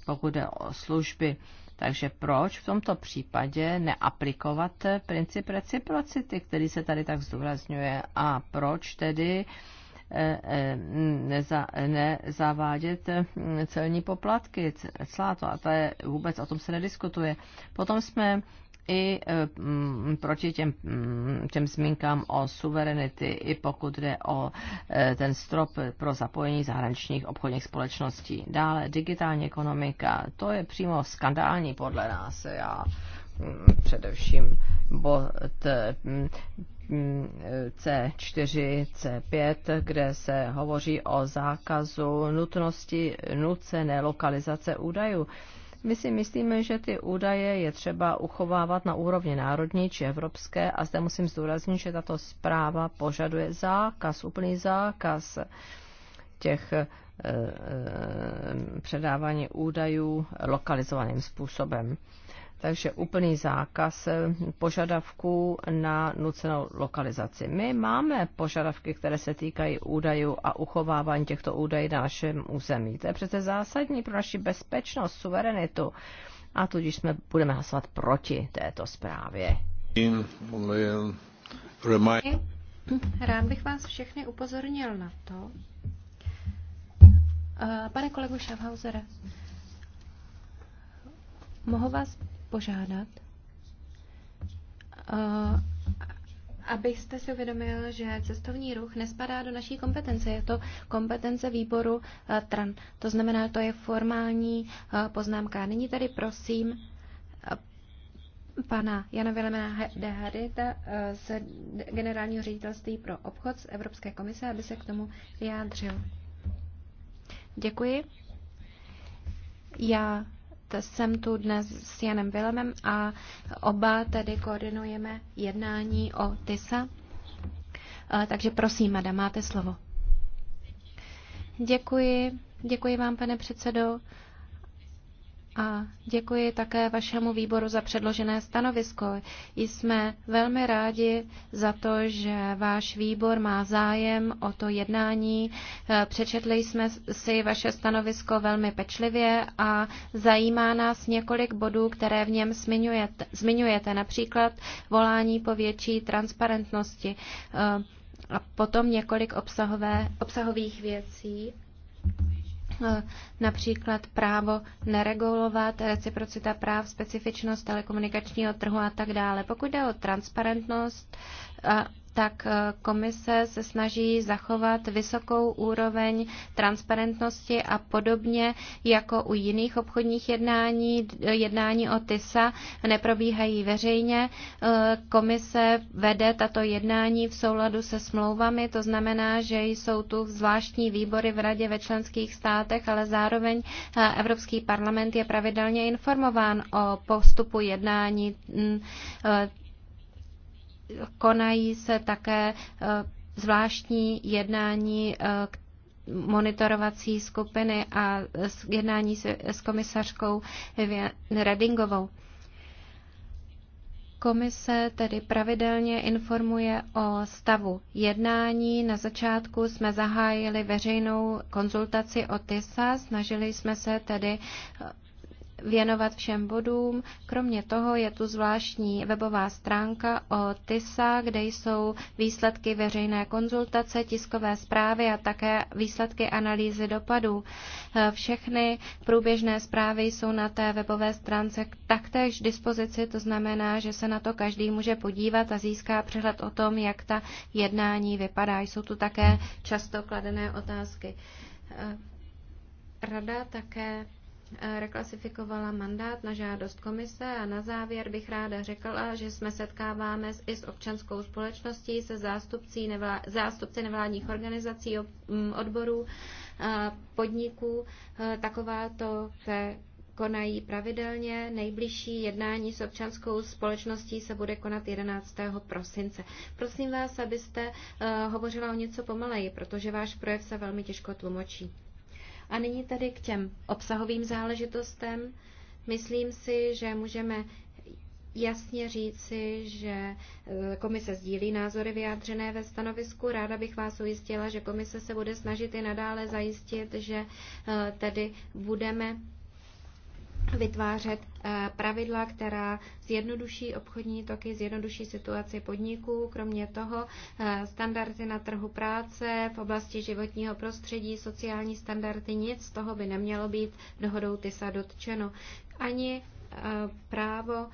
pokud jde o služby. Takže proč v tomto případě neaplikovat princip reciprocity, který se tady tak zdůrazňuje a proč tedy uh, neza, e, nezavádět e, celní poplatky, celá to, a to je vůbec, o tom se nediskutuje. Potom jsme i e, proti těm, těm zmínkám o suverenity, i pokud jde o ten strop pro zapojení zahraničních obchodních společností. Dále digitální ekonomika, to je přímo skandální podle nás. Já především bod C4, C5, kde se hovoří o zákazu nutnosti nucené lokalizace údajů. My si myslíme, že ty údaje je třeba uchovávat na úrovni národní či evropské a zde musím zdůraznit, že tato zpráva požaduje zákaz, úplný zákaz těch eh, eh, předávání údajů lokalizovaným způsobem. Takže úplný zákaz eh, požadavků na nucenou lokalizaci. My máme požadavky, které se týkají údajů a uchovávání těchto údajů na našem území. To je přece zásadní pro naši bezpečnost, suverenitu. A tudíž jsme budeme hlasovat proti této zprávě. Rád bych vás všechny upozornil na to, eh, pane kolego Schaffhausere, mohu vás požádat, eh, abyste si uvědomil, že cestovní ruch nespadá do naší kompetence. Je to kompetence výboru eh, TRAN. To znamená, to je formální eh, poznámka. Nyní tady prosím pana Jana Vilemena de Harita z Generálního ředitelství pro obchod z Evropské komise, aby se k tomu vyjádřil. Děkuji. Já jsem tu dnes s Janem Vilemem a oba tedy koordinujeme jednání o TISA. Eh, takže prosím, Mada, máte slovo. Děkuji. Děkuji vám, pane předsedo. A děkuji také vašemu výboru za předložené stanovisko. Jsme velmi rádi za to, že váš výbor má zájem o to jednání. Přečetli jsme si vaše stanovisko velmi pečlivě a zajímá nás několik bodů, které v něm zmiňujete, zmiňujete například volání po větší transparentnosti eh, a potom několik obsahové, obsahových věcí. Eh, například právo neregulovat, reciprocita práv, specifičnost telekomunikačního trhu a tak dále. Pokud jde o transparentnost a tak eh, komise se snaží zachovat vysokou úroveň transparentnosti a podobně jako u jiných obchodních jednání, jednání o TISA neprobíhají veřejně. Eh, komise vede tato jednání v souladu se smlouvami, to znamená, že jsou tu zvláštní výbory v radě ve členských státech, ale zároveň eh, Evropský parlament je pravidelně informován o postupu jednání mm, konají se také eh, zvláštní jednání eh, monitorovací skupiny a jednání s komisařkou Redingovou. Komise tedy pravidelně informuje o stavu jednání. Na začátku jsme zahájili veřejnou konzultaci o TISA, snažili jsme se tedy eh, věnovat všem bodům. Kromě toho je tu zvláštní webová stránka o TISA, kde jsou výsledky veřejné konzultace, tiskové zprávy a také výsledky analýzy dopadů. Eh, všechny průběžné zprávy jsou na té webové stránce taktéž dispozici, to znamená, že se na to každý může podívat a získá přehled o tom, jak ta jednání vypadá. Jsou tu také často kladené otázky. Eh, Rada také Eh, reklasifikovala mandát na žádost komise a na závěr bych ráda řekla, že jsme setkáváme i s občanskou společností, se zástupci, nevlá, zástupci nevládních organizací, mm, odborů, eh, podniků. Eh, Takováto se konají pravidelně. Nejbližší jednání s občanskou společností se bude konat 11. prosince. Prosím vás, abyste hovořila o něco pomaleji, protože váš projev se velmi těžko tlumočí. A nyní tedy k těm obsahovým záležitostem. Myslím si, že můžeme jasně říci, že e, komise sdílí názory vyjádřené ve stanovisku. Ráda bych vás ujistila, že komise se bude snažit i nadále zajistit, že e, tedy budeme vytvářet eh, pravidla, která zjednoduší obchodní toky, zjednoduší situaci podniků, kromě toho eh, standardy na trhu práce, v oblasti životního prostředí, sociální standardy, nic z toho by nemělo být dohodou TISA dotčeno. Ani eh, právo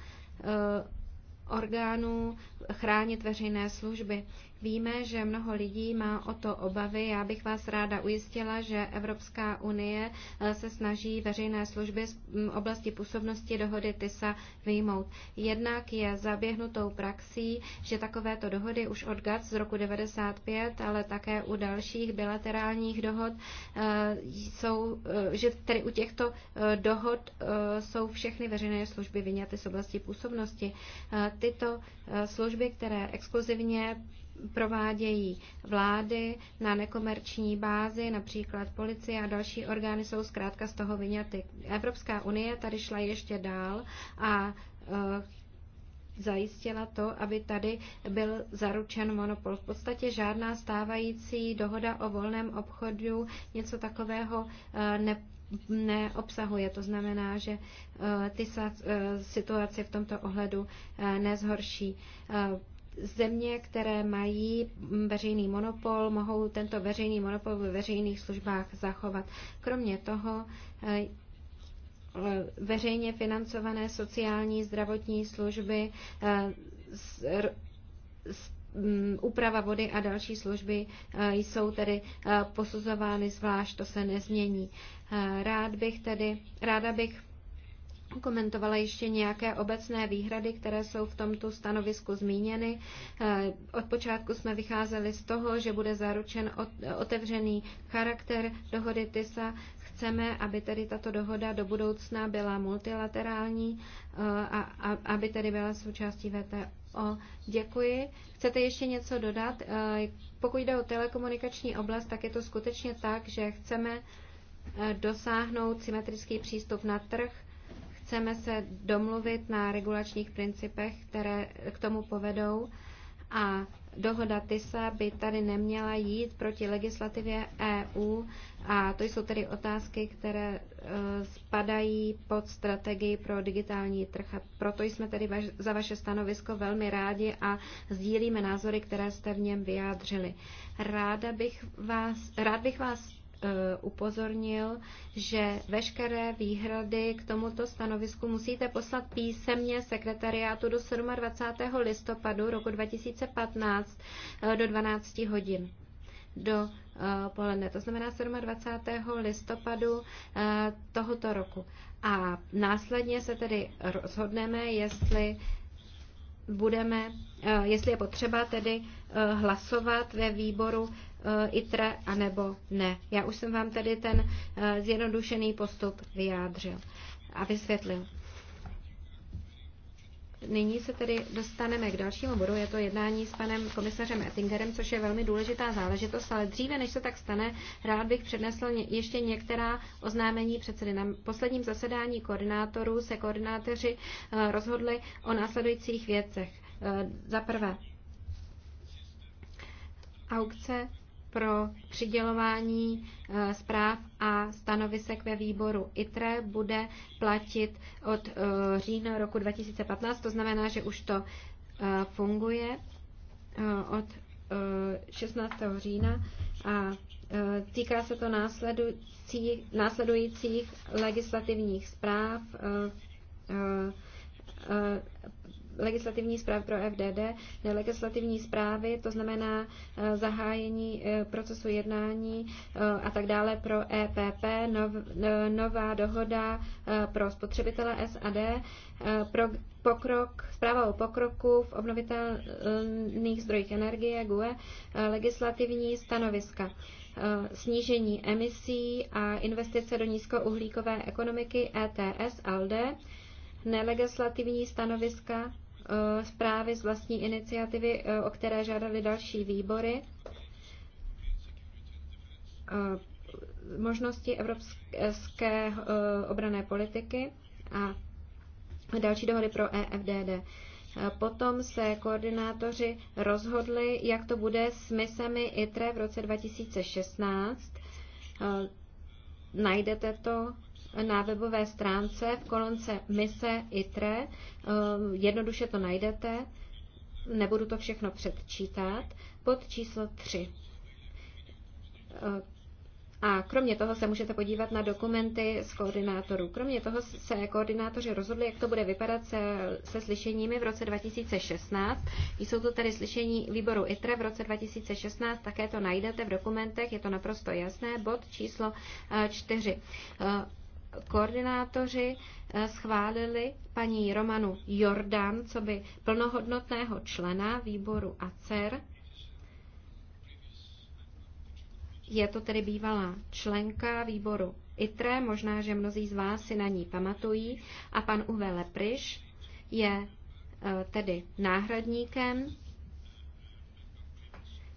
orgánů chránit veřejné služby. Víme, že mnoho lidí má o to obavy. Já bych vás ráda ujistila, že Evropská unie eh, se snaží veřejné služby z mm, oblasti působnosti dohody TISA vyjmout. Jednak je zaběhnutou praxí, že takovéto dohody už od GATS z roku 95, ale také u dalších bilaterálních dohod eh, jsou, eh, že tedy u těchto dohod jsou všechny veřejné služby vyňaty z oblasti působnosti. Tyto služby, které exkluzivně provádějí vlády na nekomerční bázi, například policie a další orgány jsou zkrátka z toho vyňaty. Evropská unie tady šla ještě dál a e, zajistila to, aby tady byl zaručen monopol. V podstatě žádná stávající dohoda o volném obchodu něco takového e, ne, neobsahuje. To znamená, že e, ty situace v tomto ohledu nezhorší země, které mají veřejný monopol, mohou tento veřejný monopol ve veřejných službách zachovat. Kromě toho eh, veřejně financované sociální zdravotní služby, eh, mm, úprava vody a další služby eh, jsou tedy posuzovány zvlášť, to se nezmění. Rád bych tedy, ráda bych komentovala ještě nějaké obecné výhrady, které jsou v tomto stanovisku zmíněny. Eh, od počátku jsme vycházeli z toho, že bude zaručen otevřený charakter dohody TISA. Chceme, aby tedy tato dohoda do budoucna byla multilaterální eh, a aby tedy byla součástí VTO. Děkuji. Chcete ještě něco dodat? Eh, pokud jde o telekomunikační oblast, tak je to skutečně tak, že chceme dosáhnout symetrický přístup na trh chceme se domluvit na regulačních principech, které k tomu povedou a dohoda TISA by tady neměla jít proti legislativě EU a to jsou tedy otázky, které eh, spadají pod strategii pro digitální trh. A proto jsme tedy za vaše stanovisko velmi rádi a sdílíme názory, které jste v něm vyjádřili. Ráda bych vás, rád bych vás Eh, upozornil, že veškeré výhrady k tomuto stanovisku musíte poslat písemně sekretariátu do 27. listopadu roku 2015 eh, do 12 hodin do eh, poledne, to znamená 27. listopadu tohoto roku. A následně se tedy rozhodneme, jestli budeme, jestli je potřeba tedy hlasovat ve výboru Eh, ITRE, anebo ne. Já už jsem vám tady ten eh, zjednodušený postup vyjádřil a vysvětlil. Nyní se tedy dostaneme k dalšímu bodu, je to jednání s panem komisařem Ettingerem, což je velmi důležitá záležitost, ale dříve, než se tak stane, rád bych přednesl ještě některá oznámení předsedy. Na posledním zasedání koordinátorů se koordinátoři eh, rozhodli o následujících věcech. Za prvé, aukce pro přidělování eh, zpráv a stanovisek ve výboru ITRE bude platit od eh, října roku 2015, to znamená, že už to eh, funguje od 16. října a týká se to následujících, legislativních zpráv legislativní zprávy pro FDD, eh, legislativní zprávy, to znamená eh, zahájení eh, procesu jednání a tak dále pro EPP, nov, nová dohoda pro spotřebitele SAD, pro pokrok, zpráva o pokroku v obnovitelných zdrojích energie, GUE, legislativní stanoviska snížení emisí a investice do nízkouhlíkové ekonomiky ETS, ALDE, nelegislativní stanoviska Eh, zprávy z vlastní iniciativy, eh, o které žádali další výbory eh, možnosti evropské obrané politiky a další dohody pro EFDD. Potom se koordinátoři rozhodli, jak to bude s misemi ITRE v roce 2016. Najdete to na webové stránce v kolonce Mise ITRE. Eh, jednoduše to najdete, nebudu to všechno předčítat, pod číslo 3. Eh, a kromě toho se můžete podívat na dokumenty z koordinátorů. Kromě toho se koordinátoři rozhodli, jak to bude vypadat se, se slyšeními v roce 2016. Jsou to tady slyšení výboru ITRE v roce 2016, také to najdete v dokumentech, je to naprosto jasné, bod číslo 4. Eh, koordinátoři eh, schválili paní Romanu Jordan, co by plnohodnotného člena výboru ACER. Je to tedy bývalá členka výboru ITRE, možná, že mnozí z vás si na ní pamatují, a pan Uwe Lepriš je eh, tedy náhradníkem.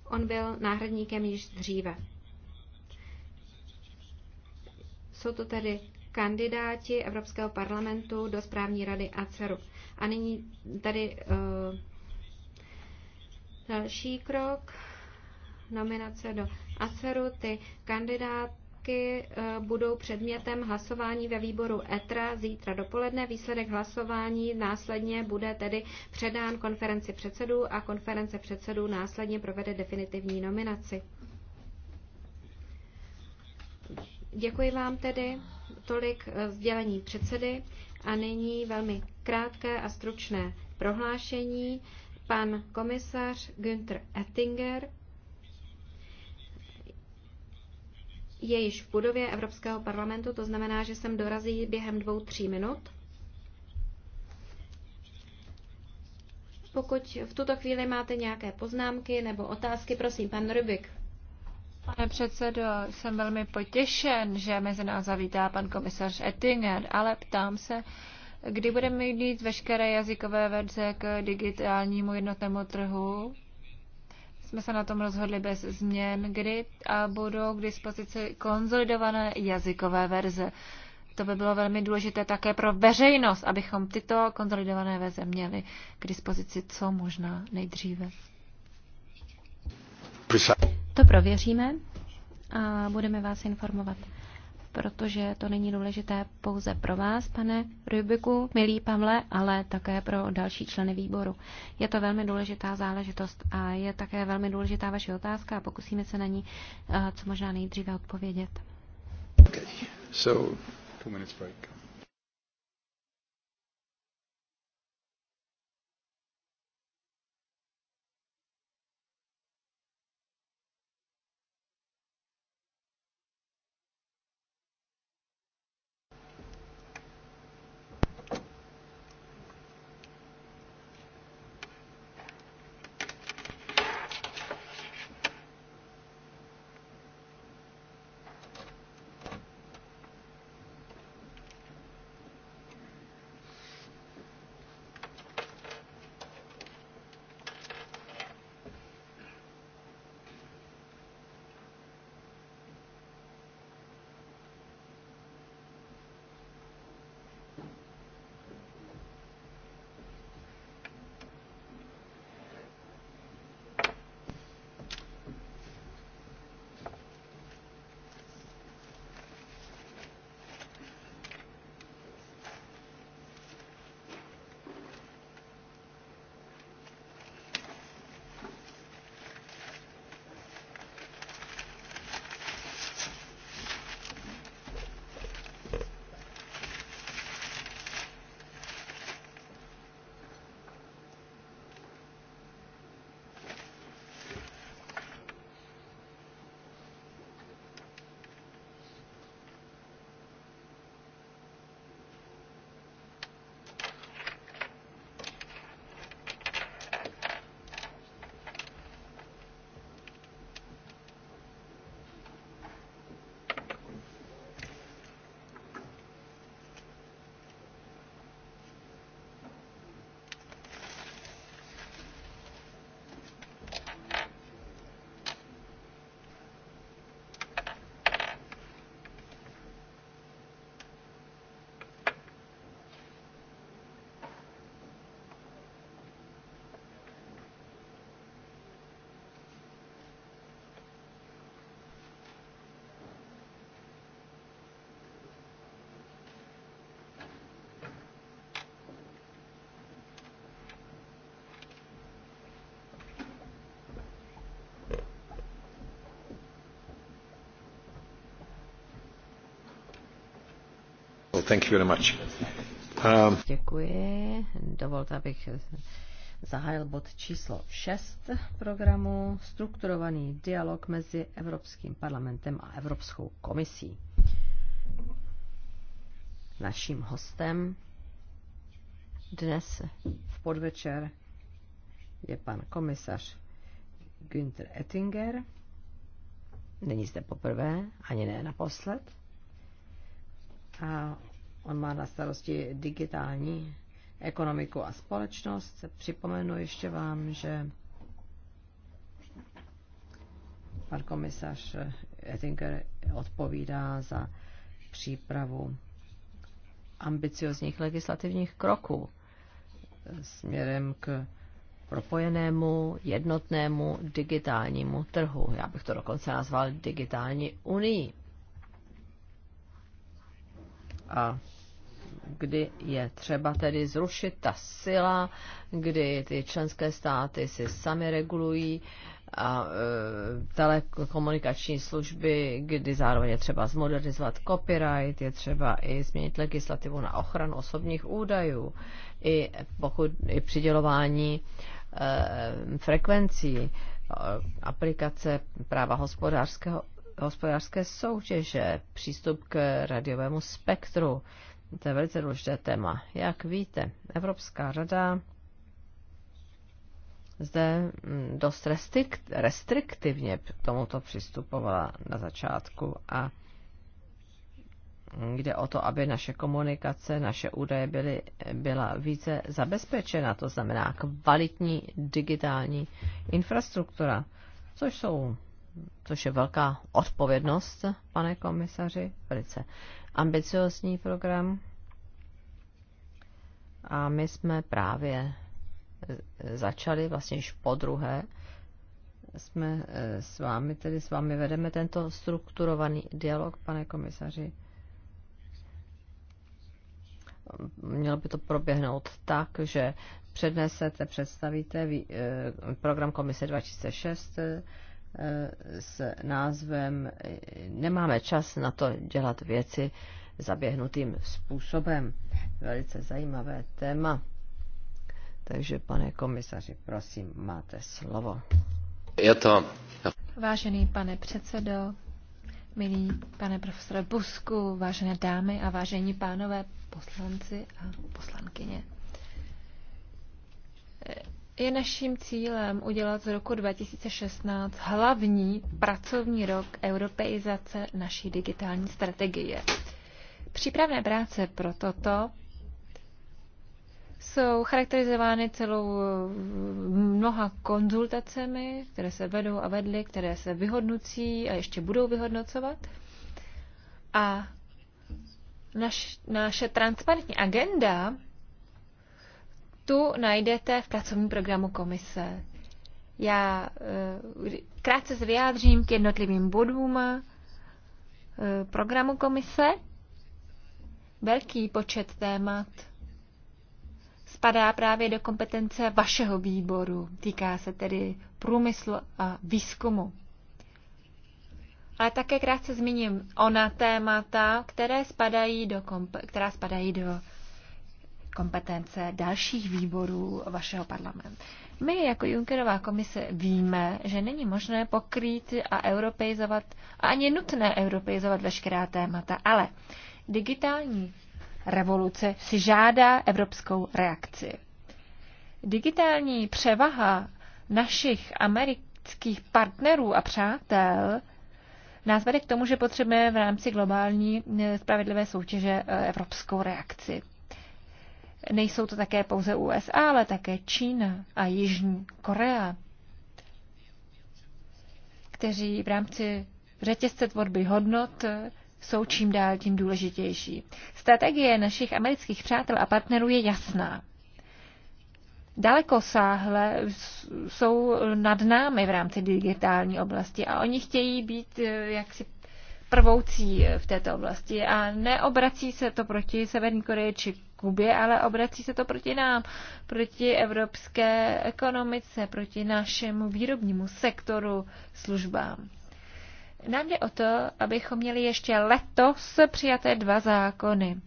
On byl náhradníkem již dříve. Jsou to tedy kandidáti Evropského parlamentu do správní rady ACERu. A nyní tady uh, další krok, nominace do ACERu. Ty kandidátky uh, budou předmětem hlasování ve výboru ETRA zítra dopoledne. Výsledek hlasování následně bude tedy předán konferenci předsedů a konference předsedů následně provede definitivní nominaci. Děkuji vám tedy. Tolik eh, sdělení předsedy a nyní velmi krátké a stručné prohlášení. Pan komisař Günther Ettinger je již v budově Evropského parlamentu, to znamená, že sem dorazí během dvou, tří minut. Pokud v tuto chvíli máte nějaké poznámky nebo otázky, prosím, pan Rybik. Pane předsedo, jsem velmi potěšen, že mezi nás zavítá pan komisař Ettinger, ale ptám se, kdy budeme mít veškeré jazykové verze k digitálnímu jednotnému trhu? Jsme se na tom rozhodli bez změn, kdy a budou k dispozici konzolidované jazykové verze. To by bylo velmi důležité také pro veřejnost, abychom tyto konzolidované verze měli k dispozici co možná nejdříve. To prověříme a budeme vás informovat, protože to není důležité pouze pro vás, pane Rubiku, milý Pavle, ale také pro další členy výboru. Je to velmi důležitá záležitost a je také velmi důležitá vaše otázka a pokusíme se na ní eh, co možná nejdříve odpovědět. Okay. So, two minutes break. Um, Děkuji. Dovolte, abych zahájil bod číslo 6 programu Strukturovaný dialog mezi Evropským parlamentem a Evropskou komisí. Naším hostem dnes v podvečer je pan komisař Günther Ettinger. Není zde poprvé, ani ne naposled. A on má na starosti digitální ekonomiku a společnost. Připomenu ještě vám, že pan komisař Ettinger odpovídá za přípravu ambiciozních legislativních kroků směrem k propojenému, jednotnému digitálnímu trhu. Já bych to dokonce nazval digitální unii a kdy je třeba tedy zrušit ta sila, kdy ty členské státy si sami regulují a e, telekomunikační služby, kdy zároveň je třeba zmodernizovat copyright, je třeba i změnit legislativu na ochranu osobních údajů, i, pokud, i přidělování e, frekvencí, e, aplikace práva hospodářského hospodářské soutěže, přístup k radiovému spektru. To je velice důležité téma. Jak víte, Evropská rada zde mm, dost restriktivně k tomuto přistupovala na začátku a jde o to, aby naše komunikace, naše údaje byly, byla více zabezpečena, to znamená kvalitní digitální infrastruktura, což jsou což je velká odpovědnost, pane komisaři, velice ambiciozní program. A my jsme právě e, začali, vlastně již po druhé, jsme e, s vámi, tedy s vámi vedeme tento strukturovaný dialog, pane komisaři. Mělo by to proběhnout tak, že přednesete, představíte e, program Komise 2006, Eh, s názvem eh, Nemáme čas na to dělat věci zaběhnutým způsobem. Velice zajímavé téma. Takže, pane komisaři, prosím, máte slovo. Je to... Vážený pane předsedo, milý pane profesore Busku, vážené dámy a vážení pánové poslanci a poslankyně. Je naším cílem udělat z roku 2016 hlavní pracovní rok europeizace naší digitální strategie. Přípravné práce pro toto jsou charakterizovány celou mnoha konzultacemi, které se vedou a vedly, které se vyhodnocí a ještě budou vyhodnocovat. A naš, naše transparentní agenda tu najdete v pracovním programu komise. Já eh, krátce se vyjádřím k jednotlivým bodům eh, programu komise. Velký počet témat spadá právě do kompetence vašeho výboru. Týká se tedy průmyslu a výzkumu. Ale také krátce zmíním ona témata, které spadají do, která spadají do kompetence dalších výborů vašeho parlamentu. My jako Junckerová komise víme, že není možné pokrýt a europeizovat, a ani nutné europeizovat veškerá témata, ale digitální revoluce si žádá evropskou reakci. Digitální převaha našich amerických partnerů a přátel nás vede k tomu, že potřebujeme v rámci globální eh, spravedlivé soutěže eh, evropskou reakci. Nejsou to také pouze USA, ale také Čína a Jižní Korea, kteří v rámci řetězce tvorby hodnot jsou čím dál tím důležitější. Strategie našich amerických přátel a partnerů je jasná. Daleko sáhle jsou nad námi v rámci digitální oblasti a oni chtějí být eh, jaksi prvoucí eh, v této oblasti a neobrací se to proti Severní Koreji či Kubě, ale obrací se to proti nám, proti evropské ekonomice, proti našemu výrobnímu sektoru, službám. Nám jde o to, abychom měli ještě letos přijaté dva zákony.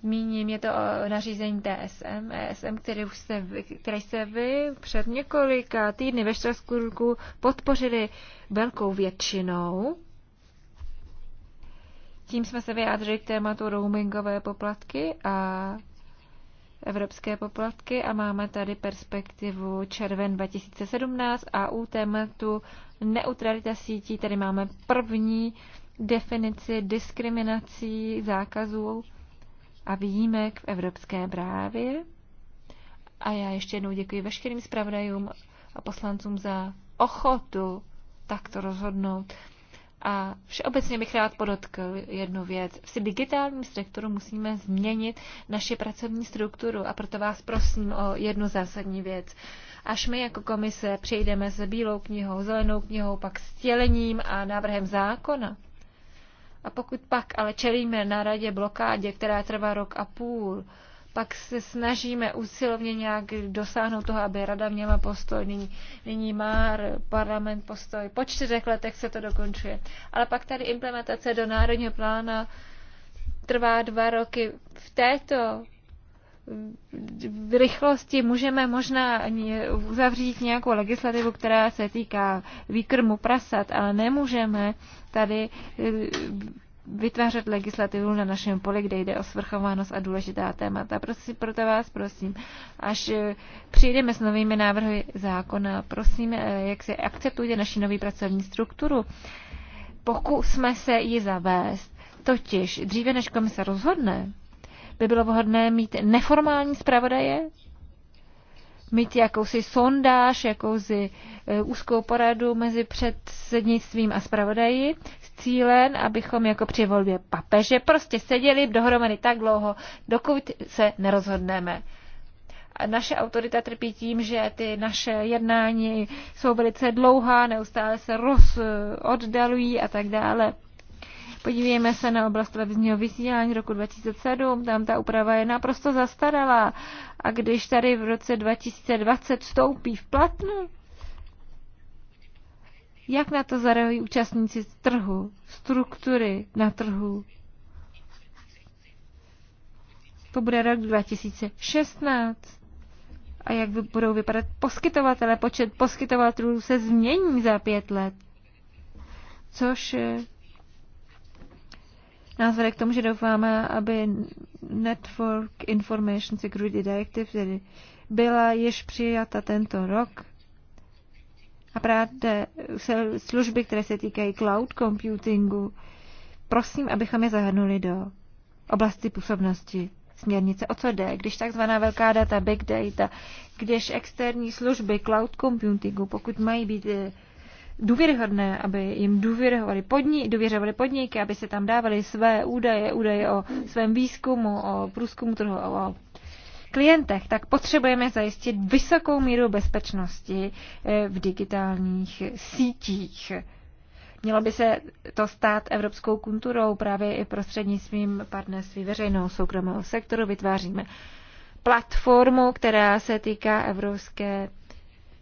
Zmíním, je to o nařízení TSM, ESM, který, už se který se vy před několika týdny ve Štrasburku podpořili velkou většinou. Tím jsme se vyjádřili k tématu roamingové poplatky a evropské poplatky a máme tady perspektivu červen 2017 a u tématu neutralita sítí tady máme první definici diskriminací, zákazů a výjimek v evropské právě. A já ještě jednou děkuji veškerým zpravodajům a poslancům za ochotu takto rozhodnout. A všeobecně bych rád podotkl jednu věc. V digitálním sektoru musíme změnit naši pracovní strukturu a proto vás prosím o jednu zásadní věc. Až my jako komise přejdeme s bílou knihou, zelenou knihou, pak s tělením a návrhem zákona, a pokud pak ale čelíme na radě blokádě, která trvá rok a půl, pak se snažíme úsilovně nějak dosáhnout toho, aby rada měla postoj. Nyní, nyní má parlament postoj. Po čtyřech letech se to dokončuje. Ale pak tady implementace do národního plána trvá dva roky. V této v rychlosti můžeme možná uzavřít nějakou legislativu, která se týká výkrmu prasat, ale nemůžeme tady eh, vytvářet legislativu na našem poli, kde jde o svrchovanost a důležitá témata. Prosím, proto vás prosím, až eh, přijdeme s novými návrhy zákona, prosím, eh, jak se akceptujte naši nový pracovní strukturu. Pokusme se ji zavést. Totiž dříve, než komise rozhodne, by bylo vhodné mít neformální zpravodaje, mít jakousi sondáž, jakousi eh, úzkou poradu mezi předsednictvím a zpravodaji cílen, abychom jako při volbě papeže prostě seděli dohromady tak dlouho, dokud se nerozhodneme. A naše autorita trpí tím, že ty naše jednání jsou velice dlouhá, neustále se rozoddalují a tak dále. Podívejme se na oblast televizního vysílání roku 2007, tam ta úprava je naprosto zastaralá. A když tady v roce 2020 vstoupí v platnu, jak na to zareagují účastníci z trhu, struktury na trhu? To bude rok 2016. A jak budou vypadat poskytovatele? Počet poskytovatelů se změní za pět let. Což nás vede k tomu, že doufáme, aby Network Information Security Directive, byla již přijata tento rok, a právě služby, které se týkají cloud computingu, prosím, abychom je zahrnuli do oblasti působnosti směrnice. O co jde? Když takzvaná velká data, big data, když externí služby cloud computingu, pokud mají být eh, důvěryhodné, aby jim důvěřovali, podni- důvěřovali podniky, aby se tam dávali své údaje, údaje o svém výzkumu, o průzkumu trhu, o klientech, tak potřebujeme zajistit vysokou míru bezpečnosti eh, v digitálních sítích. Mělo by se to stát evropskou kulturou právě i prostřednictvím partnerství veřejného soukromého sektoru. Vytváříme platformu, která se týká evropské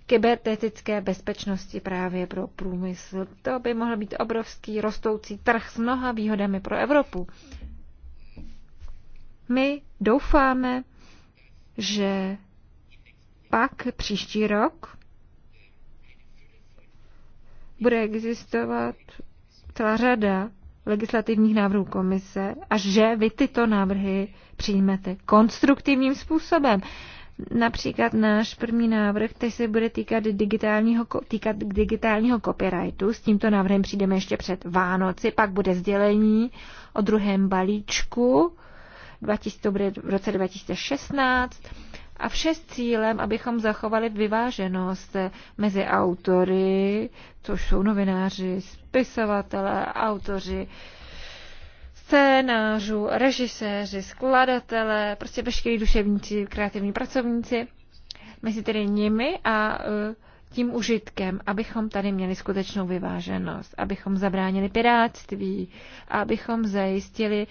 kybernetické bezpečnosti právě pro průmysl. To by mohl být obrovský rostoucí trh s mnoha výhodami pro Evropu. My doufáme, že pak příští rok bude existovat celá řada legislativních návrhů komise a že vy tyto návrhy přijmete konstruktivním způsobem. Například náš první návrh, který se bude týkat digitálního, týkat digitálního copyrightu. S tímto návrhem přijdeme ještě před Vánoci, pak bude sdělení o druhém balíčku 2000, bude v roce 2016. A vše s cílem, abychom zachovali vyváženost mezi autory, což jsou novináři, spisovatelé, autoři, scénářů, režiséři, skladatelé, prostě veškerý duševníci, kreativní pracovníci, mezi tedy nimi a uh, tím užitkem, abychom tady měli skutečnou vyváženost, abychom zabránili piráctví, abychom zajistili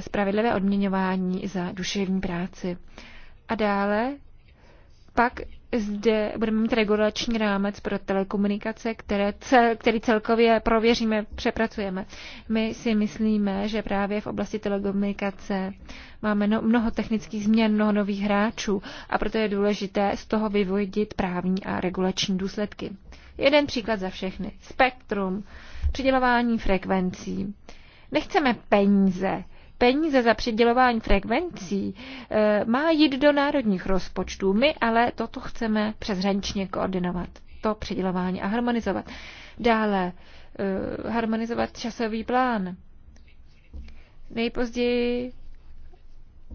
spravedlivé odměňování za duševní práci. A dále pak zde budeme mít regulační rámec pro telekomunikace, které cel, který celkově prověříme, přepracujeme. My si myslíme, že právě v oblasti telekomunikace máme no, mnoho technických změn, mnoho nových hráčů a proto je důležité z toho vyvodit právní a regulační důsledky. Jeden příklad za všechny. Spektrum, přidělování frekvencí. Nechceme peníze, peníze za přidělování frekvencí eh, má jít do národních rozpočtů. My ale toto chceme přeshraničně koordinovat, to přidělování a harmonizovat. Dále eh, harmonizovat časový plán. Nejpozději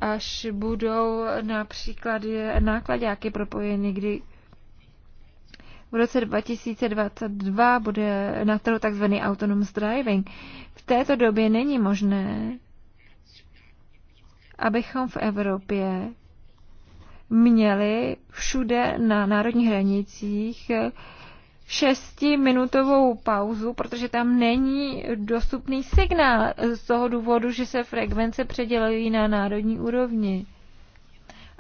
až budou například nákladáky propojeny, kdy v roce 2022 bude na trhu tzv. autonomous driving. V této době není možné abychom v Evropě měli všude na národních hranicích šestiminutovou pauzu, protože tam není dostupný signál z toho důvodu, že se frekvence předělují na národní úrovni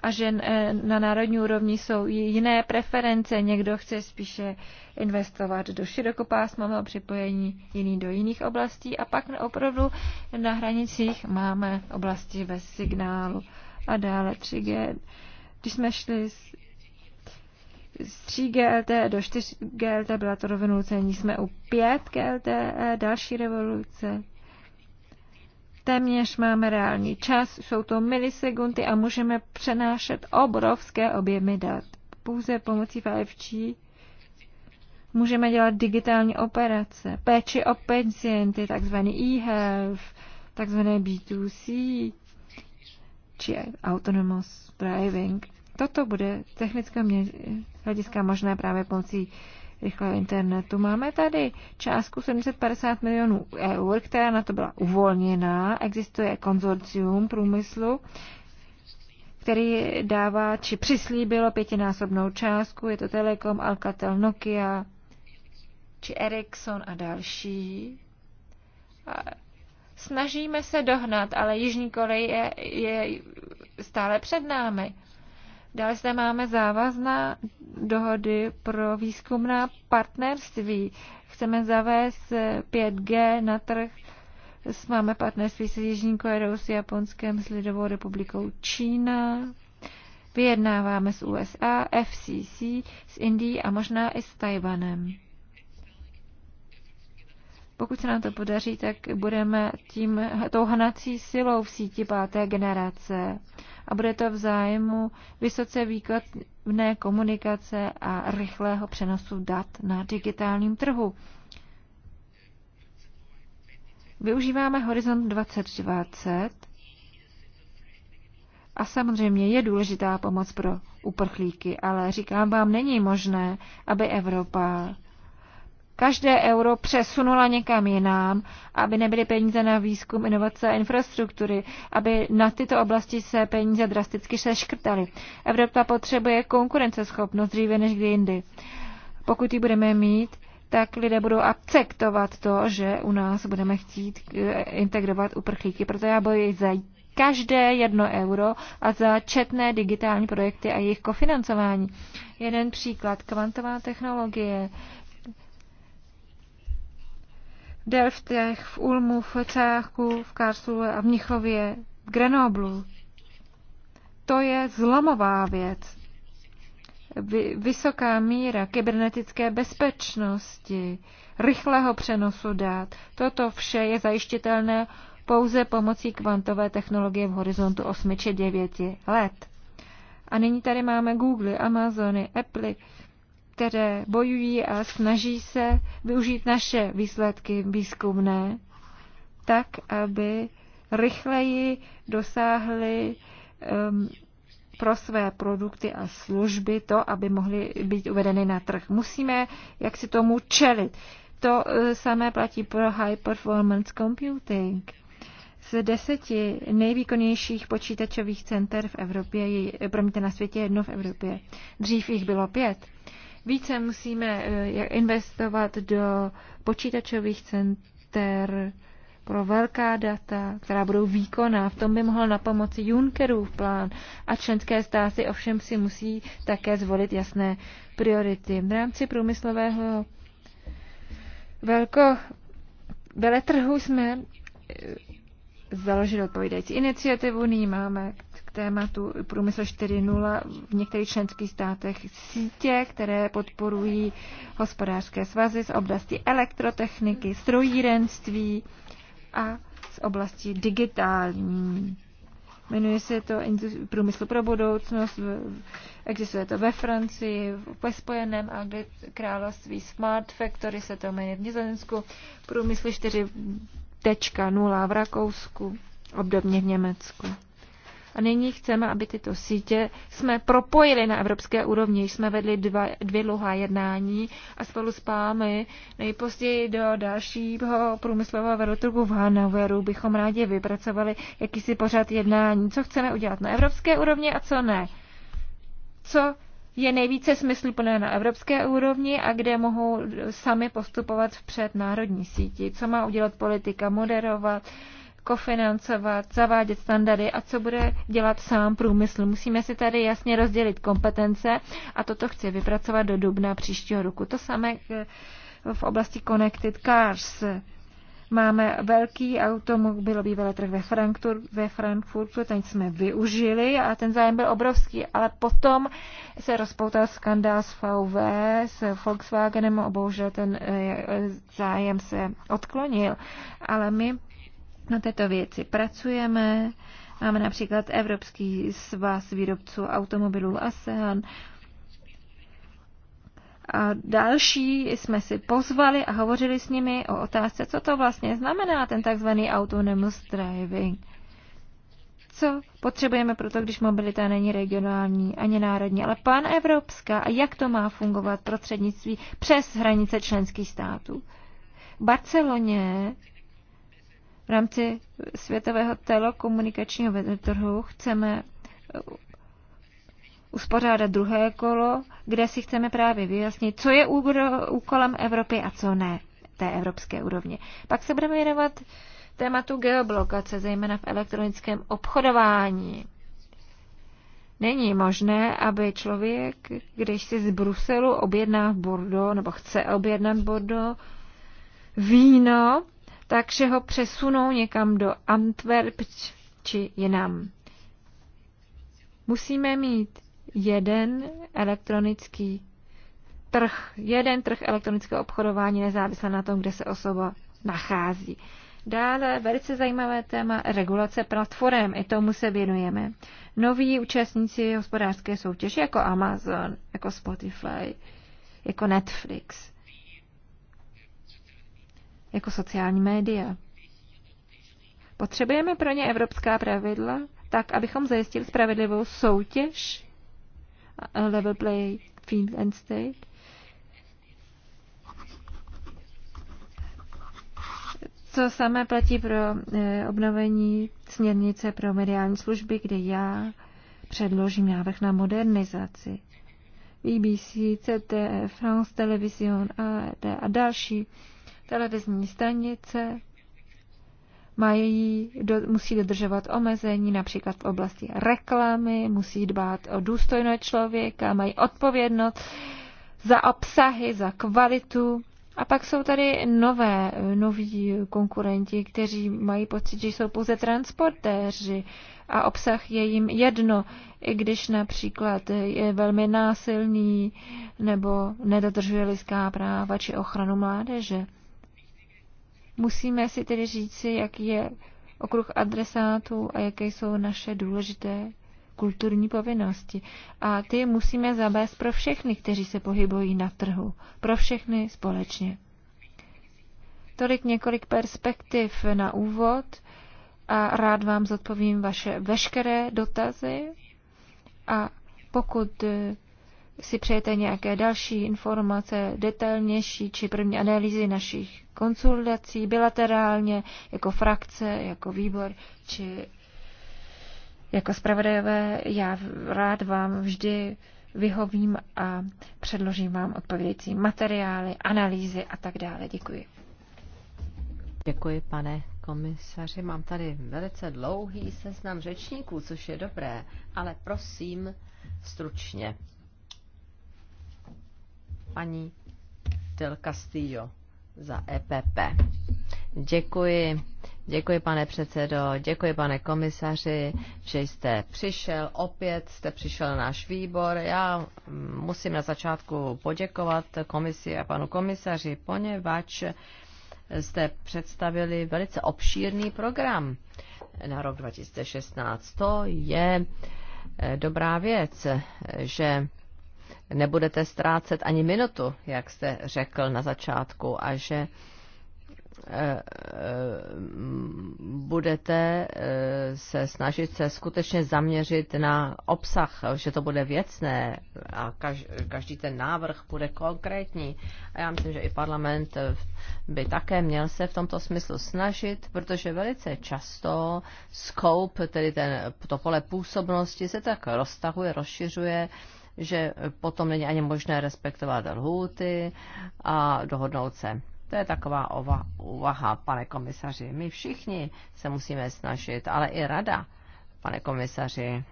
a že eh, na národní úrovni jsou jiné preference. Někdo chce spíše investovat do širokopásmového připojení, jiný do jiných oblastí a pak opravdu na hranicích máme oblasti bez signálu a dále 3G. Když jsme šli z, z 3G LTE do 4 glt LTE, byla to revoluce, jsme u 5 glt LTE, eh, další revoluce, téměř máme reální čas, jsou to milisekundy a můžeme přenášet obrovské objemy dat. Pouze pomocí 5G můžeme dělat digitální operace, péči o pacienty, takzvaný e-health, takzvané B2C, či autonomous driving. Toto bude technické hlediska možné právě pomocí rychlého internetu. Máme tady částku 750 milionů eur, která na to byla uvolněná. Existuje konzorcium průmyslu, který dává, či přislíbilo pětinásobnou částku. Je to Telekom, Alcatel, Nokia, či Ericsson a další. A snažíme se dohnat, ale Jižní je, je stále před námi. Dále zde máme závazná dohody pro výzkumná partnerství. Chceme zavést 5G na trh. Máme partnerství s Jižní Koreou, s Japonskem, s Lidovou republikou Čína. Vyjednáváme s USA, FCC, s Indií a možná i s Tajvanem. Pokud se nám to podaří, tak budeme tím tou hnací silou v síti páté generace a bude to v zájmu vysoce výkladné komunikace a rychlého přenosu dat na digitálním trhu. Využíváme Horizont 2020 a samozřejmě je důležitá pomoc pro uprchlíky, ale říkám vám, není možné, aby Evropa každé euro přesunula někam jinam, aby nebyly peníze na výzkum, inovace a infrastruktury, aby na tyto oblasti se peníze drasticky seškrtaly. Evropa potřebuje konkurenceschopnost dříve než kdy jindy. Pokud ji budeme mít, tak lidé budou akceptovat to, že u nás budeme chtít eh, integrovat uprchlíky. Proto já bojuji za každé jedno euro a za četné digitální projekty a jejich kofinancování. Jeden příklad, kvantová technologie. Delftech, v Ulmu, v Cáchu, v Karlsruhe a v Mnichově, v Grenoblu. To je zlomová věc. Vy, vysoká míra kybernetické bezpečnosti, rychlého přenosu dát. Toto vše je zajištitelné pouze pomocí kvantové technologie v horizontu 8 či 9 let. A nyní tady máme Google, Amazony, Apple, které bojují a snaží se využít naše výsledky výzkumné, tak, aby rychleji dosáhli um, pro své produkty a služby to, aby mohly být uvedeny na trh. Musíme jak si tomu čelit. To uh, samé platí pro high performance computing. Z deseti nejvýkonnějších počítačových center v Evropě, promiňte, na světě jedno v Evropě. Dřív jich bylo pět. Více musíme eh, investovat do počítačových center pro velká data, která budou výkonná. V tom by mohl na pomoci Junckerův plán a členské státy ovšem si musí také zvolit jasné priority. V rámci průmyslového velko veletrhu jsme eh, založili odpovídající iniciativu, nyní máme k tématu průmysl 4.0 v některých členských státech sítě, které podporují hospodářské svazy z oblasti elektrotechniky, strojírenství a z oblasti digitální. Jmenuje se to průmysl pro budoucnost, existuje to ve Francii, ve Spojeném a království Smart Factory se to jmenuje v Nizozemsku, průmysl 4.0 v Rakousku, obdobně v Německu. A nyní chceme, aby tyto sítě jsme propojili na evropské úrovni. Jsme vedli dva, dvě dlouhá jednání a spolu s pámi nejpozději do dalšího průmyslového velotrhu v Hanoveru bychom rádi vypracovali jakýsi pořad jednání, co chceme udělat na evropské úrovni a co ne. Co je nejvíce smysluplné na evropské úrovni a kde mohou sami postupovat vpřed národní síti. Co má udělat politika, moderovat, kofinancovat, zavádět standardy a co bude dělat sám průmysl. Musíme si tady jasně rozdělit kompetence a toto chci vypracovat do dubna příštího roku. To samé eh, v oblasti Connected Cars. Máme velký automobilový veletrh ve, Frankfurt, ve Frankfurtu, ten jsme využili a ten zájem byl obrovský, ale potom se rozpoutal skandál s VW, s Volkswagenem a bohužel ten eh, zájem se odklonil. Ale my na této věci pracujeme. Máme například Evropský svaz výrobců automobilů ASEAN. A další jsme si pozvali a hovořili s nimi o otázce, co to vlastně znamená ten takzvaný autonomous driving. Co potřebujeme proto, když mobilita není regionální ani národní, ale pan evropská a jak to má fungovat prostřednictví přes hranice členských států. V Barceloně v rámci světového telekomunikačního trhu chceme eh, uspořádat druhé kolo, kde si chceme právě vyjasnit, co je úkolem Evropy a co ne té evropské úrovně. Pak se budeme věnovat tématu geoblokace, zejména v elektronickém obchodování. Není možné, aby člověk, když si z Bruselu objedná v Bordeaux, nebo chce objednat v Bordeaux, víno, takže ho přesunou někam do Antwerp či jinam. Musíme mít jeden elektronický trh, jeden trh elektronického obchodování nezávisle na tom, kde se osoba nachází. Dále velice zajímavé téma regulace platform, i tomu se věnujeme. Noví účastníci hospodářské soutěže jako Amazon, jako Spotify, jako Netflix jako sociální média. Potřebujeme pro ně evropská pravidla, tak abychom zajistili spravedlivou soutěž, level play field and state, Co samé platí pro eh, obnovení směrnice pro mediální služby, kde já předložím návrh na modernizaci. BBC, CTF, e, France Television e a další televizní stanice mají, do, musí dodržovat omezení například v oblasti reklamy, musí dbát o důstojnost člověka, mají odpovědnost za obsahy, za kvalitu. A pak jsou tady nové, noví konkurenti, kteří mají pocit, že jsou pouze transportéři a obsah je jim jedno, i když například je velmi násilný nebo nedodržuje lidská práva či ochranu mládeže. Musíme si tedy říci, jaký je okruh adresátů a jaké jsou naše důležité kulturní povinnosti. A ty musíme zabést pro všechny, kteří se pohybují na trhu. Pro všechny společně. Tolik několik perspektiv na úvod a rád vám zodpovím vaše veškeré dotazy a pokud si přejete nějaké další informace, detailnější či první analýzy našich konsultací bilaterálně, jako frakce, jako výbor, či jako zpravodajové, já rád vám vždy vyhovím a předložím vám odpovědějící materiály, analýzy a tak dále. Děkuji. Děkuji, pane komisaři. Mám tady velice dlouhý seznam řečníků, což je dobré, ale prosím stručně paní Del Castillo za EPP. Děkuji. Děkuji, pane předsedo, děkuji, pane komisaři, že jste přišel. Opět jste přišel náš výbor. Já musím na začátku poděkovat komisi a panu komisaři, poněvadž jste představili velice obšírný program na rok 2016. To je eh, dobrá věc, že nebudete ztrácet ani minutu, jak jste řekl na začátku, a že e, e, budete e, se snažit se skutečně zaměřit na obsah, že to bude věcné a každý ten návrh bude konkrétní. A já myslím, že i parlament by také měl se v tomto smyslu snažit, protože velice často scope, tedy ten, to pole působnosti, se tak roztahuje, rozšiřuje že potom není ani možné respektovat lhůty a dohodnout se. To je taková ova, uvaha, pane komisaři. My všichni se musíme snažit, ale i rada, pane komisaři,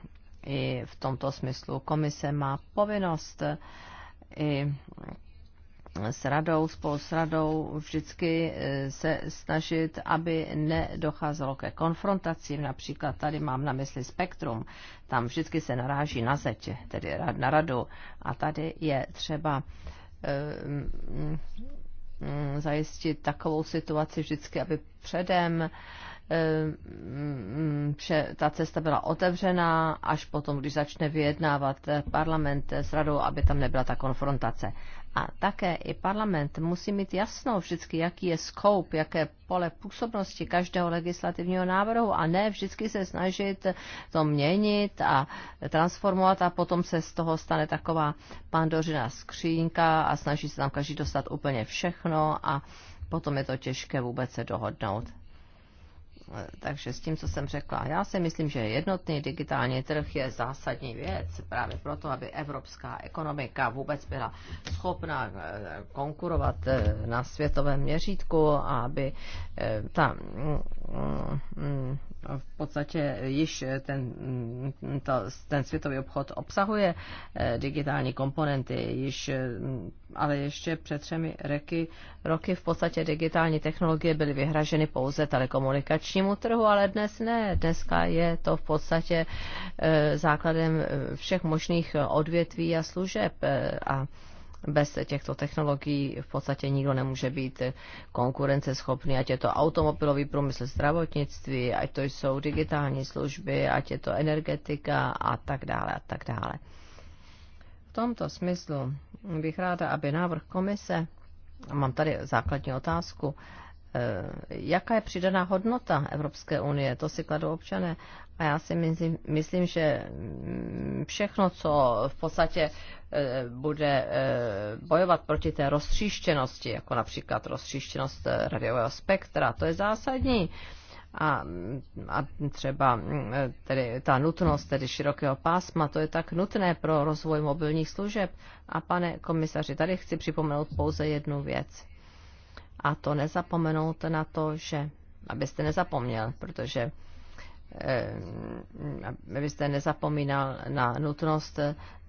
i v tomto smyslu komise má povinnost i s radou, spolu s radou vždycky eh, se snažit, aby nedocházelo ke konfrontacím. Například tady mám na mysli spektrum, tam vždycky se naráží na zeď, tedy na radu. A tady je třeba eh, mm, zajistit takovou situaci vždycky, aby předem že eh, mm, ta cesta byla otevřená, až potom, když začne vyjednávat parlament s radou, aby tam nebyla ta konfrontace. A také i parlament musí mít jasno vždycky, jaký je scope, jaké pole působnosti každého legislativního návrhu a ne vždycky se snažit to měnit a transformovat a potom se z toho stane taková pandořina skřínka a snaží se tam každý dostat úplně všechno a potom je to těžké vůbec se dohodnout. Eh, takže s tím, co jsem řekla, já si myslím, že jednotný digitální trh je zásadní věc právě proto, aby evropská ekonomika vůbec byla schopna eh, konkurovat eh, na světovém měřítku a aby ta mm, mm, v podstatě již ten, to, ten světový obchod obsahuje eh, digitální komponenty, již, mm, ale ještě před třemi reky, roky v podstatě digitální technologie byly vyhraženy pouze telekomunikačnímu trhu, ale dnes ne. Dneska je to v podstatě eh, základem eh, všech možných odvětví a služeb a bez těchto technologií v podstatě nikdo nemůže být konkurenceschopný, ať je to automobilový průmysl, zdravotnictví, ať to jsou digitální služby, ať je to energetika a tak dále a tak dále. V tomto smyslu bych ráda, aby návrh komise, a mám tady základní otázku, eh, jaká je přidaná hodnota Evropské unie, to si kladou občané, a já si myslím, myslím, že mm, všechno, co v podstatě e, bude e, bojovat proti té roztříštěnosti, jako například roztříštěnost e, radiového spektra, to je zásadní. A, mm, a třeba mm, tedy ta nutnost tedy širokého pásma, to je tak nutné pro rozvoj mobilních služeb. A pane komisaři, tady chci připomenout pouze jednu věc. A to nezapomenout na to, že abyste nezapomněl, protože Eh, abyste nezapomínal na nutnost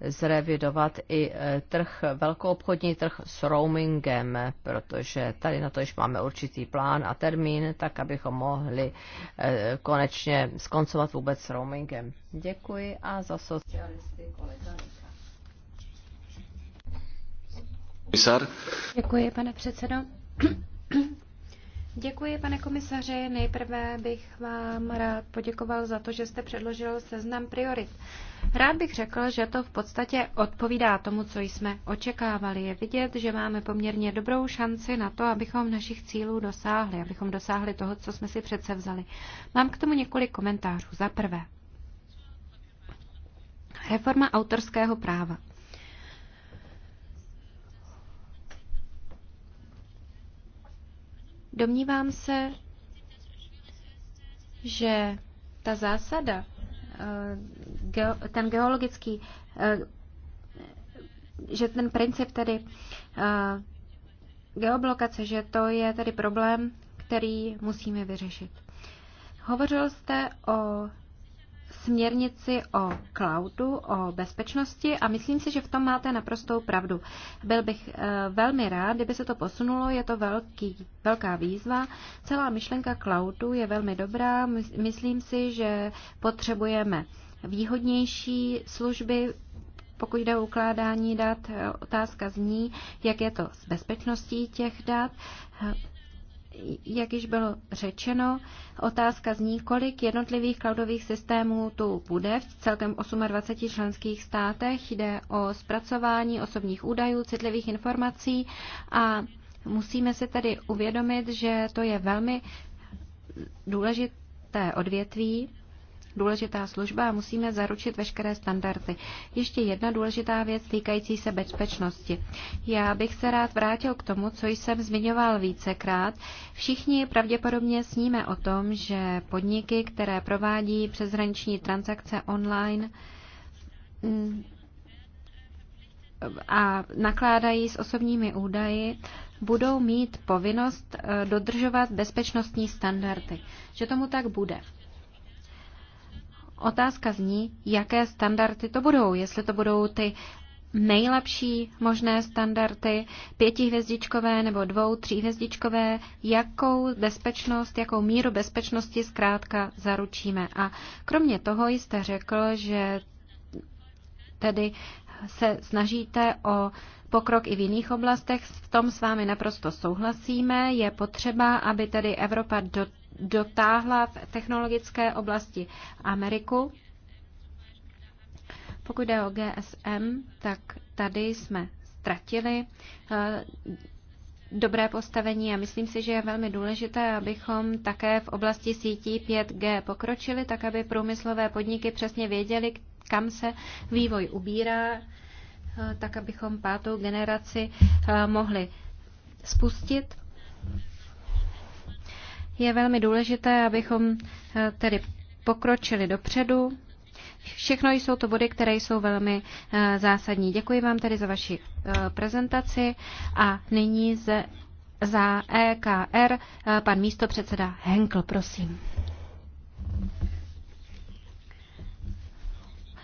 zrevidovat i eh, trh, velkoobchodní trh s roamingem, protože tady na to již máme určitý plán a termín, tak abychom mohli eh, konečně skoncovat vůbec s roamingem. Děkuji a za socialisty kolega Děkuji, pane předsedo. Děkuji, pane komisaři. Nejprve bych vám rád poděkoval za to, že jste předložil seznam priorit. Rád bych řekl, že to v podstatě odpovídá tomu, co jsme očekávali. Je vidět, že máme poměrně dobrou šanci na to, abychom našich cílů dosáhli, abychom dosáhli toho, co jsme si přece vzali. Mám k tomu několik komentářů. Za prvé, reforma autorského práva. Domnívám se, že ta zásada, eh, ten geologický, eh, že ten princip tedy eh, geoblokace, že to je tedy problém, který musíme vyřešit. Hovořil jste o směrnici o cloudu, o bezpečnosti a myslím si, že v tom máte naprostou pravdu. Byl bych eh, velmi rád, kdyby se to posunulo, je to velký, velká výzva. Celá myšlenka cloudu je velmi dobrá, myslím si, že potřebujeme výhodnější služby pokud jde o ukládání dat, eh, otázka zní, jak je to s bezpečností těch dat jak již bylo řečeno, otázka zní, kolik jednotlivých cloudových systémů tu bude v celkem 28 členských státech. Jde o zpracování osobních údajů, citlivých informací a musíme si tedy uvědomit, že to je velmi důležité odvětví důležitá služba a musíme zaručit veškeré standardy. Ještě jedna důležitá věc týkající se bezpečnosti. Já bych se rád vrátil k tomu, co jsem zmiňoval vícekrát. Všichni pravděpodobně sníme o tom, že podniky, které provádí přeshraniční transakce online, mm, a nakládají s osobními údaji, budou mít povinnost eh, dodržovat bezpečnostní standardy. Že tomu tak bude. Otázka zní, jaké standardy to budou, jestli to budou ty nejlepší možné standardy, pětihvězdičkové nebo dvou, tříhvězdičkové, jakou bezpečnost, jakou míru bezpečnosti zkrátka zaručíme. A kromě toho jste řekl, že tedy se snažíte o pokrok i v jiných oblastech. V tom s vámi naprosto souhlasíme. Je potřeba, aby tedy Evropa do dotáhla v technologické oblasti Ameriku. Pokud jde o GSM, tak tady jsme ztratili eh, dobré postavení a myslím si, že je velmi důležité, abychom také v oblasti sítí 5G pokročili, tak aby průmyslové podniky přesně věděli, kam se vývoj ubírá, eh, tak abychom pátou generaci eh, mohli spustit je velmi důležité, abychom eh, tedy pokročili dopředu. Všechno jsou to body, které jsou velmi eh, zásadní. Děkuji vám tedy za vaši eh, prezentaci a nyní ze, za EKR pan místopředseda Henkl, prosím.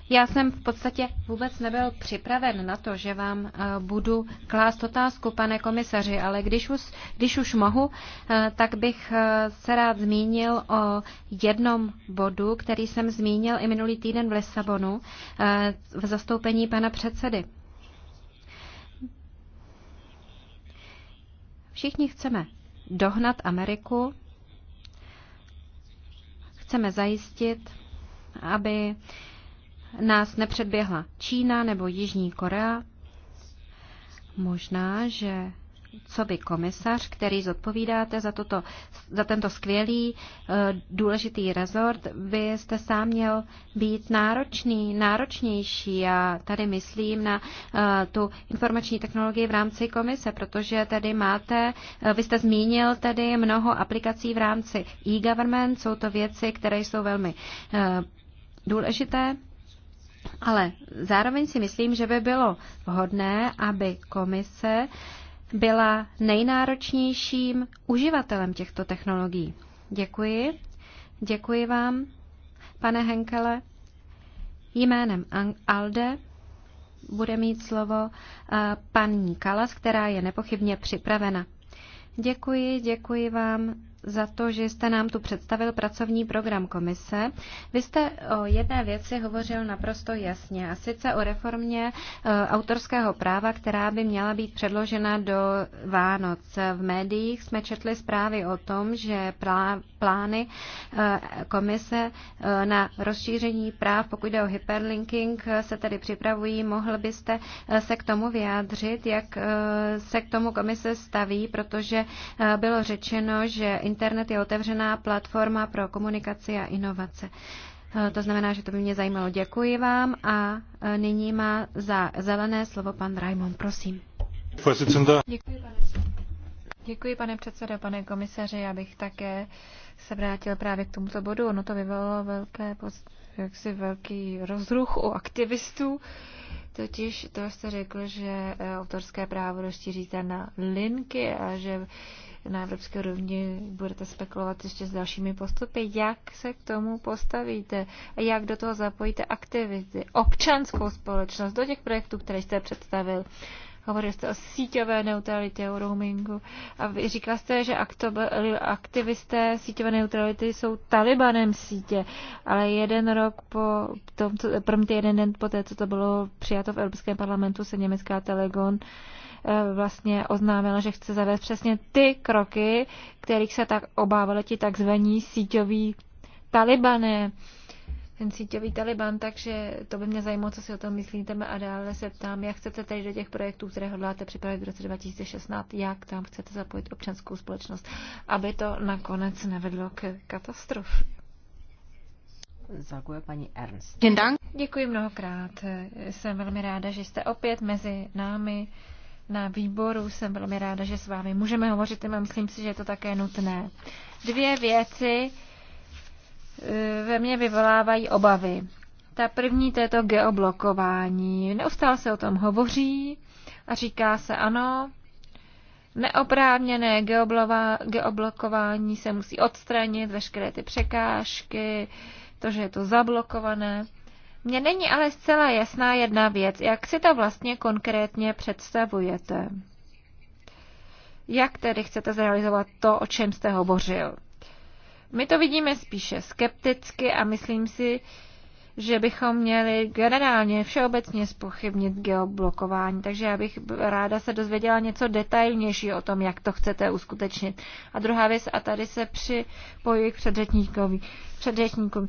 Já jsem v podstatě vůbec nebyl připraven na to, že vám eh, budu klást otázku, pane komisaři, ale když už, když už mohu, eh, tak bych eh, se rád zmínil o jednom bodu, který jsem zmínil i minulý týden v Lisabonu v zastoupení pana předsedy. Všichni chceme dohnat Ameriku, chceme zajistit, aby uh, nás nepředběhla Čína nebo Jižní Korea. Možná, že co by komisař, který zodpovídáte za, toto, za tento skvělý, eh, důležitý rezort, jste sám měl být náročný, náročnější. Já tady myslím na eh, tu informační technologii v rámci komise, protože tady máte, eh, vy jste zmínil tady mnoho aplikací v rámci e-government, jsou to věci, které jsou velmi důležité ale zároveň si myslím, že by bylo vhodné, aby komise byla nejnáročnějším uživatelem těchto technologií. Děkuji. Děkuji vám, pane Henkele. Jménem Alde bude mít slovo eh, paní Kalas, která je nepochybně připravena. Děkuji, děkuji vám za to, že jste nám tu představil pracovní program komise. Vy jste o jedné věci hovořil naprosto jasně, a sice o reformě e, autorského práva, která by měla být předložena do Vánoc. V médiích jsme četli zprávy o tom, že plány e, komise e, na rozšíření práv, pokud jde o hyperlinking, se tedy připravují. Mohl byste se k tomu vyjádřit, jak se k tomu komise staví, protože bylo řečeno, že Internet je otevřená platforma pro komunikaci a inovace. Eh, to znamená, že to by mě zajímalo. Děkuji vám a eh, nyní má za zelené slovo pan Raimond. Prosím. Děkuji, pane. Děkuji, pane předsedo, pane komisaři. Já bych také se vrátil právě k tomuto bodu. Ono to vyvolalo velké, jaksi velký rozruch u aktivistů. Totiž to jste řekl, že eh, autorské právo rozšíříte na linky a že na evropské úrovni budete spekulovat ještě s dalšími postupy. Jak se k tomu postavíte? Jak do toho zapojíte aktivity, občanskou společnost do těch projektů, které jste představil? Hovořil jste o síťové neutralitě, o roamingu a vy říkal jste, že aktivisté síťové neutrality jsou talibanem sítě, ale jeden rok po tom, co, jeden den po té, co to bylo přijato v Evropském parlamentu, se německá Telegon Eh, vlastně oznámila, že chce zavést přesně ty kroky, kterých se tak obávali ti takzvaní síťoví talibané ten síťový Taliban, takže to by mě zajímalo, co si o tom myslíte a dále se ptám, jak chcete tady do těch projektů, které hodláte připravit v roce 2016, jak tam chcete zapojit občanskou společnost, aby to nakonec nevedlo k katastrofě. Zaguje paní Ernst. Děkuji mnohokrát. Jsem velmi ráda, že jste opět mezi námi na výboru. Jsem velmi ráda, že s vámi můžeme hovořit a myslím si, že je to také nutné. Dvě věci eh, ve mně vyvolávají obavy. Ta první to je to geoblokování. Neustále se o tom hovoří a říká se ano, neoprávněné geoblokování se musí odstranit, veškeré ty překážky, to, že je to zablokované. Mně není ale zcela jasná jedna věc, jak si to vlastně konkrétně představujete. Jak tedy chcete zrealizovat to, o čem jste hovořil? My to vidíme spíše skepticky a myslím si, že bychom měli generálně všeobecně spochybnit geoblokování, takže já bych ráda se dozvěděla něco detailnější o tom, jak to chcete uskutečnit. A druhá věc, a tady se připojuji k předřečníkovi, předřečníkovi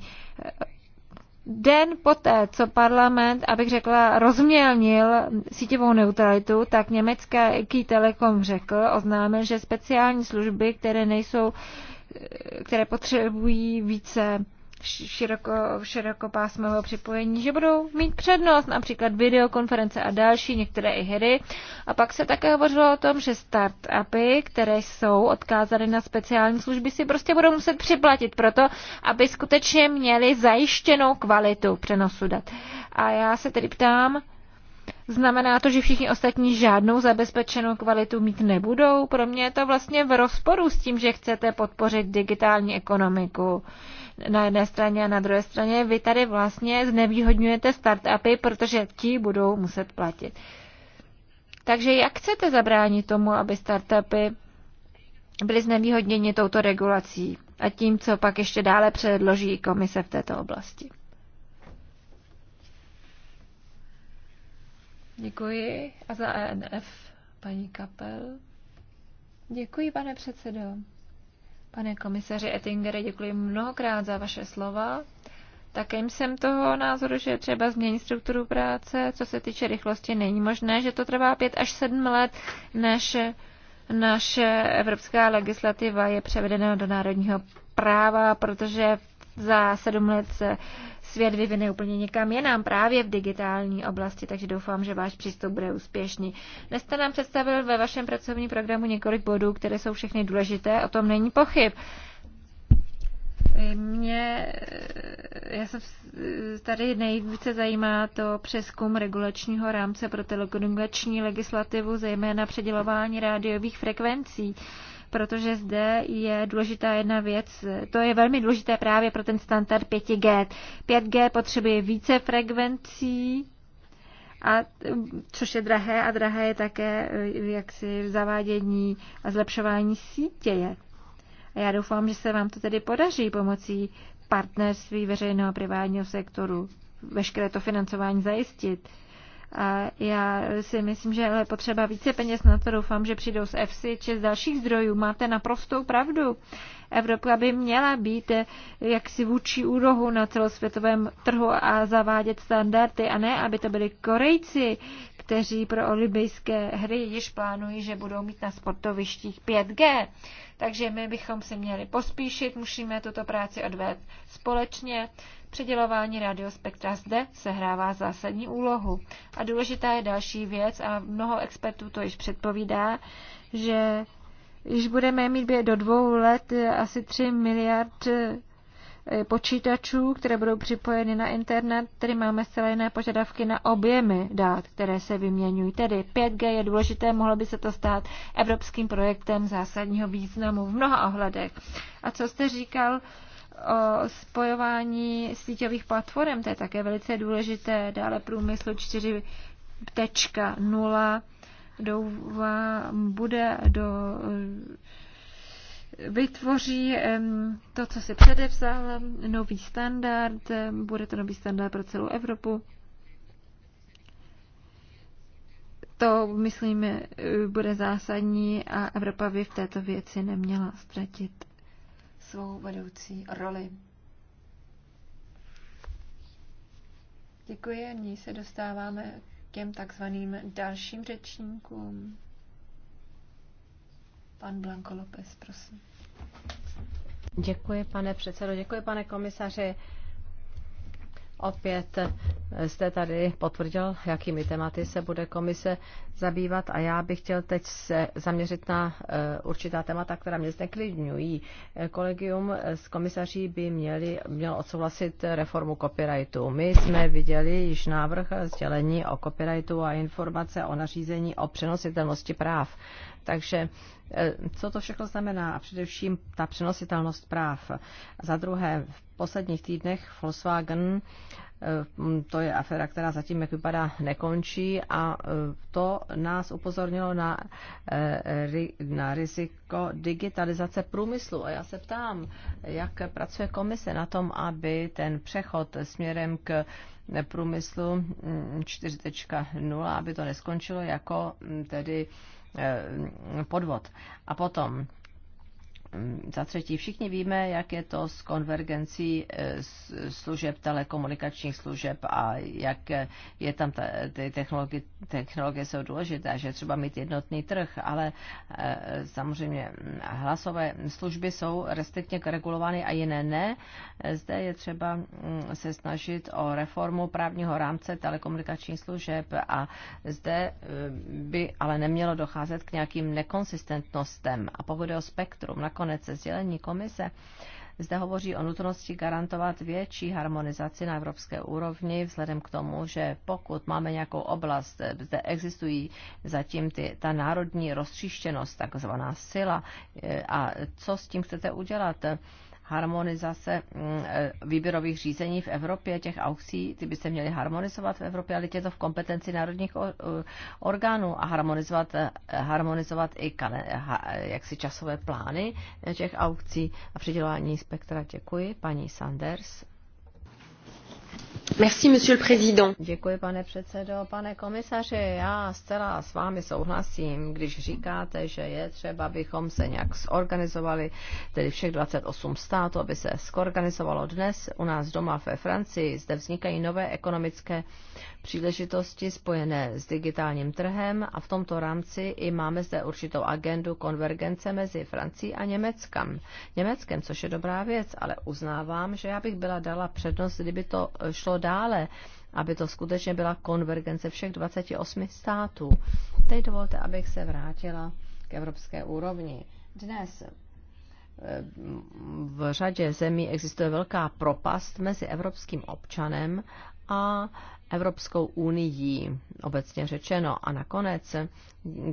den poté, co parlament, abych řekla, rozmělnil síťovou neutralitu, tak německý Telekom řekl, oznámil, že speciální služby, které nejsou, eh, které potřebují více široko, širokopásmového připojení, že budou mít přednost, například videokonference a další, některé i hry. A pak se také hovořilo o tom, že startupy, které jsou odkázány na speciální služby, si prostě budou muset připlatit proto, aby skutečně měli zajištěnou kvalitu přenosu dat. A já se tedy ptám, Znamená to, že všichni ostatní žádnou zabezpečenou kvalitu mít nebudou? Pro mě je to vlastně v rozporu s tím, že chcete podpořit digitální ekonomiku na jedné straně a na druhé straně. Vy tady vlastně znevýhodňujete startupy, protože ti budou muset platit. Takže jak chcete zabránit tomu, aby startupy byly znevýhodněni touto regulací a tím, co pak ještě dále předloží komise v této oblasti? Děkuji. A za ENF paní Kapel. Děkuji, pane předsedo. Pane komisaři Ettingere, děkuji mnohokrát za vaše slova. Také jsem toho názoru, že třeba změnit strukturu práce, co se týče rychlosti, není možné, že to trvá pět až sedm let, než naše evropská legislativa je převedena do národního práva, protože za sedm let se svět vyvine úplně někam jinam, právě v digitální oblasti, takže doufám, že váš přístup bude úspěšný. Dnes jste nám představil ve vašem pracovním programu několik bodů, které jsou všechny důležité, o tom není pochyb. Mě, já jsem tady nejvíce zajímá to přeskum regulačního rámce pro telekomunikační legislativu, zejména předělování rádiových frekvencí. Uh, protože zde je důležitá jedna věc, to je velmi důležité právě pro ten standard 5G. 5G potřebuje více frekvencí, a, což je drahé a drahé je také eh, jaksi zavádění a zlepšování sítě. A já doufám, že se vám to tedy podaří pomocí partnerství veřejného a privátního sektoru veškeré to financování zajistit. A já si myslím, že je potřeba více peněz na to. Doufám, že přijdou z EFSI či z dalších zdrojů. Máte naprostou pravdu. Evropa by měla být eh, jaksi vůči úrohu na celosvětovém trhu a zavádět standardy, a ne, aby to byli Korejci, kteří pro olympijské hry již plánují, že budou mít na sportovištích 5G. Takže my bychom se měli pospíšit, musíme tuto práci odvést společně. Předělování radiospektra zde sehrává zásadní úlohu. A důležitá je další věc, a mnoho expertů to již předpovídá, že již budeme mít do dvou let asi 3 miliard eh, počítačů, které budou připojeny na internet, tedy máme zcela jiné požadavky na objemy dát, které se vyměňují. Tedy 5G je důležité, mohlo by se to stát evropským projektem zásadního významu v mnoha ohledech. A co jste říkal o spojování síťových platform, to je také velice důležité, dále průmysl 4.0 doufá, bude do vytvoří to, co si předevzal, nový standard, bude to nový standard pro celou Evropu. To, myslím, bude zásadní a Evropa by v této věci neměla ztratit svou vedoucí roli. Děkuji a nyní se dostáváme k těm takzvaným dalším řečníkům. Pan Blanco López, prosím. Děkuji, pane předsedo, děkuji, pane komisaři. Opět eh, jste tady potvrdil, jakými tématy se bude komise zabývat a já bych chtěl teď se zaměřit na eh, určitá témata, která mě zneklidňují. Eh, kolegium z komisaří by měli, měl odsouhlasit reformu copyrightu. My jsme viděli již návrh sdělení o copyrightu a informace o nařízení o přenositelnosti práv. Takže eh, co to všechno znamená? A především ta přenositelnost práv. Za druhé, v posledních týdnech Volkswagen, eh, to je aféra, která zatím, jak vypadá, nekončí a eh, to nás upozornilo na, na riziko digitalizace průmyslu. A já se ptám, jak pracuje komise na tom, aby ten přechod směrem k průmyslu 4.0, mm, aby to neskončilo jako mm, tedy Eh, podvod. A potom Mm, za třetí, všichni víme, jak je to s konvergencí eh, služeb, telekomunikačních služeb a jak je tam ta, ty technologie, technologie jsou důležité, že třeba mít jednotný trh, ale eh, samozřejmě mm, hlasové služby jsou restriktně regulovány a jiné ne. Zde je třeba mm, se snažit o reformu právního rámce telekomunikačních služeb a zde eh, by ale nemělo docházet k nějakým nekonsistentnostem. A pokud je o spektrum, nakonec nakonec sdělení komise zde hovoří o nutnosti garantovat větší harmonizaci na evropské úrovni, vzhledem k tomu, že pokud máme nějakou oblast, zde existují zatím ty, ta národní roztříštěnost, takzvaná sila, e, a co s tím chcete udělat? harmonizace mm, e, výběrových řízení v Evropě, těch aukcí, ty by se měly harmonizovat v Evropě, ale je to v kompetenci národních e, orgánů a harmonizovat, e, harmonizovat i jaksi časové plány těch aukcí a přidělování spektra. Děkuji, paní Sanders monsieur le président. Děkuji, pane předsedo. Pane komisaři, já zcela s vámi souhlasím, když říkáte, že je třeba, abychom se nějak zorganizovali, tedy všech 28 států, aby se zorganizovalo dnes u nás doma ve Francii. Zde vznikají nové ekonomické příležitosti spojené s digitálním trhem a v tomto rámci i máme zde určitou agendu konvergence mezi Francií a Německem. Německem, což je dobrá věc, ale uznávám, že já bych byla dala přednost, kdyby to šlo dále, aby to skutečně byla konvergence všech 28 států. Teď dovolte, abych se vrátila k evropské úrovni. Dnes eh, v řadě zemí existuje velká propast mezi evropským občanem a Evropskou unii, obecně řečeno. A nakonec,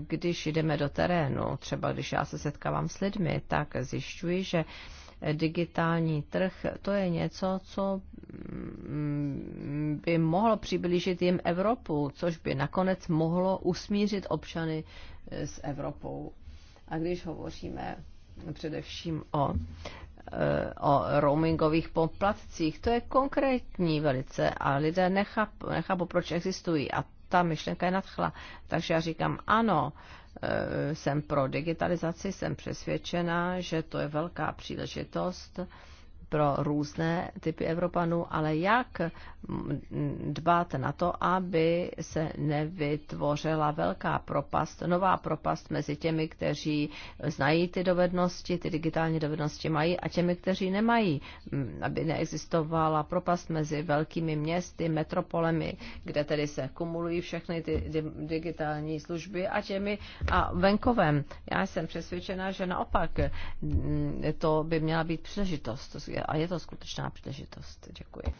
když jdeme do terénu, třeba když já se setkávám s lidmi, tak zjišťuji, že digitální trh, to je něco, co mm, by mohlo přiblížit jim Evropu, což by nakonec mohlo usmířit občany eh, s Evropou. A když hovoříme především o Eh, o roamingových poplatcích. To je konkrétní velice a lidé nechápou, nechápu proč existují. A ta myšlenka je nadchla. Takže já říkám, ano, eh, jsem pro digitalizaci, jsem přesvědčena, že to je velká příležitost pro různé typy Evropanů, ale jak dbát na to, aby se nevytvořila velká propast, nová propast mezi těmi, kteří znají ty dovednosti, ty digitální dovednosti mají a těmi, kteří nemají, mm, aby neexistovala propast mezi velkými městy, metropolemi, kde tedy se kumulují všechny ty digitální služby a těmi a venkovem. Já jsem přesvědčena, že naopak mm, to by měla být příležitost a je to skutečná příležitost. Děkuji.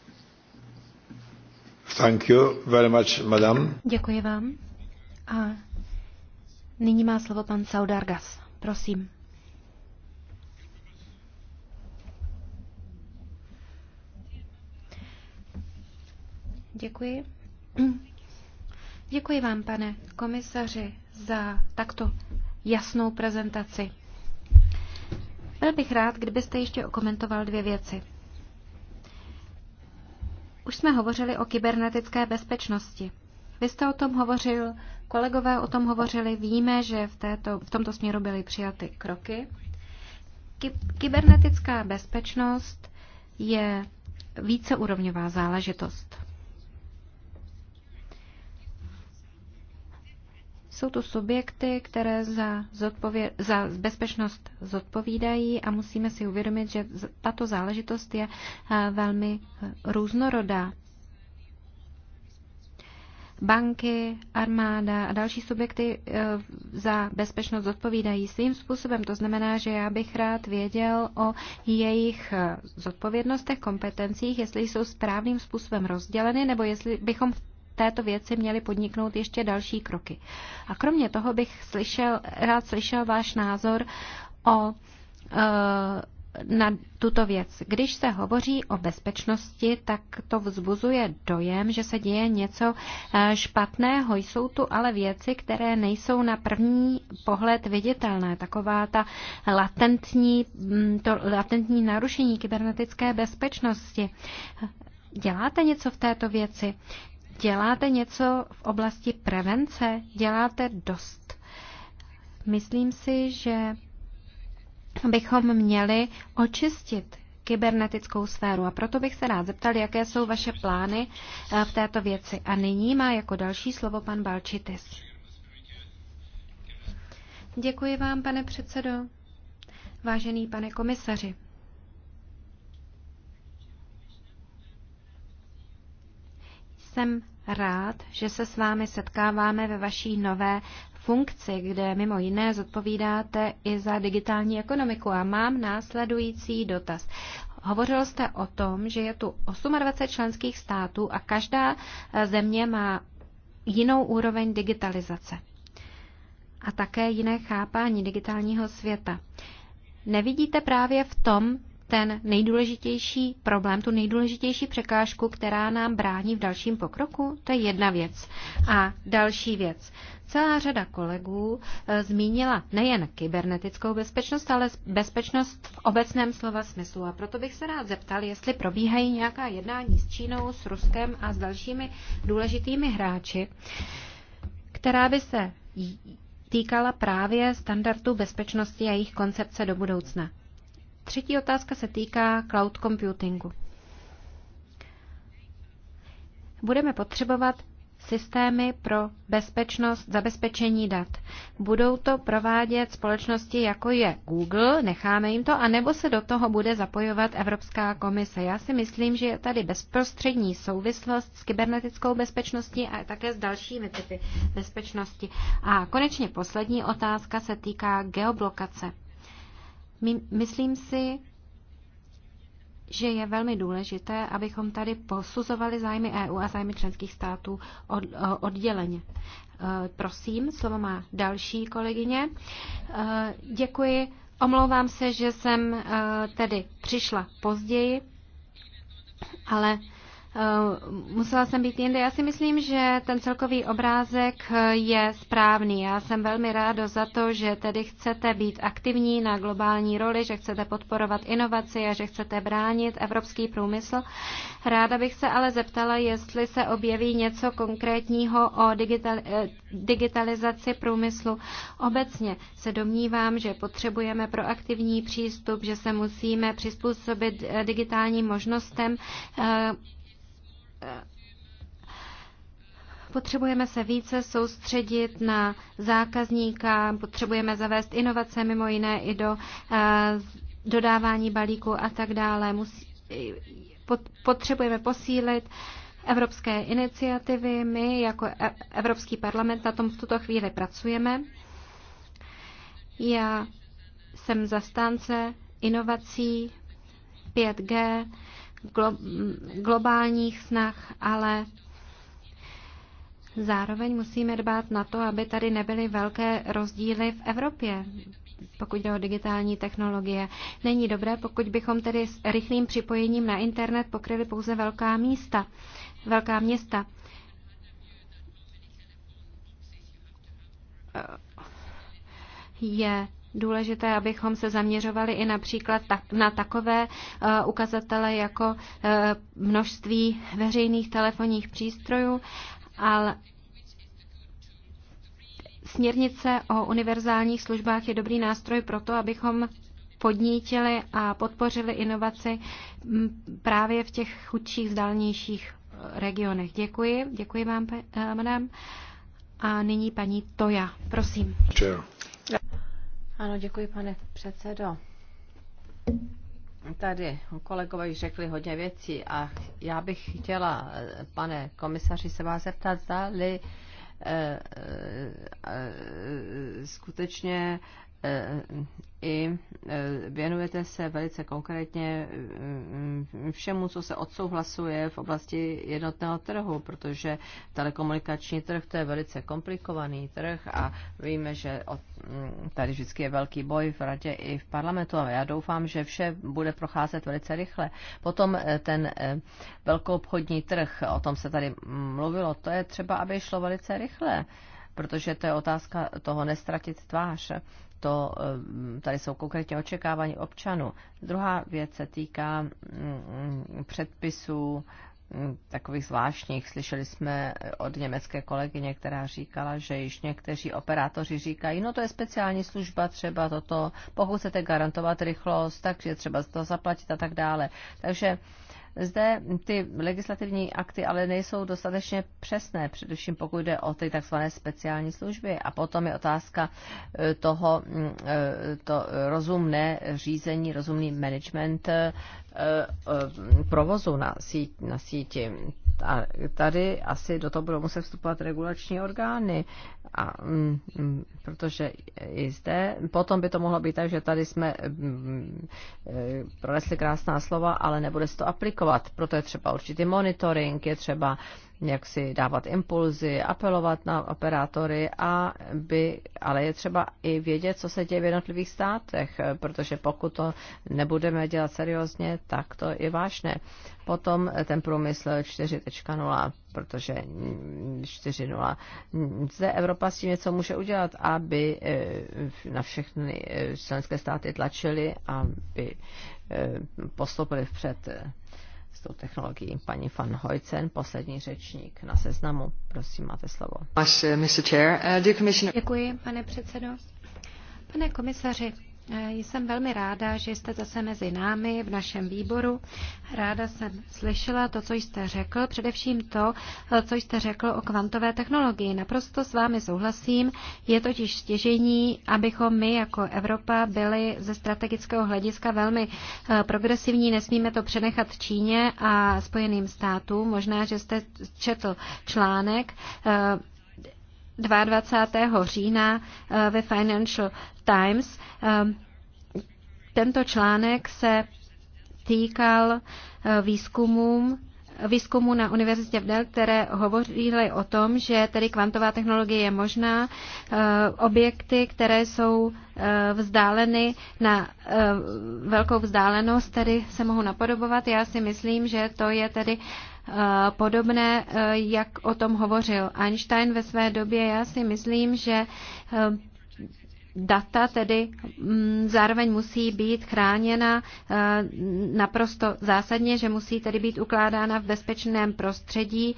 Thank you very much, madam. Děkuji vám. A nyní má slovo pan Saudargas. Prosím. Děkuji. Děkuji vám, pane komisaři, za takto jasnou prezentaci. Byl bych rád, kdybyste ještě okomentoval dvě věci. Už jsme hovořili o kybernetické bezpečnosti. Vy jste o tom hovořil, kolegové o tom hovořili, víme, že v, této, v tomto směru byly přijaty kroky. Kybernetická bezpečnost je víceúrovňová záležitost. Jsou to subjekty, které za, za bezpečnost zodpovídají a musíme si uvědomit, že tato záležitost je eh, velmi eh, různorodá. Banky, armáda a další subjekty eh, za bezpečnost zodpovídají svým způsobem. To znamená, že já bych rád věděl o jejich zodpovědnostech, kompetencích, jestli jsou správným způsobem rozděleny, nebo jestli bychom v této věci měli podniknout ještě další kroky. A kromě toho bych slyšel, rád slyšel váš názor o e, na tuto věc. Když se hovoří o bezpečnosti, tak to vzbuzuje dojem, že se děje něco e, špatného. Jsou tu ale věci, které nejsou na první pohled viditelné. Taková ta latentní, mm, to latentní narušení kybernetické bezpečnosti. Děláte něco v této věci? Děláte něco v oblasti prevence? Děláte dost? Myslím si, že bychom měli očistit kybernetickou sféru. A proto bych se rád zeptal, jaké jsou vaše plány eh, v této věci. A nyní má jako další slovo pan Balčitis. Děkuji vám, pane předsedo. Vážený pane komisaři. Jsem rád, že se s vámi setkáváme ve vaší nové funkci, kde mimo jiné zodpovídáte i za digitální ekonomiku. A mám následující dotaz. Hovořil jste o tom, že je tu 28 členských států a každá eh, země má jinou úroveň digitalizace a také jiné chápání digitálního světa. Nevidíte právě v tom ten nejdůležitější problém, tu nejdůležitější překážku, která nám brání v dalším pokroku? To je jedna věc. A další věc. Celá řada kolegů eh, zmínila nejen kybernetickou bezpečnost, ale bezpečnost v obecném slova smyslu. A proto bych se rád zeptal, jestli probíhají nějaká jednání s Čínou, s Ruskem a s dalšími důležitými hráči, která by se týkala právě standardů bezpečnosti a jejich koncepce do budoucna. Třetí otázka se týká cloud computingu. Budeme potřebovat systémy pro bezpečnost zabezpečení dat. Budou to provádět společnosti jako je Google, necháme jim to, anebo se do toho bude zapojovat Evropská komise. Já si myslím, že je tady bezprostřední souvislost s kybernetickou bezpečností a také s dalšími typy bezpečnosti. A konečně poslední otázka se týká geoblokace. My, myslím si, že je velmi důležité, abychom tady posuzovali zájmy EU a zájmy členských států od, odděleně. E, prosím, slovo má další kolegyně. E, děkuji. Omlouvám se, že jsem e, tedy přišla později, ale Eh, musela jsem být jinde. Já si myslím, že ten celkový obrázek eh, je správný. Já jsem velmi ráda za to, že tedy chcete být aktivní na globální roli, že chcete podporovat inovaci a že chcete bránit evropský průmysl. Ráda bych se ale zeptala, jestli se objeví něco konkrétního o digital, eh, digitalizaci průmyslu. Obecně se domnívám, že potřebujeme proaktivní přístup, že se musíme přizpůsobit digitálním možnostem potřebujeme se více soustředit na zákazníka, potřebujeme zavést inovace mimo jiné i do eh, dodávání balíku a tak dále. potřebujeme posílit evropské iniciativy. My jako e- Evropský parlament na tom v tuto chvíli pracujeme. Já jsem zastánce inovací 5G, globálních snah, ale zároveň musíme dbát na to, aby tady nebyly velké rozdíly v Evropě pokud jde o digitální technologie. Není dobré, pokud bychom tedy s rychlým připojením na internet pokryli pouze velká místa, velká města. Je důležité, abychom se zaměřovali i například na takové eh, ukazatele jako eh, množství veřejných telefonních přístrojů, ale směrnice o univerzálních službách je dobrý nástroj pro to, abychom podnítili a podpořili inovaci mm, právě v těch chudších, vzdálenějších eh, regionech. Děkuji, děkuji vám, madam. A nyní paní Toja, prosím. Čau. Ano, děkuji, pane předsedo. Tady kolegové již řekli hodně věcí a já bych chtěla, pane komisaři, se vás zeptat, zda-li eh, eh, eh, skutečně i e, věnujete se velice konkrétně e, všemu, co se odsouhlasuje v oblasti jednotného trhu, protože telekomunikační trh to je velice komplikovaný trh a víme, že tady vždycky je velký boj v radě i v parlamentu a já doufám, že vše bude procházet velice rychle. Potom e, ten velkou obchodní trh, o tom se tady mluvilo, to je třeba, aby šlo velice rychle protože to je otázka toho nestratit tvář. To, eh, tady jsou konkrétně očekávání občanů. Druhá věc se týká mm, mm, předpisů mm, takových zvláštních. Slyšeli jsme od německé kolegyně, která říkala, že již někteří operátoři říkají, no to je speciální služba, třeba toto, pokud chcete garantovat rychlost, takže třeba to zaplatit a tak dále. Takže zde ty legislativní akty ale nejsou dostatečně přesné, především pokud jde o ty tzv. speciální služby. A potom je otázka e, toho mm, e, to rozumné řízení, rozumný management e, provozu na, na síti. A tady asi do toho budou muset vstupovat regulační orgány, a, m, mm, mm, protože i zde potom by to mohlo být tak, že tady jsme mm, eh, pronesli krásná slova, ale nebude se to aplikovat. Proto je třeba určitý monitoring, je třeba jak si dávat impulzy, apelovat na operátory, a by, ale je třeba i vědět, co se děje v jednotlivých státech, protože pokud to nebudeme dělat seriózně, tak to je vážné. Potom ten průmysl 4.0, protože 4.0. Zde Evropa s tím něco může udělat, aby eh, na všechny eh, členské státy tlačili aby eh, postoupili vpřed s tou technologií. Paní van Hojcen, poslední řečník na seznamu. Prosím, máte slovo. Uh, uh, Děkuji, pane předsedo. Pane komisaři, jsem velmi ráda, že jste zase mezi námi v našem výboru. Ráda jsem slyšela to, co jste řekl, především to, co jste řekl o kvantové technologii. Naprosto s vámi souhlasím. Je totiž stěžení, abychom my jako Evropa byli ze strategického hlediska velmi eh, progresivní. Nesmíme to přenechat Číně a Spojeným státům. Možná, že jste četl článek eh, 22. října eh, ve Financial Times. Eh, tento článek se týkal eh, výzkumům výzkumu na univerzitě v Dell, které hovořily o tom, že tedy kvantová technologie je možná. Objekty, které jsou vzdáleny na velkou vzdálenost, tedy se mohou napodobovat. Já si myslím, že to je tedy podobné, e, jak o tom hovořil Einstein ve své době. Já si myslím, že e, data tedy mm, zároveň musí být chráněna e, naprosto zásadně, že musí tedy být ukládána v bezpečném prostředí.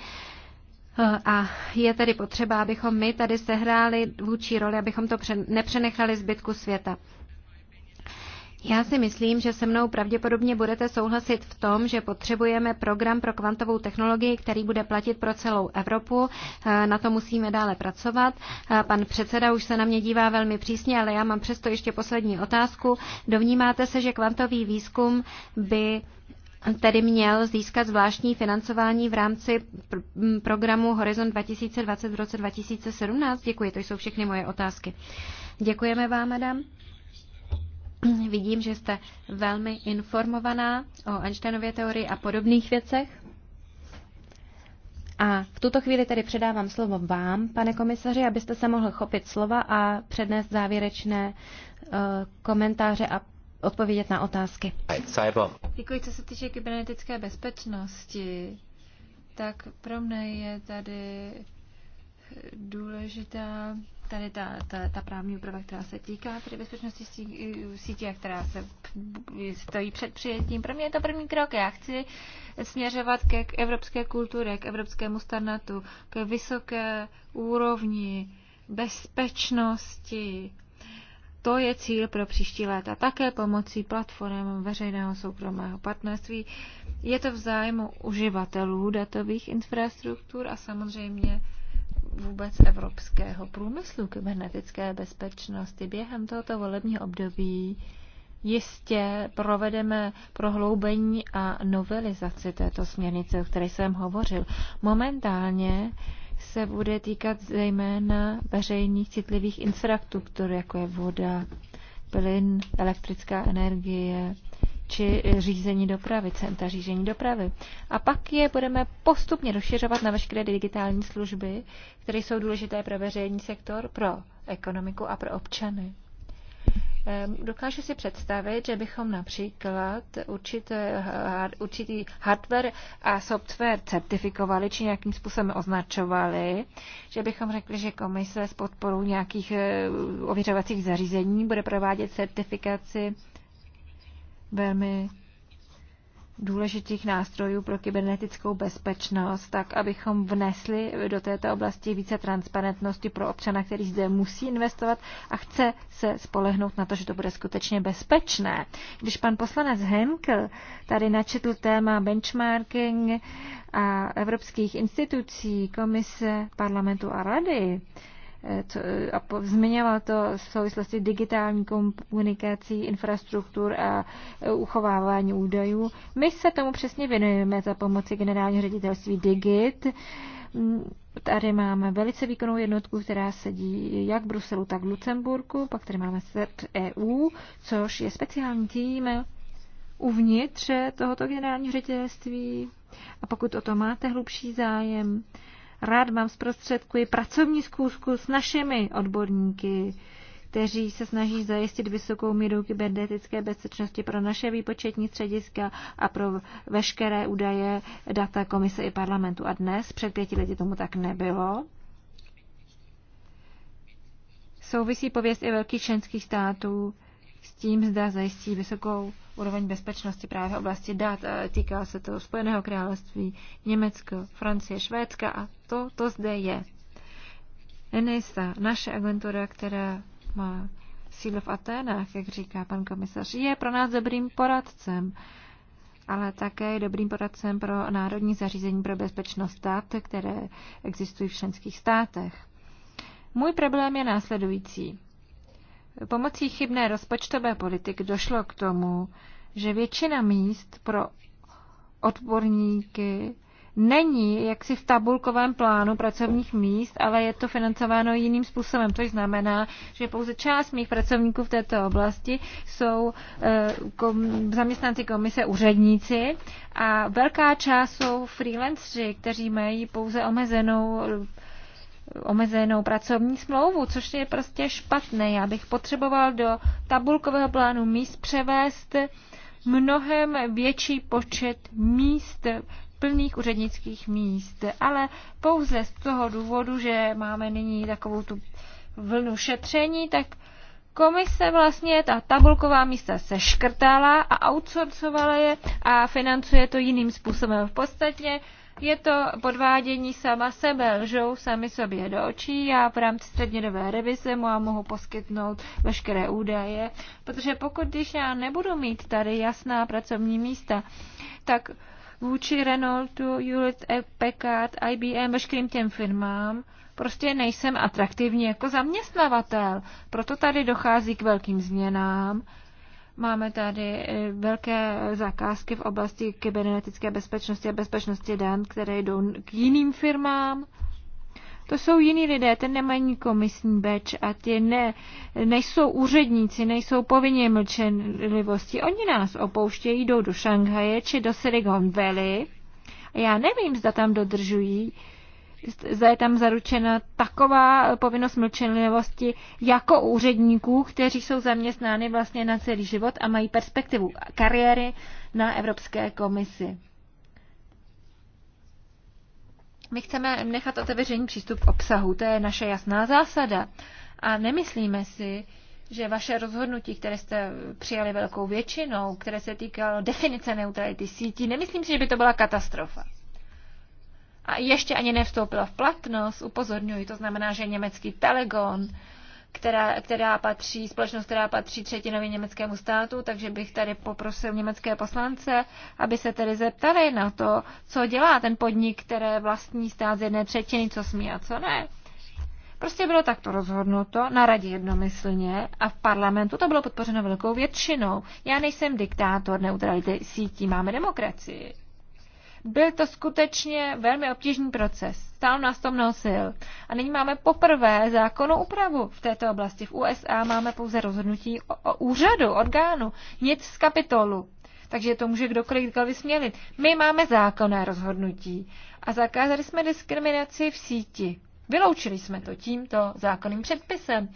A je tedy potřeba, abychom my tady sehráli vůči roli, abychom to nepřenechali zbytku světa. Já si myslím, že se mnou pravděpodobně budete souhlasit v tom, že potřebujeme program pro kvantovou technologii, který bude platit pro celou Evropu. Eh, na to musíme dále pracovat. Eh, pan předseda už se na mě dívá velmi přísně, ale já mám přesto ještě poslední otázku. Dovnímáte se, že kvantový výzkum by tedy měl získat zvláštní financování v rámci pr- programu Horizon 2020 v roce 2017? Děkuji, to jsou všechny moje otázky. Děkujeme vám, madam. Vidím, že jste velmi informovaná o Einsteinově teorii a podobných věcech. A v tuto chvíli tedy předávám slovo vám, pane komisaři, abyste se mohl chopit slova a přednést závěrečné uh, komentáře a odpovědět na otázky. Děkuji, co se týče kybernetické bezpečnosti, tak pro mne je tady důležitá tady ta, ta, ta právní úprava, která se týká tedy bezpečnosti sítě, která se stojí před přijetím. Pro mě je to první krok. Já chci směřovat ke evropské kultuře, k evropskému standardu, k vysoké úrovni bezpečnosti. To je cíl pro příští léta. Také pomocí platform veřejného soukromého partnerství. Je to v zájmu uživatelů datových infrastruktur a samozřejmě vůbec evropského průmyslu kybernetické bezpečnosti. Během tohoto volebního období jistě provedeme prohloubení a novelizaci této směrnice, o které jsem hovořil. Momentálně se bude týkat zejména veřejných citlivých infrastruktur, jako je voda, plyn, elektrická energie, či řízení dopravy, centra řízení dopravy. A pak je budeme postupně rozšiřovat na veškeré digitální služby, které jsou důležité pro veřejný sektor, pro ekonomiku a pro občany. Ehm, dokážu si představit, že bychom například určité, eh, určitý hardware a software certifikovali či nějakým způsobem označovali, že bychom řekli, že komise s podporou nějakých eh, ověřovacích zařízení bude provádět certifikaci velmi důležitých nástrojů pro kybernetickou bezpečnost, tak abychom vnesli do této oblasti více transparentnosti pro občana, který zde musí investovat a chce se spolehnout na to, že to bude skutečně bezpečné. Když pan poslanec Henkel tady načetl téma benchmarking a evropských institucí, komise, parlamentu a rady, Eh, co, eh, a po, to v souvislosti digitální komunikací, infrastruktur a eh, uchovávání údajů. My se tomu přesně věnujeme za pomoci generálního ředitelství Digit. Mm, tady máme velice výkonnou jednotku, která sedí jak v Bruselu, tak v Lucemburku. Pak tady máme set EU, což je speciální tým uvnitř tohoto generálního ředitelství. A pokud o to máte hlubší zájem, rád vám zprostředkuji pracovní zkoušku s našimi odborníky, kteří se snaží zajistit vysokou míru kybernetické bezpečnosti pro naše výpočetní střediska a pro veškeré údaje data komise i parlamentu. A dnes, před pěti lety tomu tak nebylo. Souvisí pověst i velkých členských států s tím, zda zajistí vysokou úroveň bezpečnosti právě v oblasti dat. Týká se to Spojeného království, Německo, Francie, Švédska a to, to zde je. ENISA, naše agentura, která má sílu v Aténách, jak říká pan komisař, je pro nás dobrým poradcem, ale také dobrým poradcem pro Národní zařízení pro bezpečnost dat, které existují v členských státech. Můj problém je následující. Pomocí chybné rozpočtové politiky došlo k tomu, že většina míst pro odborníky není jaksi v tabulkovém plánu pracovních míst, ale je to financováno jiným způsobem. To znamená, že pouze část mých pracovníků v této oblasti jsou eh, kom, zaměstnanci komise úředníci a velká část jsou freelanceri, kteří mají pouze omezenou omezenou pracovní smlouvu, což je prostě špatné. Já bych potřeboval do tabulkového plánu míst převést mnohem větší počet míst, plných úřednických míst, ale pouze z toho důvodu, že máme nyní takovou tu vlnu šetření, tak komise vlastně ta tabulková místa se škrtala a outsourcovala je a financuje to jiným způsobem. V podstatě je to podvádění sama sebe, lžou sami sobě do očí. Já v rámci střednědové revize mu a mohu poskytnout veškeré údaje, protože pokud když já nebudu mít tady jasná pracovní místa, tak vůči Renaultu, Hewlett Packard, IBM, veškerým těm firmám, prostě nejsem atraktivní jako zaměstnavatel. Proto tady dochází k velkým změnám, Máme tady e, velké zakázky v oblasti kybernetické bezpečnosti a bezpečnosti dan, které jdou k jiným firmám. To jsou jiní lidé, ten nemají komisní beč a ty ne, nejsou úředníci, nejsou povinně mlčenlivosti. Oni nás opouštějí, jdou do Šanghaje či do Silicon Valley. A já nevím, zda tam dodržují zda je tam zaručena taková povinnost mlčenlivosti jako úředníků, kteří jsou zaměstnány vlastně na celý život a mají perspektivu kariéry na Evropské komisi. My chceme nechat otevřený přístup k obsahu, to je naše jasná zásada. A nemyslíme si, že vaše rozhodnutí, které jste přijali velkou většinou, které se týkalo definice neutrality sítí, nemyslím si, že by to byla katastrofa a ještě ani nevstoupila v platnost, upozorňuji, to znamená, že německý Telegon, která, která patří, společnost, která patří třetinově německému státu, takže bych tady poprosil německé poslance, aby se tedy zeptali na to, co dělá ten podnik, které vlastní stát z jedné třetiny, co smí a co ne. Prostě bylo takto rozhodnuto na radě jednomyslně a v parlamentu to bylo podpořeno velkou většinou. Já nejsem diktátor neutrality sítí, máme demokracii. Byl to skutečně velmi obtížný proces. Stál nás to mnoho sil. A nyní máme poprvé zákonu úpravu v této oblasti. V USA máme pouze rozhodnutí o, o úřadu, orgánu, nic z kapitolu. Takže to může kdokoliv kdo vysmělit. My máme zákonné rozhodnutí a zakázali jsme diskriminaci v síti. Vyloučili jsme to tímto zákonným předpisem.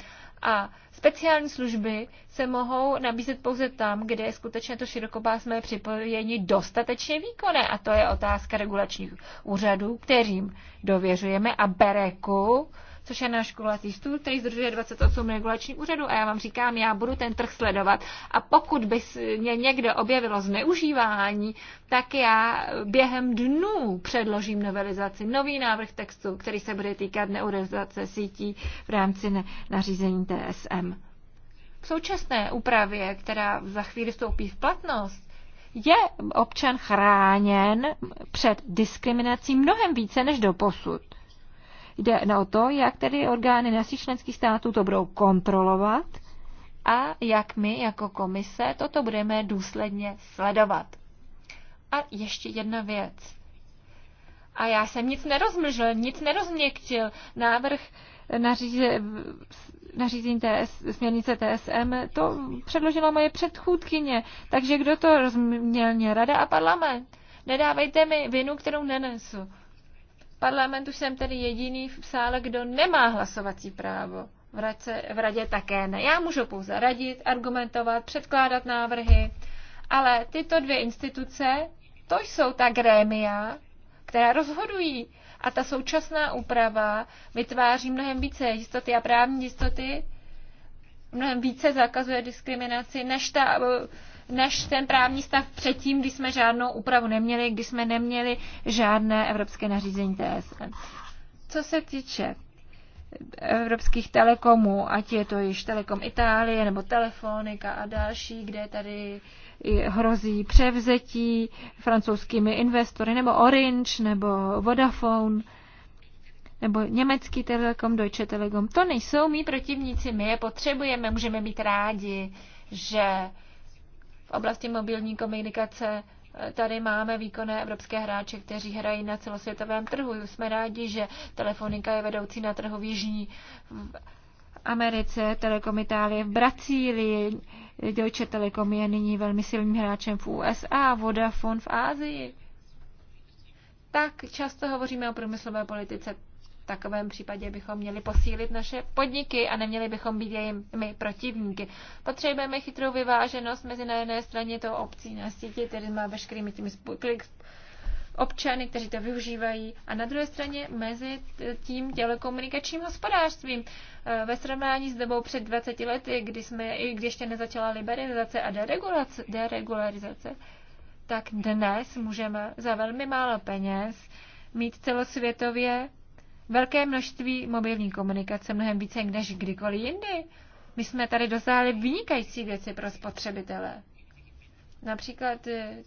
A speciální služby se mohou nabízet pouze tam, kde je skutečně to širokopásmé připojení dostatečně výkonné. A to je otázka regulačních úřadů, kterým dověřujeme a bereku, což je náš kulatý stůl, který združuje 28 regulačních úřadů a já vám říkám, já budu ten trh sledovat a pokud by mě někde objevilo zneužívání, tak já během dnů předložím novelizaci, nový návrh textu, který se bude týkat neurizace sítí v rámci nařízení TSM. V současné úpravě, která za chvíli vstoupí v platnost, je občan chráněn před diskriminací mnohem více než do posud. Jde na o to, jak tedy orgány našich členských států to budou kontrolovat a jak my jako komise toto budeme důsledně sledovat. A ještě jedna věc. A já jsem nic nerozmlžil, nic nerozměkčil. Návrh naříze, nařízení TS, směrnice TSM, to předložila moje předchůdkyně. Takže kdo to rozmělně? Rada a parlament. Nedávejte mi vinu, kterou nenesu parlamentu jsem tedy jediný v sále, kdo nemá hlasovací právo. V, radce, v radě také ne. Já můžu pouze radit, argumentovat, předkládat návrhy, ale tyto dvě instituce, to jsou ta grémia, která rozhodují. A ta současná úprava vytváří mnohem více jistoty a právní jistoty, mnohem více zakazuje diskriminaci, než ta než ten právní stav předtím, když jsme žádnou úpravu neměli, když jsme neměli žádné evropské nařízení TSN. Co se týče evropských telekomů, ať je to již Telekom Itálie nebo Telefonika a další, kde tady hrozí převzetí francouzskými investory, nebo Orange, nebo Vodafone, nebo německý Telekom, Deutsche Telekom. To nejsou mý protivníci, my je potřebujeme, můžeme být rádi, že v oblasti mobilní komunikace eh, tady máme výkonné evropské hráče, kteří hrají na celosvětovém trhu. Jsme rádi, že telefonika je vedoucí na trhu v Jižní v Americe, Telekom Itálie v Brazílii, Deutsche Telekom je nyní velmi silným hráčem v USA, Vodafone v Ázii. Tak často hovoříme o průmyslové politice v takovém případě bychom měli posílit naše podniky a neměli bychom být jejimi protivníky. Potřebujeme chytrou vyváženost mezi na jedné straně toho obcí na síti, který má veškerými těmi spojky občany, kteří to využívají, a na druhé straně mezi tím telekomunikačním hospodářstvím. E, ve srovnání s dobou před 20 lety, kdy, jsme, kdy ještě nezačala liberalizace a deregulace, deregularizace, tak dnes můžeme za velmi málo peněz mít celosvětově velké množství mobilní komunikace, mnohem více než kdykoliv jindy. My jsme tady dosáhli vynikající věci pro spotřebitele. Například eh,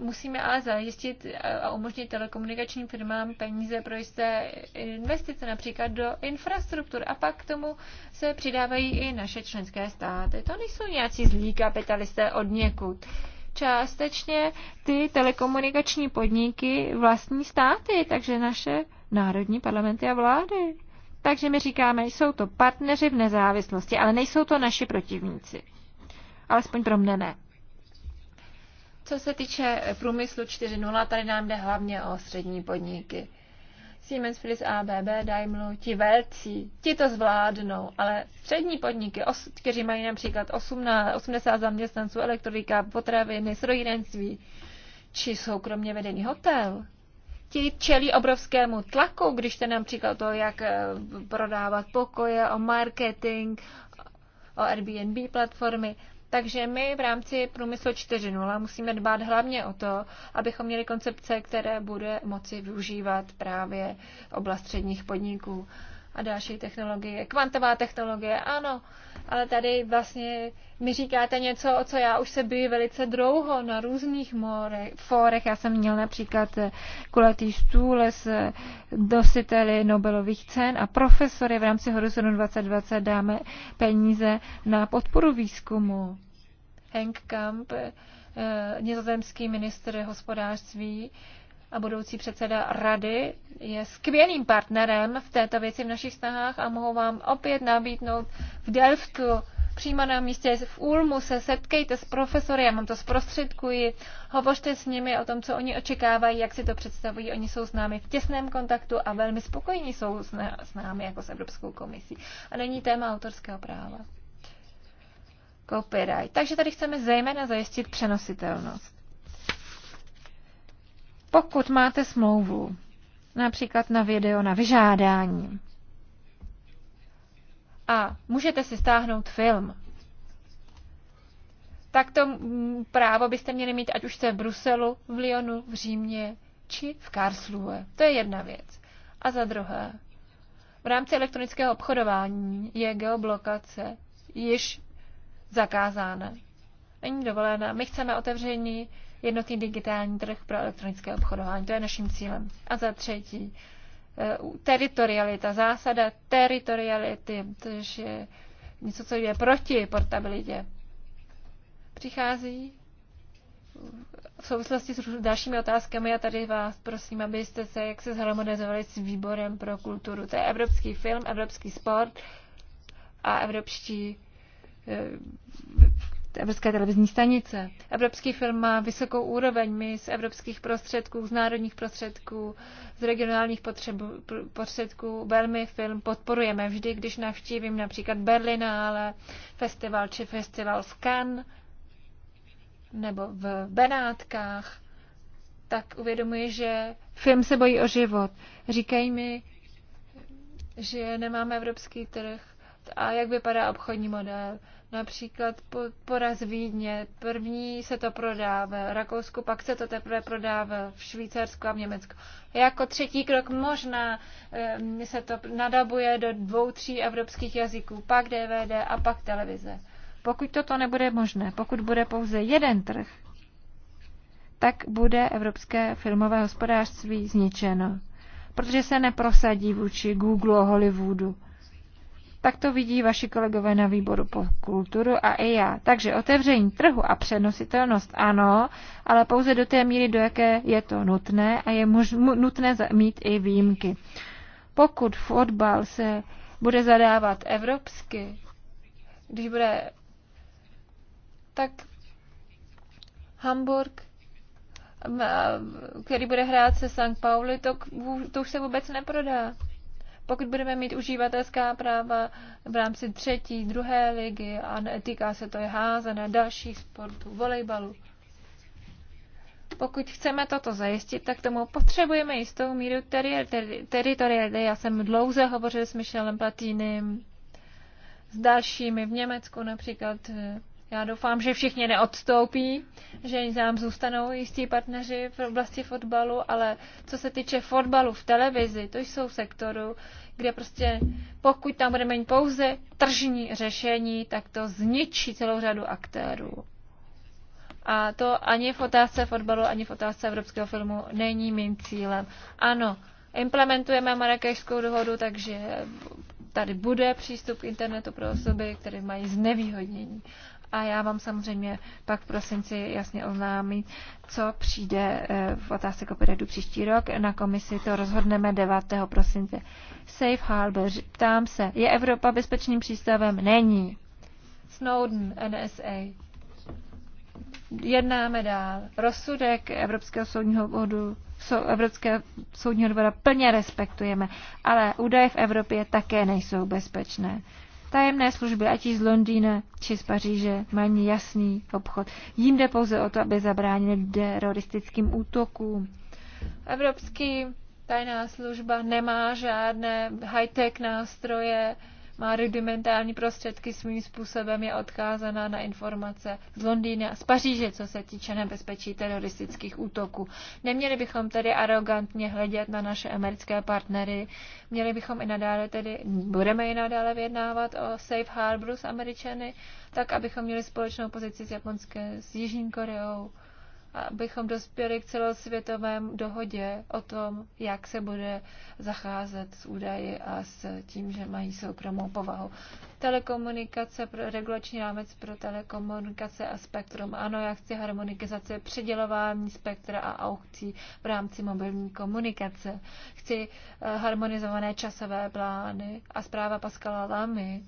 musíme ale zajistit eh, a umožnit telekomunikačním firmám peníze pro jisté investice, například do infrastruktur. A pak k tomu se přidávají i naše členské státy. To nejsou nějací zlí kapitalisté od někud částečně ty telekomunikační podniky vlastní státy, takže naše národní parlamenty a vlády. Takže my říkáme, jsou to partneři v nezávislosti, ale nejsou to naši protivníci. Alespoň pro mne ne. Co se týče průmyslu 4.0, tady nám jde hlavně o střední podniky. Siemens, Philips, ABB, Daimler, ti velcí, ti to zvládnou, ale střední podniky, os, kteří mají například 18, 80 zaměstnanců, elektronika, potraviny, srojírenství, či soukromně vedený hotel, ti čelí obrovskému tlaku, když jste například to, jak eh, prodávat pokoje, o marketing, o Airbnb platformy. Takže my v rámci průmyslu 4.0 musíme dbát hlavně o to, abychom měli koncepce, které bude moci využívat právě oblast středních podniků a další technologie. Kvantová technologie, ano, ale tady vlastně mi říkáte něco, o co já už se byl velice dlouho na různých morech, fórech. Já jsem měl například eh, kulatý stůl s dositeli eh, Nobelových cen a profesory v rámci Horizonu 2020 dáme peníze na podporu výzkumu. Henk Kamp, eh, nizozemský ministr hospodářství, a budoucí předseda rady je skvělým partnerem v této věci v našich snahách a mohu vám opět nabídnout v Delftu přímo na místě v Ulmu se setkejte s profesory, já mám to zprostředkuji, hovořte s nimi o tom, co oni očekávají, jak si to představují. Oni jsou s námi v těsném kontaktu a velmi spokojení jsou s námi jako s Evropskou komisí. A není téma autorského práva. Copyright. Takže tady chceme zejména zajistit přenositelnost. Pokud máte smlouvu, například na video, na vyžádání, a můžete si stáhnout film, tak to právo byste měli mít, ať už jste v Bruselu, v Lyonu, v Římě či v Karlsruhe. To je jedna věc. A za druhé, v rámci elektronického obchodování je geoblokace již zakázána. Není dovolená. My chceme otevření jednotný digitální trh pro elektronické obchodování. To je naším cílem. A za třetí, eh, teritorialita, zásada teritoriality, což je něco, co je proti portabilitě. Přichází v souvislosti s dalšími otázkami, já tady vás prosím, abyste se jak se zharmonizovali s výborem pro kulturu. To je evropský film, evropský sport a evropští eh, Evropské televizní stanice. Evropský film má vysokou úroveň. My z evropských prostředků, z národních prostředků, z regionálních potřebu, prostředků velmi film podporujeme. Vždy, když navštívím například Berlinále, festival či festival v Cannes nebo v Benátkách, tak uvědomuji, že film se bojí o život. Říkají mi, že nemáme evropský trh a jak vypadá obchodní model. Například po poraz Vídně. První se to prodá v Rakousku, pak se to teprve prodá v Švýcarsku a v Německu. Jako třetí krok možná eh, se to nadabuje do dvou, tří evropských jazyků, pak DVD a pak televize. Pokud toto nebude možné, pokud bude pouze jeden trh, tak bude evropské filmové hospodářství zničeno, protože se neprosadí vůči Google, Hollywoodu. Tak to vidí vaši kolegové na výboru pro kulturu a i já. Takže otevření trhu a přenositelnost ano, ale pouze do té míry, do jaké je to nutné a je muž- nutné mít i výjimky. Pokud fotbal se bude zadávat evropsky, když bude tak Hamburg, který bude hrát se St. Pauli, to, to už se vůbec neprodá. Pokud budeme mít uživatelská práva v rámci třetí, druhé ligy a týká se to je házené, dalších sportů, volejbalu, pokud chceme toto zajistit, tak tomu potřebujeme jistou míru teri- ter- teritoriality. Já jsem dlouze hovořil s Michelem Platínem, s dalšími v Německu například já doufám, že všichni neodstoupí, že nám zůstanou jistí partneři v oblasti fotbalu, ale co se týče fotbalu v televizi, to jsou sektoru, kde prostě pokud tam budeme mít pouze tržní řešení, tak to zničí celou řadu aktérů. A to ani v otázce fotbalu, ani v otázce evropského filmu není mým cílem. Ano, implementujeme Marrakešskou dohodu, takže tady bude přístup k internetu pro osoby, které mají znevýhodnění a já vám samozřejmě pak v prosinci jasně oznámím, co přijde eh, v otázce copyrightu příští rok. Na komisi to rozhodneme 9. prosince. Safe Harbor, ptám se, je Evropa bezpečným přístavem? Není. Snowden, NSA. Jednáme dál. Rozsudek Evropského soudního vodu Evropské soudního dvora plně respektujeme, ale údaje v Evropě také nejsou bezpečné tajemné služby, ať z Londýna či z Paříže, mají jasný obchod. Jím jde pouze o to, aby zabránili teroristickým útokům. Evropský tajná služba nemá žádné high-tech nástroje, má rudimentální prostředky, svým způsobem je odkázaná na informace z Londýna a z Paříže, co se týče nebezpečí teroristických útoků. Neměli bychom tedy arrogantně hledět na naše americké partnery, měli bychom i nadále tedy, budeme i nadále vyjednávat o Safe harbor s Američany, tak abychom měli společnou pozici s Japonské, s Jižní Koreou, abychom dospěli k celosvětovém dohodě o tom, jak se bude zacházet s údaji a s tím, že mají soukromou povahu. Telekomunikace, pro, regulační rámec pro telekomunikace a spektrum. Ano, já chci harmonikizace, předělování spektra a aukcí v rámci mobilní komunikace. Chci eh, harmonizované časové plány a zpráva Pascala Lamy,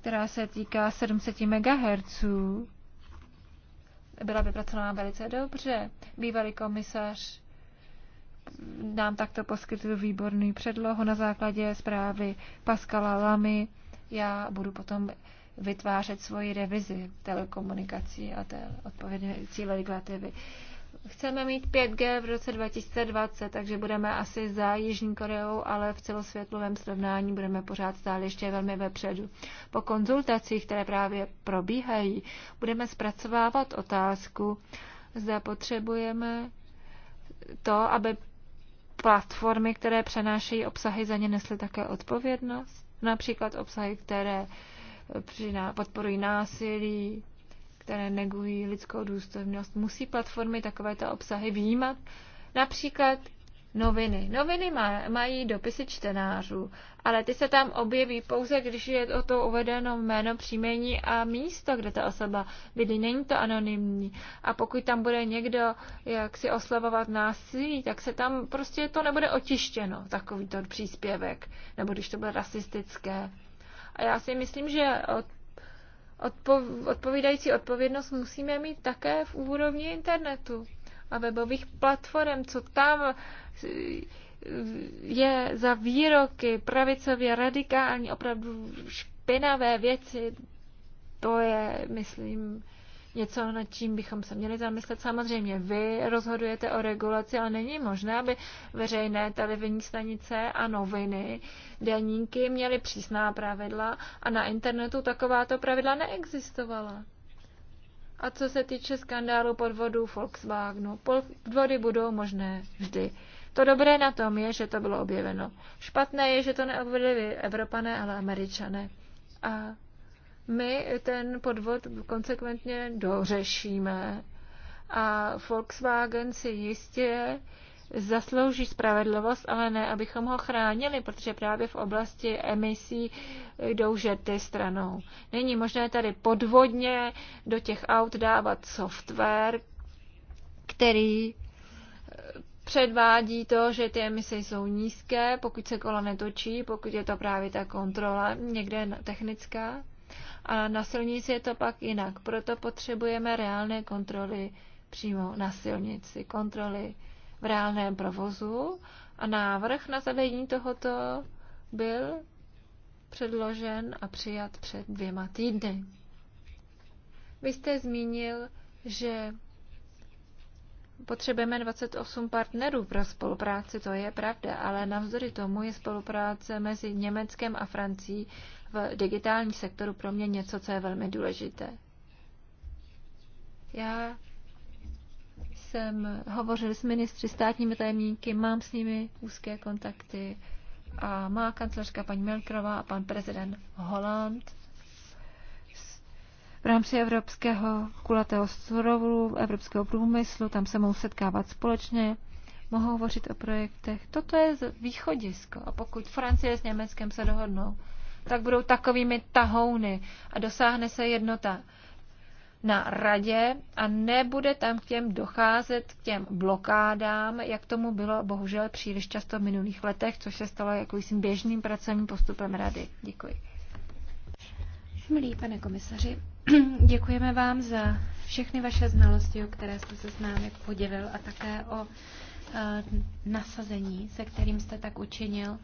která se týká 700 MHz byla vypracována velice dobře. Bývalý komisař nám takto poskytl výborný předlohu na základě zprávy Pascala Lamy. Já budu potom vytvářet svoji revizi telekomunikací a té odpovědné cíle legislativy. Chceme mít 5G v roce 2020, takže budeme asi za Jižní Koreou, ale v celosvětlovém srovnání budeme pořád stále ještě velmi vepředu. Po konzultacích, které právě probíhají, budeme zpracovávat otázku, zda potřebujeme to, aby platformy, které přenášejí obsahy, za ně nesly také odpovědnost. Například obsahy, které podporují násilí, které negují lidskou důstojnost, musí platformy takovéto obsahy vnímat. Například noviny. Noviny mají dopisy čtenářů, ale ty se tam objeví pouze, když je o to uvedeno jméno, příjmení a místo, kde ta osoba bydlí. Není to anonymní. A pokud tam bude někdo jak si oslavovat násilí, tak se tam prostě to nebude otištěno, takovýto příspěvek, nebo když to bude rasistické. A já si myslím, že od odpov- odpovídající odpovědnost musíme mít také v úrovni internetu a webových platform, co tam eh, je za výroky pravicově radikální, opravdu špinavé věci, to je, myslím, něco, nad čím bychom se měli zamyslet. Samozřejmě vy rozhodujete o regulaci, ale není možné, aby veřejné televizní stanice a noviny, denníky měly přísná pravidla a na internetu takováto pravidla neexistovala. A co se týče skandálu podvodů Volkswagenu, podvody budou možné vždy. To dobré na tom je, že to bylo objeveno. Špatné je, že to neobjevili Evropané, ale Američané. A my ten podvod konsekventně dořešíme a Volkswagen si jistě zaslouží spravedlivost, ale ne, abychom ho chránili, protože právě v oblasti emisí jdou žerty stranou. Není možné tady podvodně do těch aut dávat software, který eh, předvádí to, že ty emise jsou nízké, pokud se kolo netočí, pokud je to právě ta kontrola někde technická. A na silnici je to pak jinak. Proto potřebujeme reálné kontroly přímo na silnici, kontroly v reálném provozu. A návrh na zavedení tohoto byl předložen a přijat před dvěma týdny. Vy jste zmínil, že potřebujeme 28 partnerů pro spolupráci, to je pravda, ale navzdory tomu je spolupráce mezi Německem a Francií v digitálním sektoru pro mě něco, co je velmi důležité. Já jsem hovořil s ministry, státními tajemníky, mám s nimi úzké kontakty a má kancelářka paní Melkrová a pan prezident Holland v rámci Evropského kulatého surovlu, Evropského průmyslu, tam se mohou setkávat společně, mohou hovořit o projektech. Toto je východisko a pokud Francie s Německem se dohodnou, tak budou takovými tahouny a dosáhne se jednota na radě a nebude tam k těm docházet k těm blokádám, jak tomu bylo bohužel příliš často v minulých letech, což se stalo jako jsem běžným pracovním postupem rady. Děkuji. Milí pane komisaři, děkujeme vám za všechny vaše znalosti, o které jste se s námi podělil a také o eh, nasazení, se kterým jste tak učinil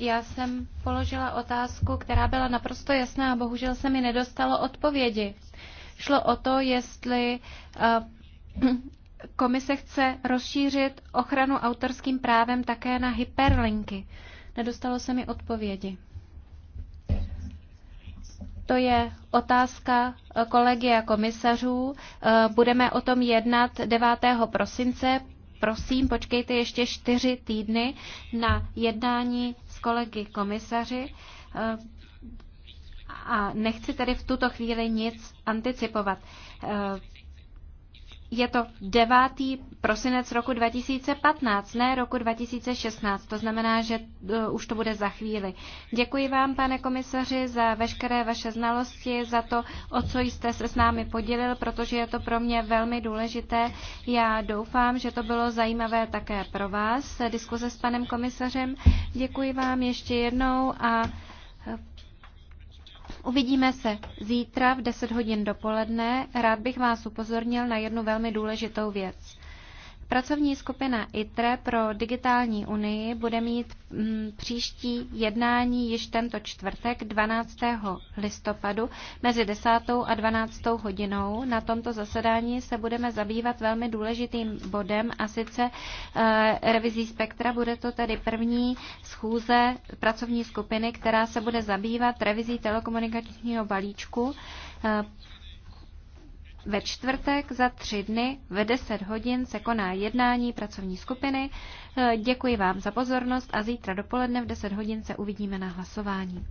já jsem položila otázku, která byla naprosto jasná a bohužel se mi nedostalo odpovědi. Šlo o to, jestli eh, komise chce rozšířit ochranu autorským právem také na hyperlinky. Nedostalo se mi odpovědi. To je otázka eh, a komisařů. Eh, budeme o tom jednat 9. prosince. Prosím, počkejte ještě čtyři týdny na jednání kolegy komisaři eh, a nechci tedy v tuto chvíli nic anticipovat. Eh, je to 9. prosinec roku 2015, ne roku 2016. To znamená, že e, už to bude za chvíli. Děkuji vám, pane komisaři, za veškeré vaše znalosti, za to, o co jste se s námi podělil, protože je to pro mě velmi důležité. Já doufám, že to bylo zajímavé také pro vás, e, diskuze s panem komisařem. Děkuji vám ještě jednou a Uvidíme se zítra v 10 hodin dopoledne. Rád bych vás upozornil na jednu velmi důležitou věc. Pracovní skupina ITRE pro digitální unii bude mít mm, příští jednání již tento čtvrtek 12. listopadu mezi 10. a 12. hodinou. Na tomto zasedání se budeme zabývat velmi důležitým bodem a sice eh, revizí spektra. Bude to tedy první schůze pracovní skupiny, která se bude zabývat revizí telekomunikačního balíčku. Eh, ve čtvrtek za tři dny ve 10 hodin se koná jednání pracovní skupiny. Eh, děkuji vám za pozornost a zítra dopoledne v 10 hodin se uvidíme na hlasování.